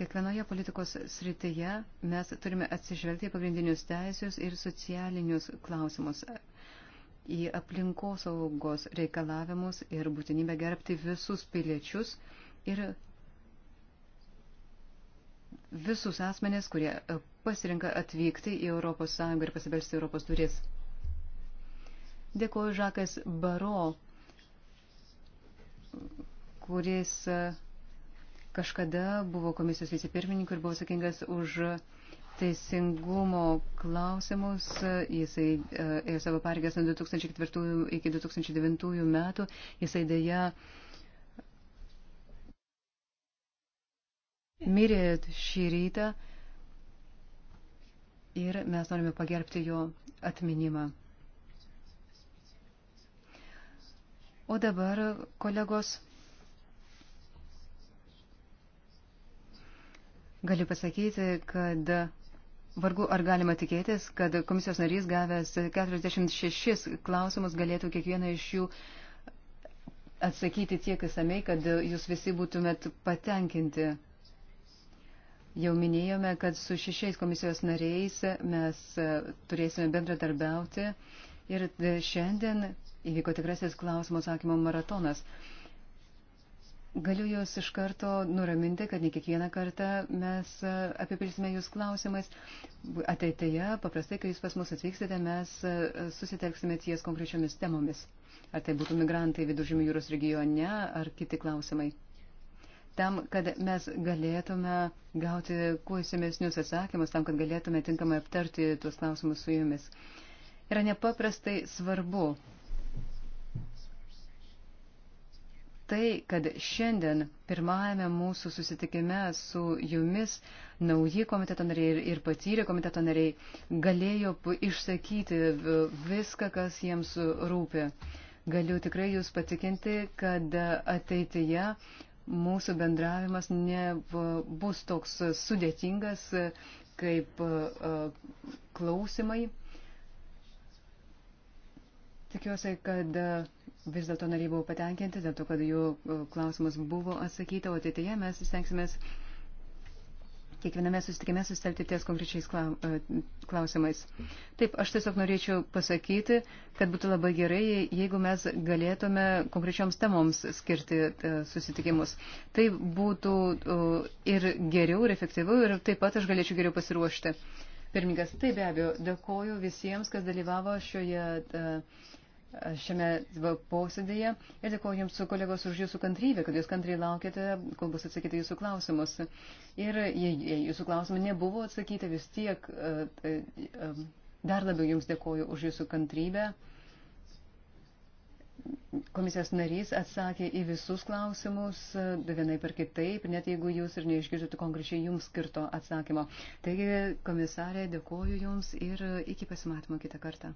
Kiekvienoje politikos srityje mes turime atsižvelgti į pagrindinius teisės ir socialinius klausimus, į aplinkosaugos reikalavimus ir būtinybę gerbti visus piliečius ir visus asmenės, kurie e, pasirinka atvykti į ES ir pasibelsti Europos duris. Dėkuoju Žakas Baro, kuris e, kažkada buvo komisijos vicepirmininkas ir buvo sakingas už teisingumo klausimus. E, jisai ėjo savo pareigas nuo 2004 iki 2009 metų. Jisai dėja uh, mirė šį rytą ir mes norime pagerbti jo atminimą. O dabar, kolegos, galiu pasakyti, kad vargu ar galima tikėtis, kad komisijos narys gavęs 46 klausimus galėtų kiekvieną iš jų atsakyti tiek įsamei, kad jūs visi būtumėt patenkinti. Jau minėjome, kad su šešiais komisijos nariais mes e, turėsime bendradarbiauti ir e, šiandien įvyko tikrasis klausimo atsakymo maratonas. Galiu jūs iš karto nuraminti, kad ne kiekvieną kartą mes e, apipilsime jūs klausimais. Ateityje, paprastai, kai jūs pas mus atvyksite, mes susitelksime ties konkrečiomis temomis. Ar tai būtų migrantai viduržymio jūros regione, ar kiti klausimai tam, kad mes galėtume gauti kuo įsimesnius atsakymus, tam, kad galėtume tinkamai aptarti tuos klausimus su jumis. Yra nepaprastai svarbu tai, kad šiandien pirmajame mūsų susitikime su jumis nauji komiteto nariai ir, ir patyrę komiteto nariai galėjo išsakyti viską, kas jiems rūpi. Galiu tikrai jūs patikinti, kad ateityje mūsų bendravimas nebus toks sudėtingas kaip klausimai. Tikiuosi, kad vis dėlto nariai buvo patenkinti, dėl to, kad jų klausimas buvo atsakyta, o ateityje mes stengsimės kiekviename susitikime sustelti ties konkrečiais e, klausimais. Taip, aš tiesiog norėčiau pasakyti, kad būtų labai gerai, jeigu mes galėtume konkrečioms temoms skirti e, susitikimus. Tai būtų e, ir geriau, ir efektyviau, ir taip pat aš galėčiau geriau pasiruošti. Pirmininkas, taip be abejo, dėkoju visiems, kas dalyvavo šioje. Uh, šiame posėdėje ir dėkoju Jums, kolegos, už Jūsų kantrybę, kad Jūs kantriai laukėte, kol bus atsakyti Jūsų klausimus. Ir jei Jūsų klausimai nebuvo atsakyti, vis tiek e, e, e, dar labiau Jums dėkoju už Jūsų kantrybę. Komisijos narys atsakė į visus klausimus vienai per kitaip, net jeigu jūs ir neišgirdote konkrečiai jums skirto atsakymo. Taigi, komisarė, dėkoju jums ir iki pasimatymo kitą kartą.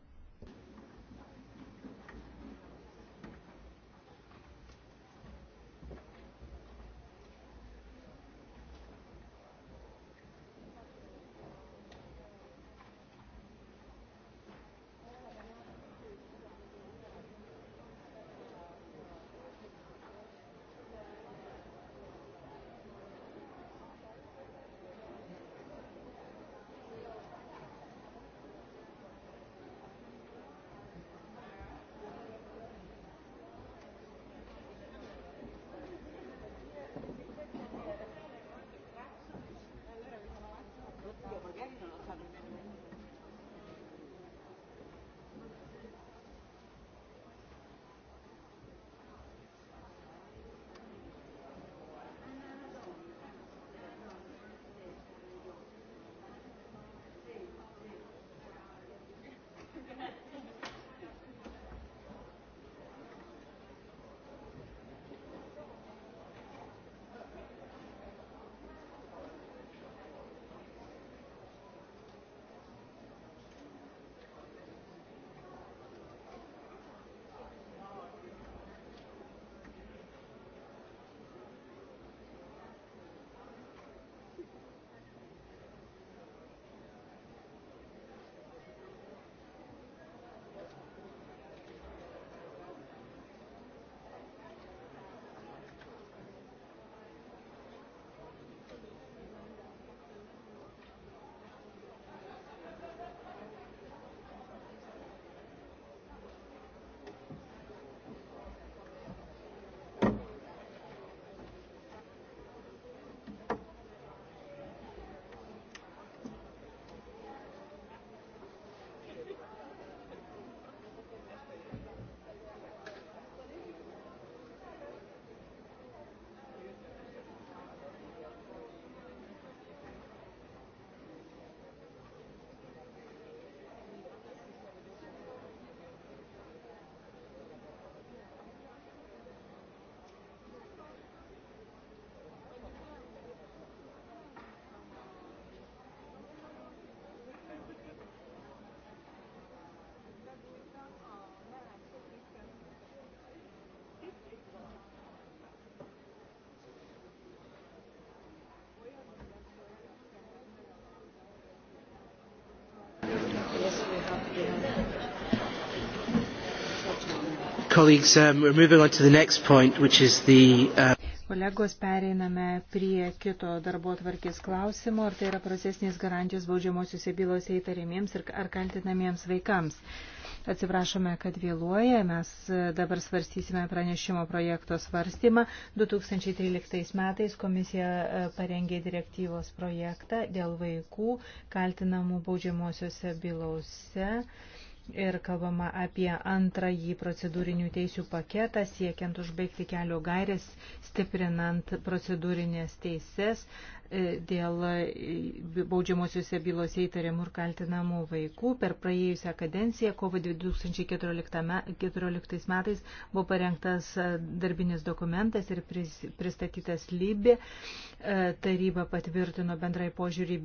colleagues, um, we're moving on to the next point, which is the... Uh... Kolegos, pereiname prie kito darbo tvarkės klausimo, ar tai yra procesinės garantijos baudžiamosiuose bylose įtariamiems ir, ar kaltinamiems vaikams. Atsiprašome, kad vėluoja, mes e, dabar svarstysime pranešimo projekto svarstymą. 2013 metais komisija e, parengė direktyvos projektą dėl vaikų kaltinamų baudžiamosiuose bylose ir kalbama apie antrąjį procedūrinių teisių paketą, siekiant užbaigti kelio gairės, stiprinant procedūrinės teises e, dėl e, baudžiamosiuose bylose įtariamų ir kaltinamų vaikų. Per praėjusią kadenciją, kovo 2014 metais, buvo parengtas e, darbinis dokumentas ir pristatytas lybė. Taryba patvirtino bendrai požiūrį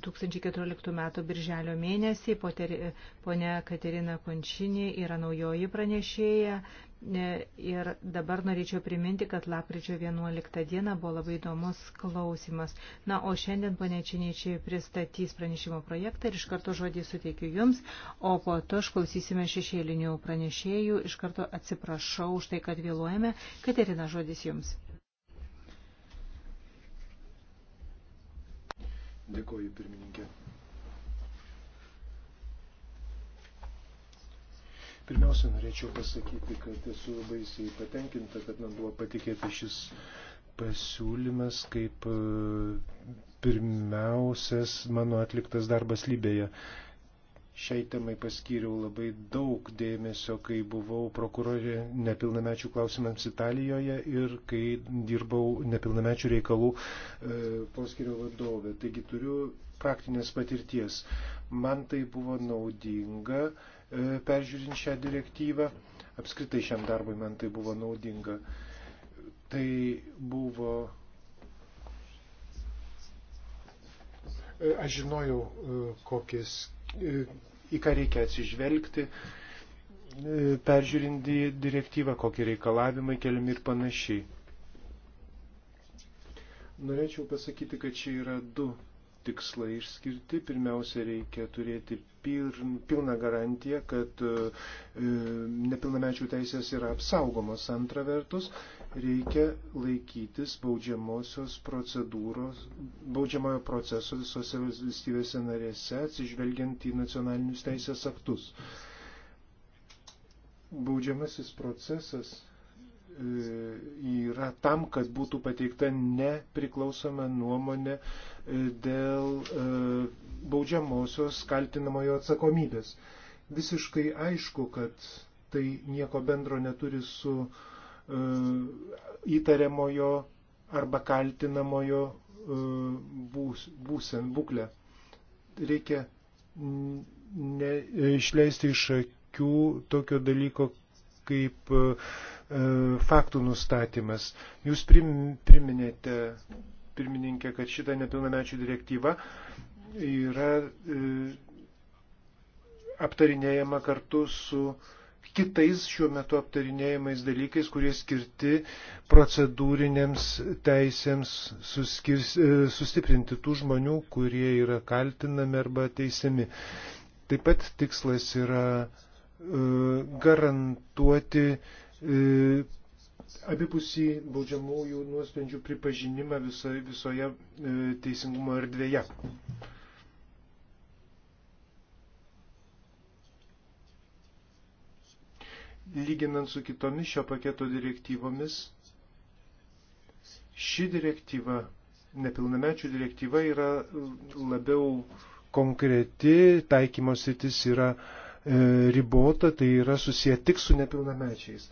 2014 metų birželio mėnesį. Ponė, kad Katerina Končinė yra naujoji pranešėja e, ir dabar norėčiau priminti, kad lapkričio 11 dieną buvo labai įdomus klausimas. Na, o šiandien ponė Činiečiai pristatys pranešimo projektą ir iš karto žodį suteikiu jums, o po to išklausysime šešėlinių pranešėjų. Iš karto atsiprašau už tai, kad vėluojame. Katerina, žodis jums. Dėkoju, pirmininkė. Pirmiausia, norėčiau pasakyti, kad esu baisiai patenkinta, kad man buvo patikėta šis pasiūlymas kaip e, pirmiausias mano atliktas darbas Lybėje. Šiai temai paskyriau labai daug dėmesio, kai buvau prokurorė nepilnamečių klausimams Italijoje ir kai dirbau nepilnamečių reikalų e, poskirio vadovė. Taigi turiu praktinės patirties. Man tai buvo naudinga. E, E, peržiūrint šią direktyvą. Apskritai šiam darbui man tai buvo naudinga. Tai buvo. E, aš žinojau, e, kokias, į ką reikia atsižvelgti, peržiūrint direktyvą, kokie reikalavimai keliami ir panašiai. Norėčiau pasakyti, kad čia yra du tikslai išskirti. Pirmiausia, reikia turėti pilną garantiją, kad e, e, nepilnamečių teisės yra apsaugomos. Antra vertus, reikia laikytis baudžiamosios procedūros, baudžiamojo proceso visose valstybėse narėse, atsižvelgiant į nacionalinius teisės aktus. Baudžiamasis procesas E, yra tam, kad būtų pateikta nepriklausoma nuomonė e, dėl e, baudžiamosios kaltinamojo atsakomybės. Visiškai aišku, kad tai nieko bendro neturi su įtariamojo arba kaltinamojo būs, būsen, būklę. Reikia neišleisti iš akių tokio dalyko kaip e, e, faktų nustatymas. Jūs priminėte, pirmininkė, kad šitą nepilnamečių direktyvą yra e, aptarinėjama kartu su kitais šiuo metu aptarinėjimais dalykais, kurie skirti procedūrinėms teisėms suskirs, sustiprinti tų žmonių, kurie yra kaltinami arba teisiami. Taip pat tikslas yra E, garantuoti e, abipusį baudžiamųjų nuosprendžių pripažinimą visoje, visoje teisingumo erdvėje. Lyginant su kitomis šio paketo direktyvomis, ši direktyva, nepilnamečių direktyva yra labiau konkreti, taikymos rytis yra uh, E, ribota, tai yra susiję tik su nepilnamečiais.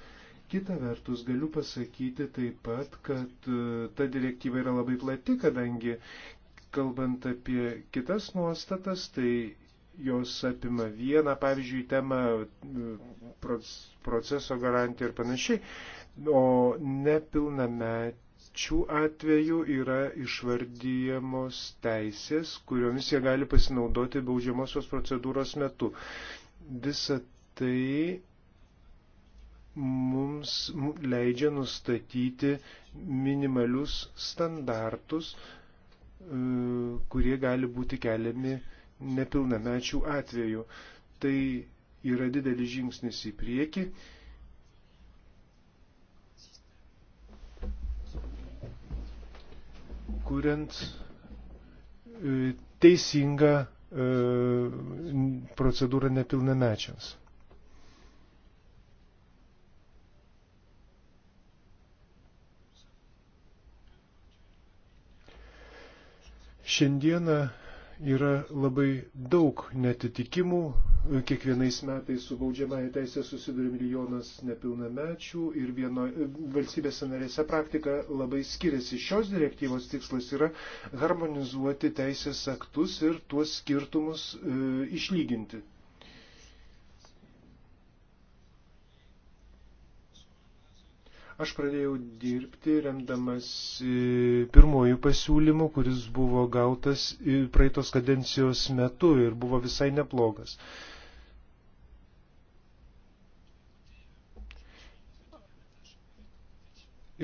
Kita vertus, galiu pasakyti taip pat, kad e, ta direktyva yra labai plati, kadangi, kalbant apie kitas nuostatas, tai jos apima vieną, pavyzdžiui, temą, e, proceso garantiją ir panašiai, o nepilnamečių atveju yra išvardyjamos teisės, kuriomis jie gali pasinaudoti baudžiamosios procedūros metu. Visa tai mums leidžia nustatyti minimalius standartus, e, kurie gali būti keliami nepilnamečių atveju. Tai yra didelis žingsnis į priekį. kuriant e, teisingą E, procedūrą nepilnamečiams. Šiandieną yra labai daug netitikimų. Kiekvienais metais su baudžiamąją teisę susiduria milijonas nepilnamečių ir vieno, valstybėse narėse praktika labai skiriasi. Šios direktyvos tikslas yra harmonizuoti teisės aktus ir tuos skirtumus e, išlyginti. Aš pradėjau dirbti remdamas pirmojų pasiūlymų, kuris buvo gautas praeitos kadencijos metu ir buvo visai neblogas.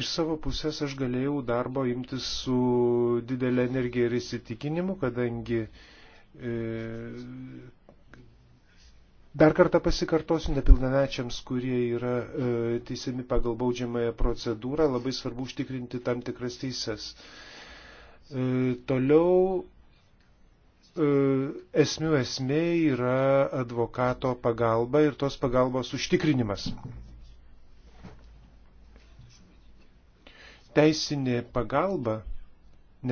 Iš savo pusės aš galėjau darbo imtis su didelė energija ir įsitikinimu, kadangi e, Dar kartą pasikartosiu, nepilnamečiams, kurie yra e, teisiami pagal baudžiamąją procedūrą, labai svarbu užtikrinti tam tikras teises. E, toliau e, esmių esmė yra advokato pagalba ir tos pagalbos užtikrinimas. Teisinė pagalba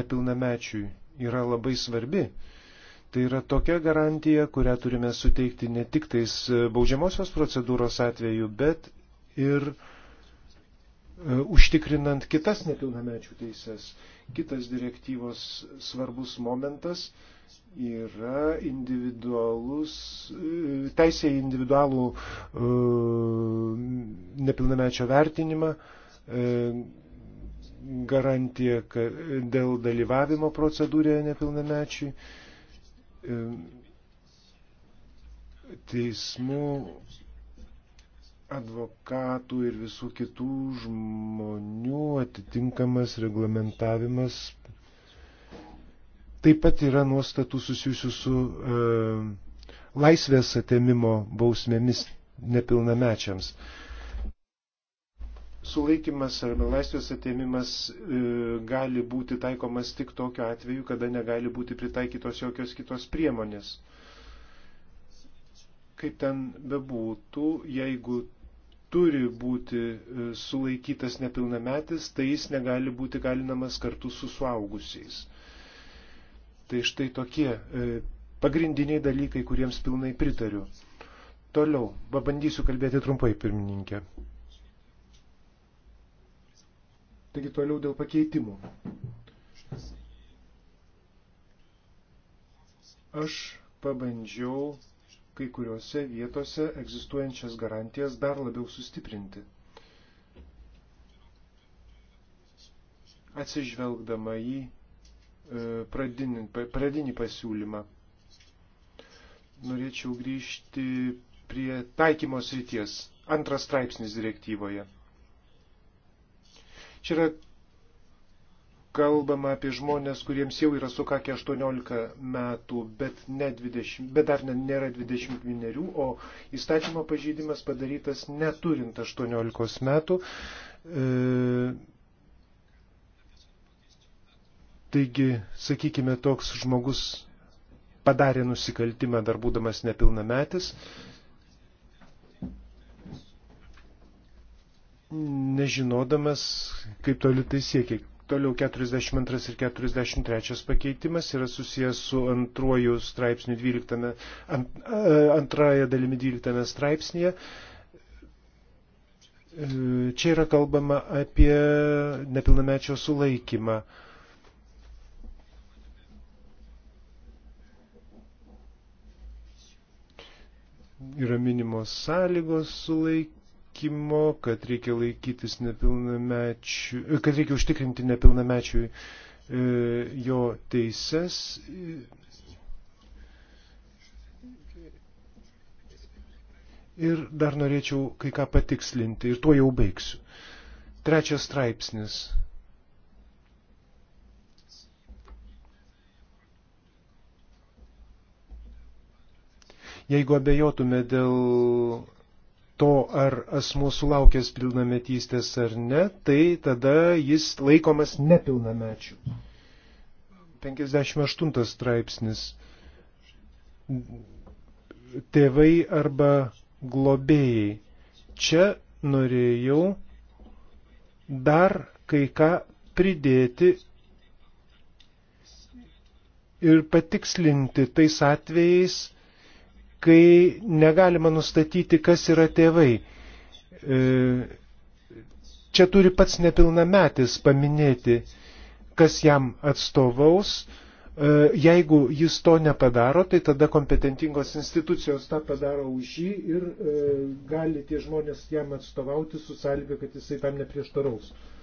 nepilnamečiui yra labai svarbi. Tai yra tokia garantija, kurią turime suteikti ne tik tais e, baudžiamosios procedūros atveju, bet ir e, užtikrinant kitas nepilnamečių teises. Kitas direktyvos svarbus momentas yra individualus, e, teisė į individualų nepilnamečio vertinimą, garantija dėl dalyvavimo procedūrėje nepilnamečiui teismų, advokatų ir visų kitų žmonių atitinkamas reglamentavimas taip pat yra nuostatų susijusių su e, laisvės atėmimo bausmėmis nepilnamečiams. E, Sulaikimas arba laisvės atėmimas e, gali būti taikomas tik tokiu atveju, kada negali būti pritaikytos jokios kitos priemonės. Kaip ten bebūtų, jeigu turi būti e, sulaikytas nepilnametis, tai jis negali būti galinamas kartu su suaugusiais. Tai štai tokie e, pagrindiniai dalykai, kuriems pilnai pritariu. Toliau, pabandysiu kalbėti trumpai, pirmininkė. Taigi toliau dėl pakeitimų. Aš pabandžiau kai kuriuose vietose egzistuojančias garantijas dar labiau sustiprinti. Atsižvelgdama į e, pradinį, pradinį pasiūlymą. Norėčiau grįžti prie taikymos ryties. Antras straipsnis direktyvoje. Čia yra kalbama apie žmonės, kuriems jau yra sukakę 18 metų, bet, ne 20, bet dar ne, nėra 20 minerių, o įstatymo pažydimas padarytas neturint 18 metų. E, taigi, sakykime, toks žmogus padarė nusikaltimą dar būdamas nepilnametis. E, nežinodamas, kaip toli tai siekia. Toliau 42 ir 43 pakeitimas yra susijęs su antruoju straipsniu 12, ant, antraja dalimi 12 straipsnėje. Čia yra kalbama apie nepilnamečio sulaikymą. yra minimos sąlygos sulaik, mokymo, kad reikia laikytis nepilnamečių, kad reikia užtikrinti nepilnamečių e, jo teises. Ir dar norėčiau kai ką patikslinti ir tuo jau baigsiu. Trečias straipsnis. Jeigu abejotume dėl to, ar asmuo sulaukęs pilnametystės ar ne, tai tada jis laikomas nepilnamečiu. 58 straipsnis. Tėvai arba globėjai. Čia norėjau dar kai ką pridėti ir patikslinti tais atvejais, kai negalima nustatyti, kas yra tėvai. E, čia turi pats nepilnametis paminėti, kas jam atstovaus. E, jeigu jis to nepadaro, tai tada kompetentingos institucijos tą padaro už jį ir e, gali tie žmonės jam atstovauti su sąlyga, kad jisai tam neprieštaraus. E,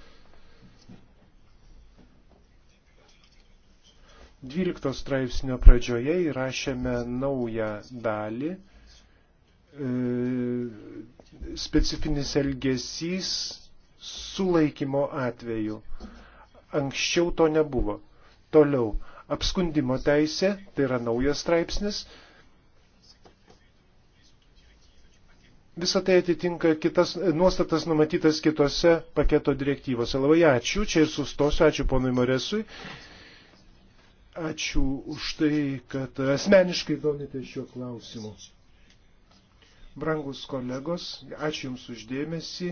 12 straipsnio pradžioje įrašėme naują dalį e, specifinis elgesys sulaikymo atveju. Anksčiau to nebuvo. Toliau, apskundimo teisė, tai yra naujas straipsnis. Visą tai atitinka kitas, nuostatas numatytas kitose paketo direktyvose. Labai ačiū, čia ir sustosiu, ačiū ponui Moresui. Ačiū už tai, kad asmeniškai domite šiuo klausimu. Brangus kolegos, ačiū Jums uždėmesi.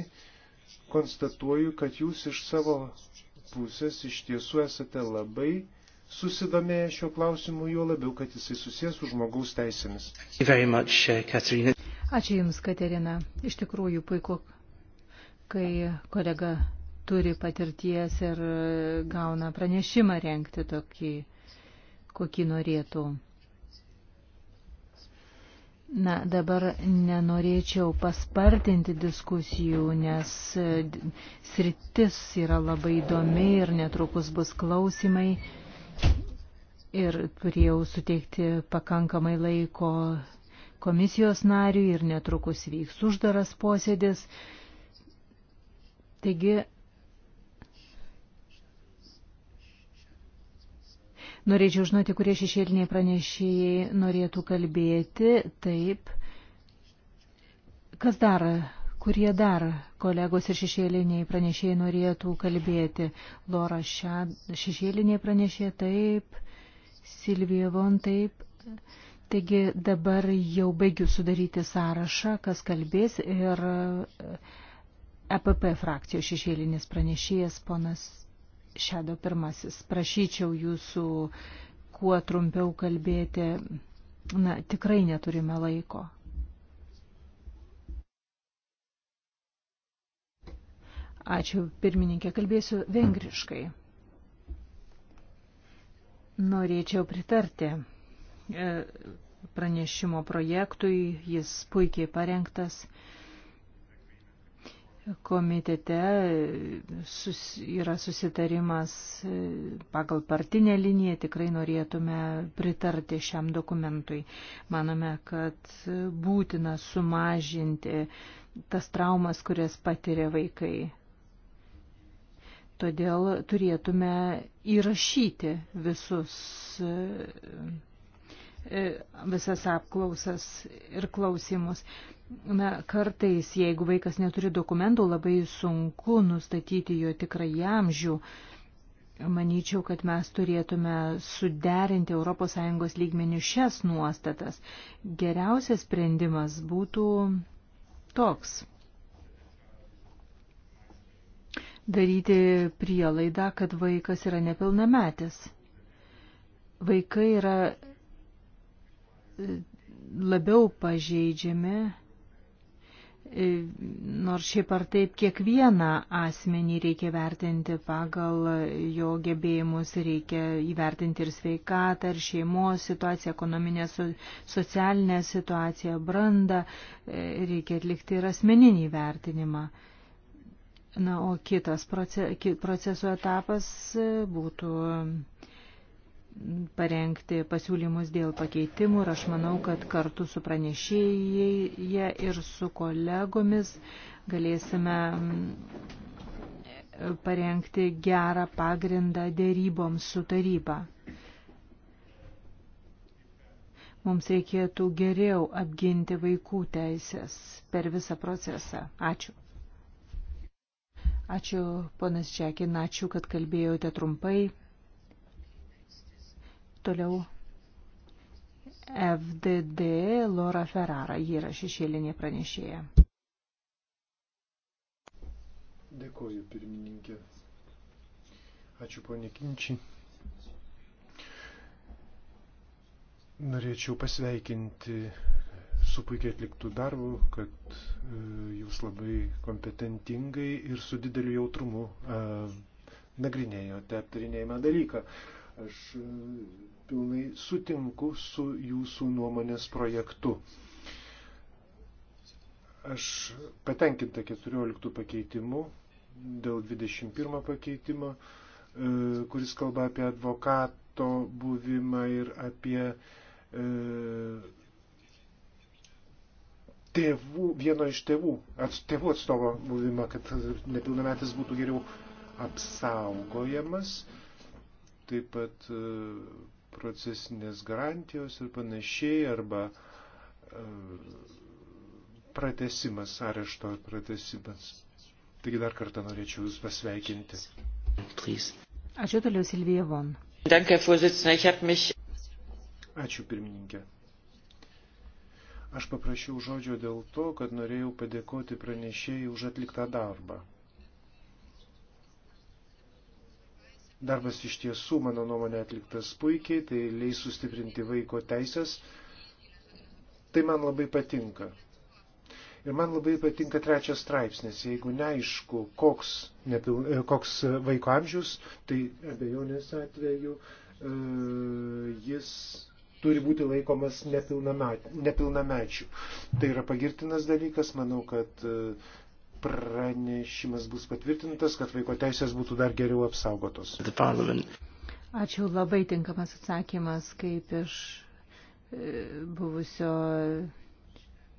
Konstatuoju, kad Jūs iš savo pusės iš tiesų esate labai susidomėję šiuo klausimu, juo labiau, kad jisai susijęs su žmogaus teisėmis. Uh, ačiū Jums, Katerina. Iš tikrųjų puiku, kai kolega turi patirties ir uh, gauna pranešimą renkti tokį kokį norėtų. Na, dabar nenorėčiau paspartinti diskusijų, nes e, sritis yra labai įdomi ir netrukus bus klausimai ir turėjau suteikti pakankamai laiko komisijos nariui ir netrukus vyks uždaras posėdis. Taigi Norėčiau žinoti, kurie šešėliniai pranešėjai norėtų kalbėti. Taip. Kas dar? Kurie dar kolegos ir šešėliniai pranešėjai norėtų kalbėti? Lora šią šešėliniai pranešė taip, Silvija Von taip. Taigi dabar jau baigiu sudaryti sąrašą, kas kalbės ir EPP e frakcijos šešėlinis pranešėjas ponas Šedo pirmasis. Prašyčiau jūsų kuo trumpiau kalbėti. Na, tikrai neturime laiko. Ačiū, pirmininkė, kalbėsiu vengriškai. Norėčiau pritarti e, pranešimo projektui, jis puikiai parengtas komitete sus, yra susitarimas e, pagal partinę liniją, tikrai norėtume pritarti šiam dokumentui. Manome, kad būtina sumažinti tas traumas, kurias patiria vaikai. Todėl turėtume įrašyti visus e, e, visas apklausas ir klausimus. Na, kartais, jeigu vaikas neturi dokumentų, labai sunku nustatyti jo tikrąjį amžių. Manyčiau, kad mes turėtume suderinti ES lygmenių šias nuostatas. Geriausias sprendimas būtų toks. Daryti prielaidą, kad vaikas yra nepilnametis. Vaikai yra labiau pažeidžiami E, nors šiaip ar taip kiekvieną asmenį reikia vertinti pagal jo gebėjimus, reikia įvertinti ir sveikatą, ir šeimos situaciją, ekonominę, socialinę situaciją, brandą, e, reikia atlikti ir asmeninį vertinimą. Na, o kitas proceso etapas e, būtų parengti pasiūlymus dėl pakeitimų ir aš manau, kad kartu su pranešėjai ir su kolegomis galėsime mm, parengti gerą pagrindą dėryboms su taryba. Mums reikėtų geriau apginti vaikų teisės per visą procesą. Ačiū. Ačiū, ponas Čekin, ačiū, kad kalbėjote trumpai. Toliau FDD Laura Ferrara, ji yra šešėlinė pranešėja. Dėkoju, pirmininkė. Ačiū, ponė Kinčiai. Norėčiau pasveikinti su puikiai atliktų darbų, kad e, jūs labai kompetentingai ir su dideliu jautrumu e, nagrinėjote aptarinėjimą dalyką. E, Aš e, pilnai sutinku su jūsų nuomonės projektu. Aš patenkinta 14 pakeitimu dėl 21 pakeitimo, e, kuris kalba apie advokato buvimą ir apie e, tėvų, vieno iš tėvų, at, tėvų atstovo buvimą, kad nepilnametis būtų geriau apsaugojamas. E, taip pat e, procesinės garantijos ir panašiai, arba e, pratesimas, arešto pratesimas. Taigi dar kartą norėčiau Jūs pasveikinti. Please. Ačiū toliau Silvija Von. Danke, mich... Ačiū pirmininkė. Aš paprašiau žodžio dėl to, kad norėjau padėkoti pranešėjai už atliktą darbą. Darbas iš tiesų, mano nuomonė, atliktas puikiai, tai leis sustiprinti vaiko teisės. Tai man labai patinka. Ir man labai patinka trečias straipsnis. Jeigu neaišku, koks, nepil, e, koks vaiko amžius, tai abejonės atveju e, jis turi būti laikomas nepilnamečių. Tai yra pagirtinas dalykas, manau, kad uh, pranešimas bus patvirtintas, kad vaiko teisės būtų dar geriau apsaugotos. Ačiū labai tinkamas atsakymas, kaip iš e, buvusio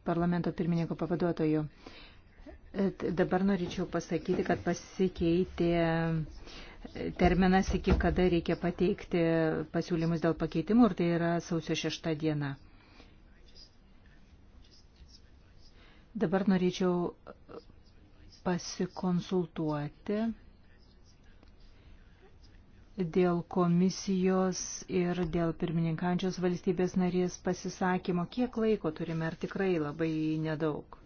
parlamento pirmininko pavaduotojų. E, dabar norėčiau pasakyti, kad pasikeitė e, terminas, iki kada reikia pateikti pasiūlymus dėl pakeitimų, ir tai yra sausio šešta diena. Dabar norėčiau pasikonsultuoti dėl komisijos ir dėl pirmininkančios valstybės narės pasisakymo, kiek laiko turime, ar tikrai labai nedaug.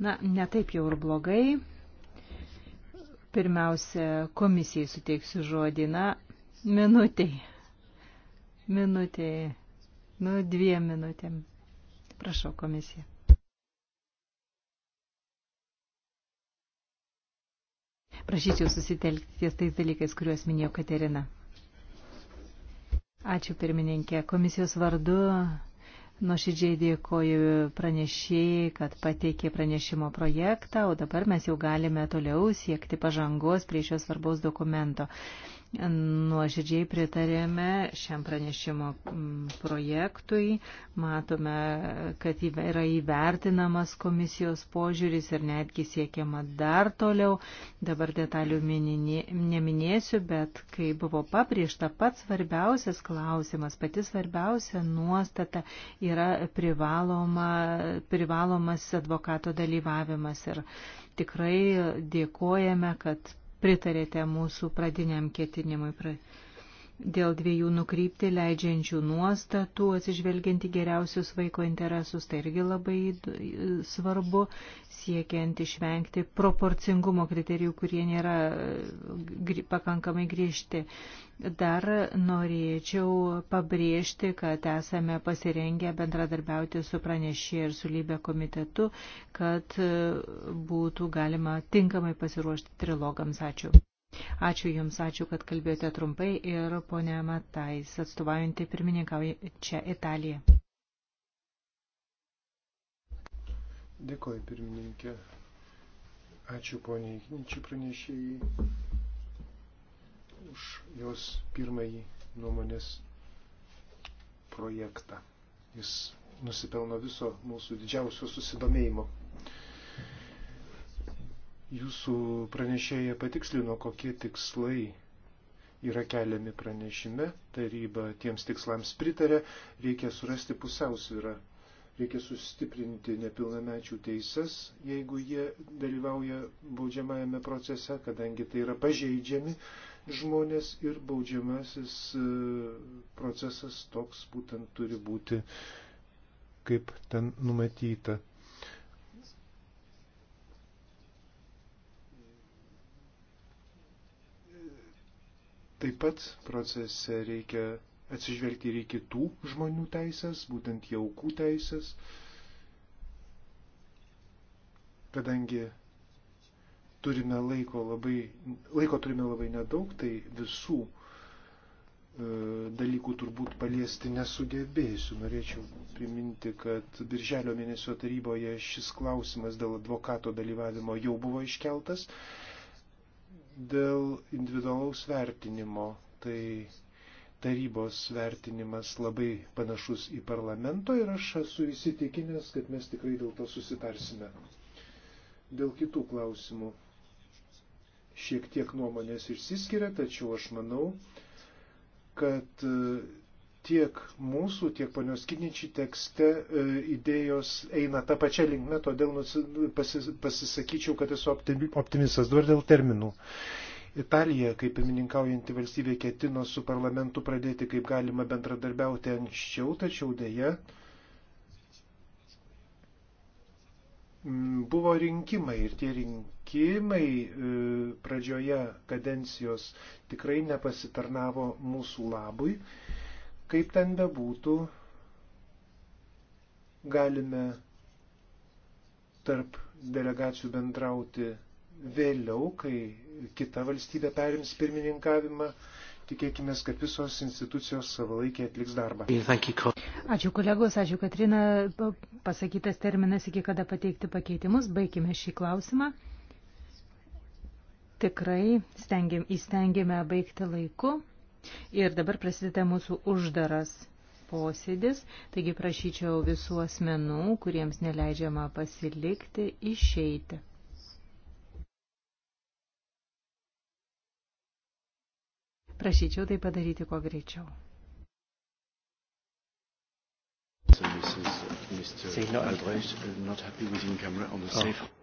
Na, netaip jau ir blogai. Pirmiausia, komisijai suteiksiu žodį. Na, minutiai. Minutiai. Nu, dviem minutėm. Prašau, komisija. Prašyčiau susitelkti ties tais dalykais, kuriuos minėjo Katerina. Ačiū pirmininkė. Komisijos vardu nuoširdžiai dėkoju pranešėjai, kad pateikė pranešimo projektą, o dabar mes jau galime toliau siekti pažangos prie šios svarbaus dokumento nuoširdžiai pritarėme šiam pranešimo mm, projektui. Matome, kad yra įvertinamas komisijos požiūris ir netgi siekiama dar toliau. Dabar detalių neminėsiu, bet kai buvo pabrėžta, pats svarbiausias klausimas, pati svarbiausia nuostata yra privaloma, privalomas advokato dalyvavimas. Ir tikrai dėkojame, kad pritarėte mūsų pradiniam ketinimui. Pra dėl dviejų nukrypti leidžiančių nuostatų, atsižvelgianti geriausius vaiko interesus, tai irgi labai svarbu, siekiant išvengti proporcingumo kriterijų, kurie nėra e, pakankamai griežti. Dar norėčiau pabrėžti, kad esame pasirengę bendradarbiauti su pranešė ir su lybė komitetu, kad e, būtų galima tinkamai pasiruošti trilogams. Ačiū. Ačiū Jums, ačiū, kad kalbėjote trumpai ir ponė Matais, atstovaujantį pirmininkauja čia Italiją. Dėkoju, pirmininkė. Ačiū poniai Igničiai pranešėjai už jos pirmąjį nuomonės projektą. Jis nusipelno viso mūsų didžiausio susidomėjimo. Jūsų pranešėja patikslino, kokie tikslai yra keliami pranešime, taryba tiems tikslams pritarė, reikia surasti pusiausvyrą, reikia sustiprinti nepilnamečių teises, jeigu jie dalyvauja baudžiamajame procese, kadangi tai yra pažeidžiami žmonės ir baudžiamasis e, procesas toks būtent turi būti, kaip ten numatyta. Taip pat procese reikia atsižvelgti ir į kitų žmonių teisės, būtent jaukų teisės, kadangi turime laiko labai, laiko turime labai nedaug, tai visų e, dalykų turbūt paliesti nesugebėsiu. Norėčiau priminti, kad Birželio mėnesio taryboje šis klausimas dėl advokato dalyvavimo jau buvo iškeltas dėl individualaus vertinimo. Tai tarybos vertinimas labai panašus į parlamento ir aš esu įsitikinęs, kad mes tikrai dėl to susitarsime. Dėl kitų klausimų šiek tiek nuomonės išsiskiria, tačiau aš manau, kad tiek mūsų, tiek ponios Kiničiai tekste e, idėjos eina tą pačią linkmę, todėl pasisakyčiau, kad esu optimistas dabar dėl terminų. Italija, kaip pirmininkaujanti valstybė, ketino su parlamentu pradėti kaip galima bendradarbiauti anksčiau, tačiau dėja buvo rinkimai ir tie rinkimai e, pradžioje kadencijos tikrai nepasitarnavo mūsų labui. Kaip ten bebūtų, galime tarp delegacijų bendrauti vėliau, kai kita valstybė perims pirmininkavimą. Tikėkime, kad visos institucijos savalaikiai atliks darbą. Ačiū kolegos, ačiū Katrina. Pasakytas terminas, iki kada pateikti pakeitimus. Baigime šį klausimą. Tikrai stengiam, įstengėme baigti laiku. Ir dabar prasideda mūsų uždaras posėdis, taigi prašyčiau visų asmenų, kuriems neleidžiama pasilikti, išeiti. Prašyčiau tai padaryti kuo greičiau. So Mrs. Mr. Albrecht, uh, not happy with in camera on the oh. safe.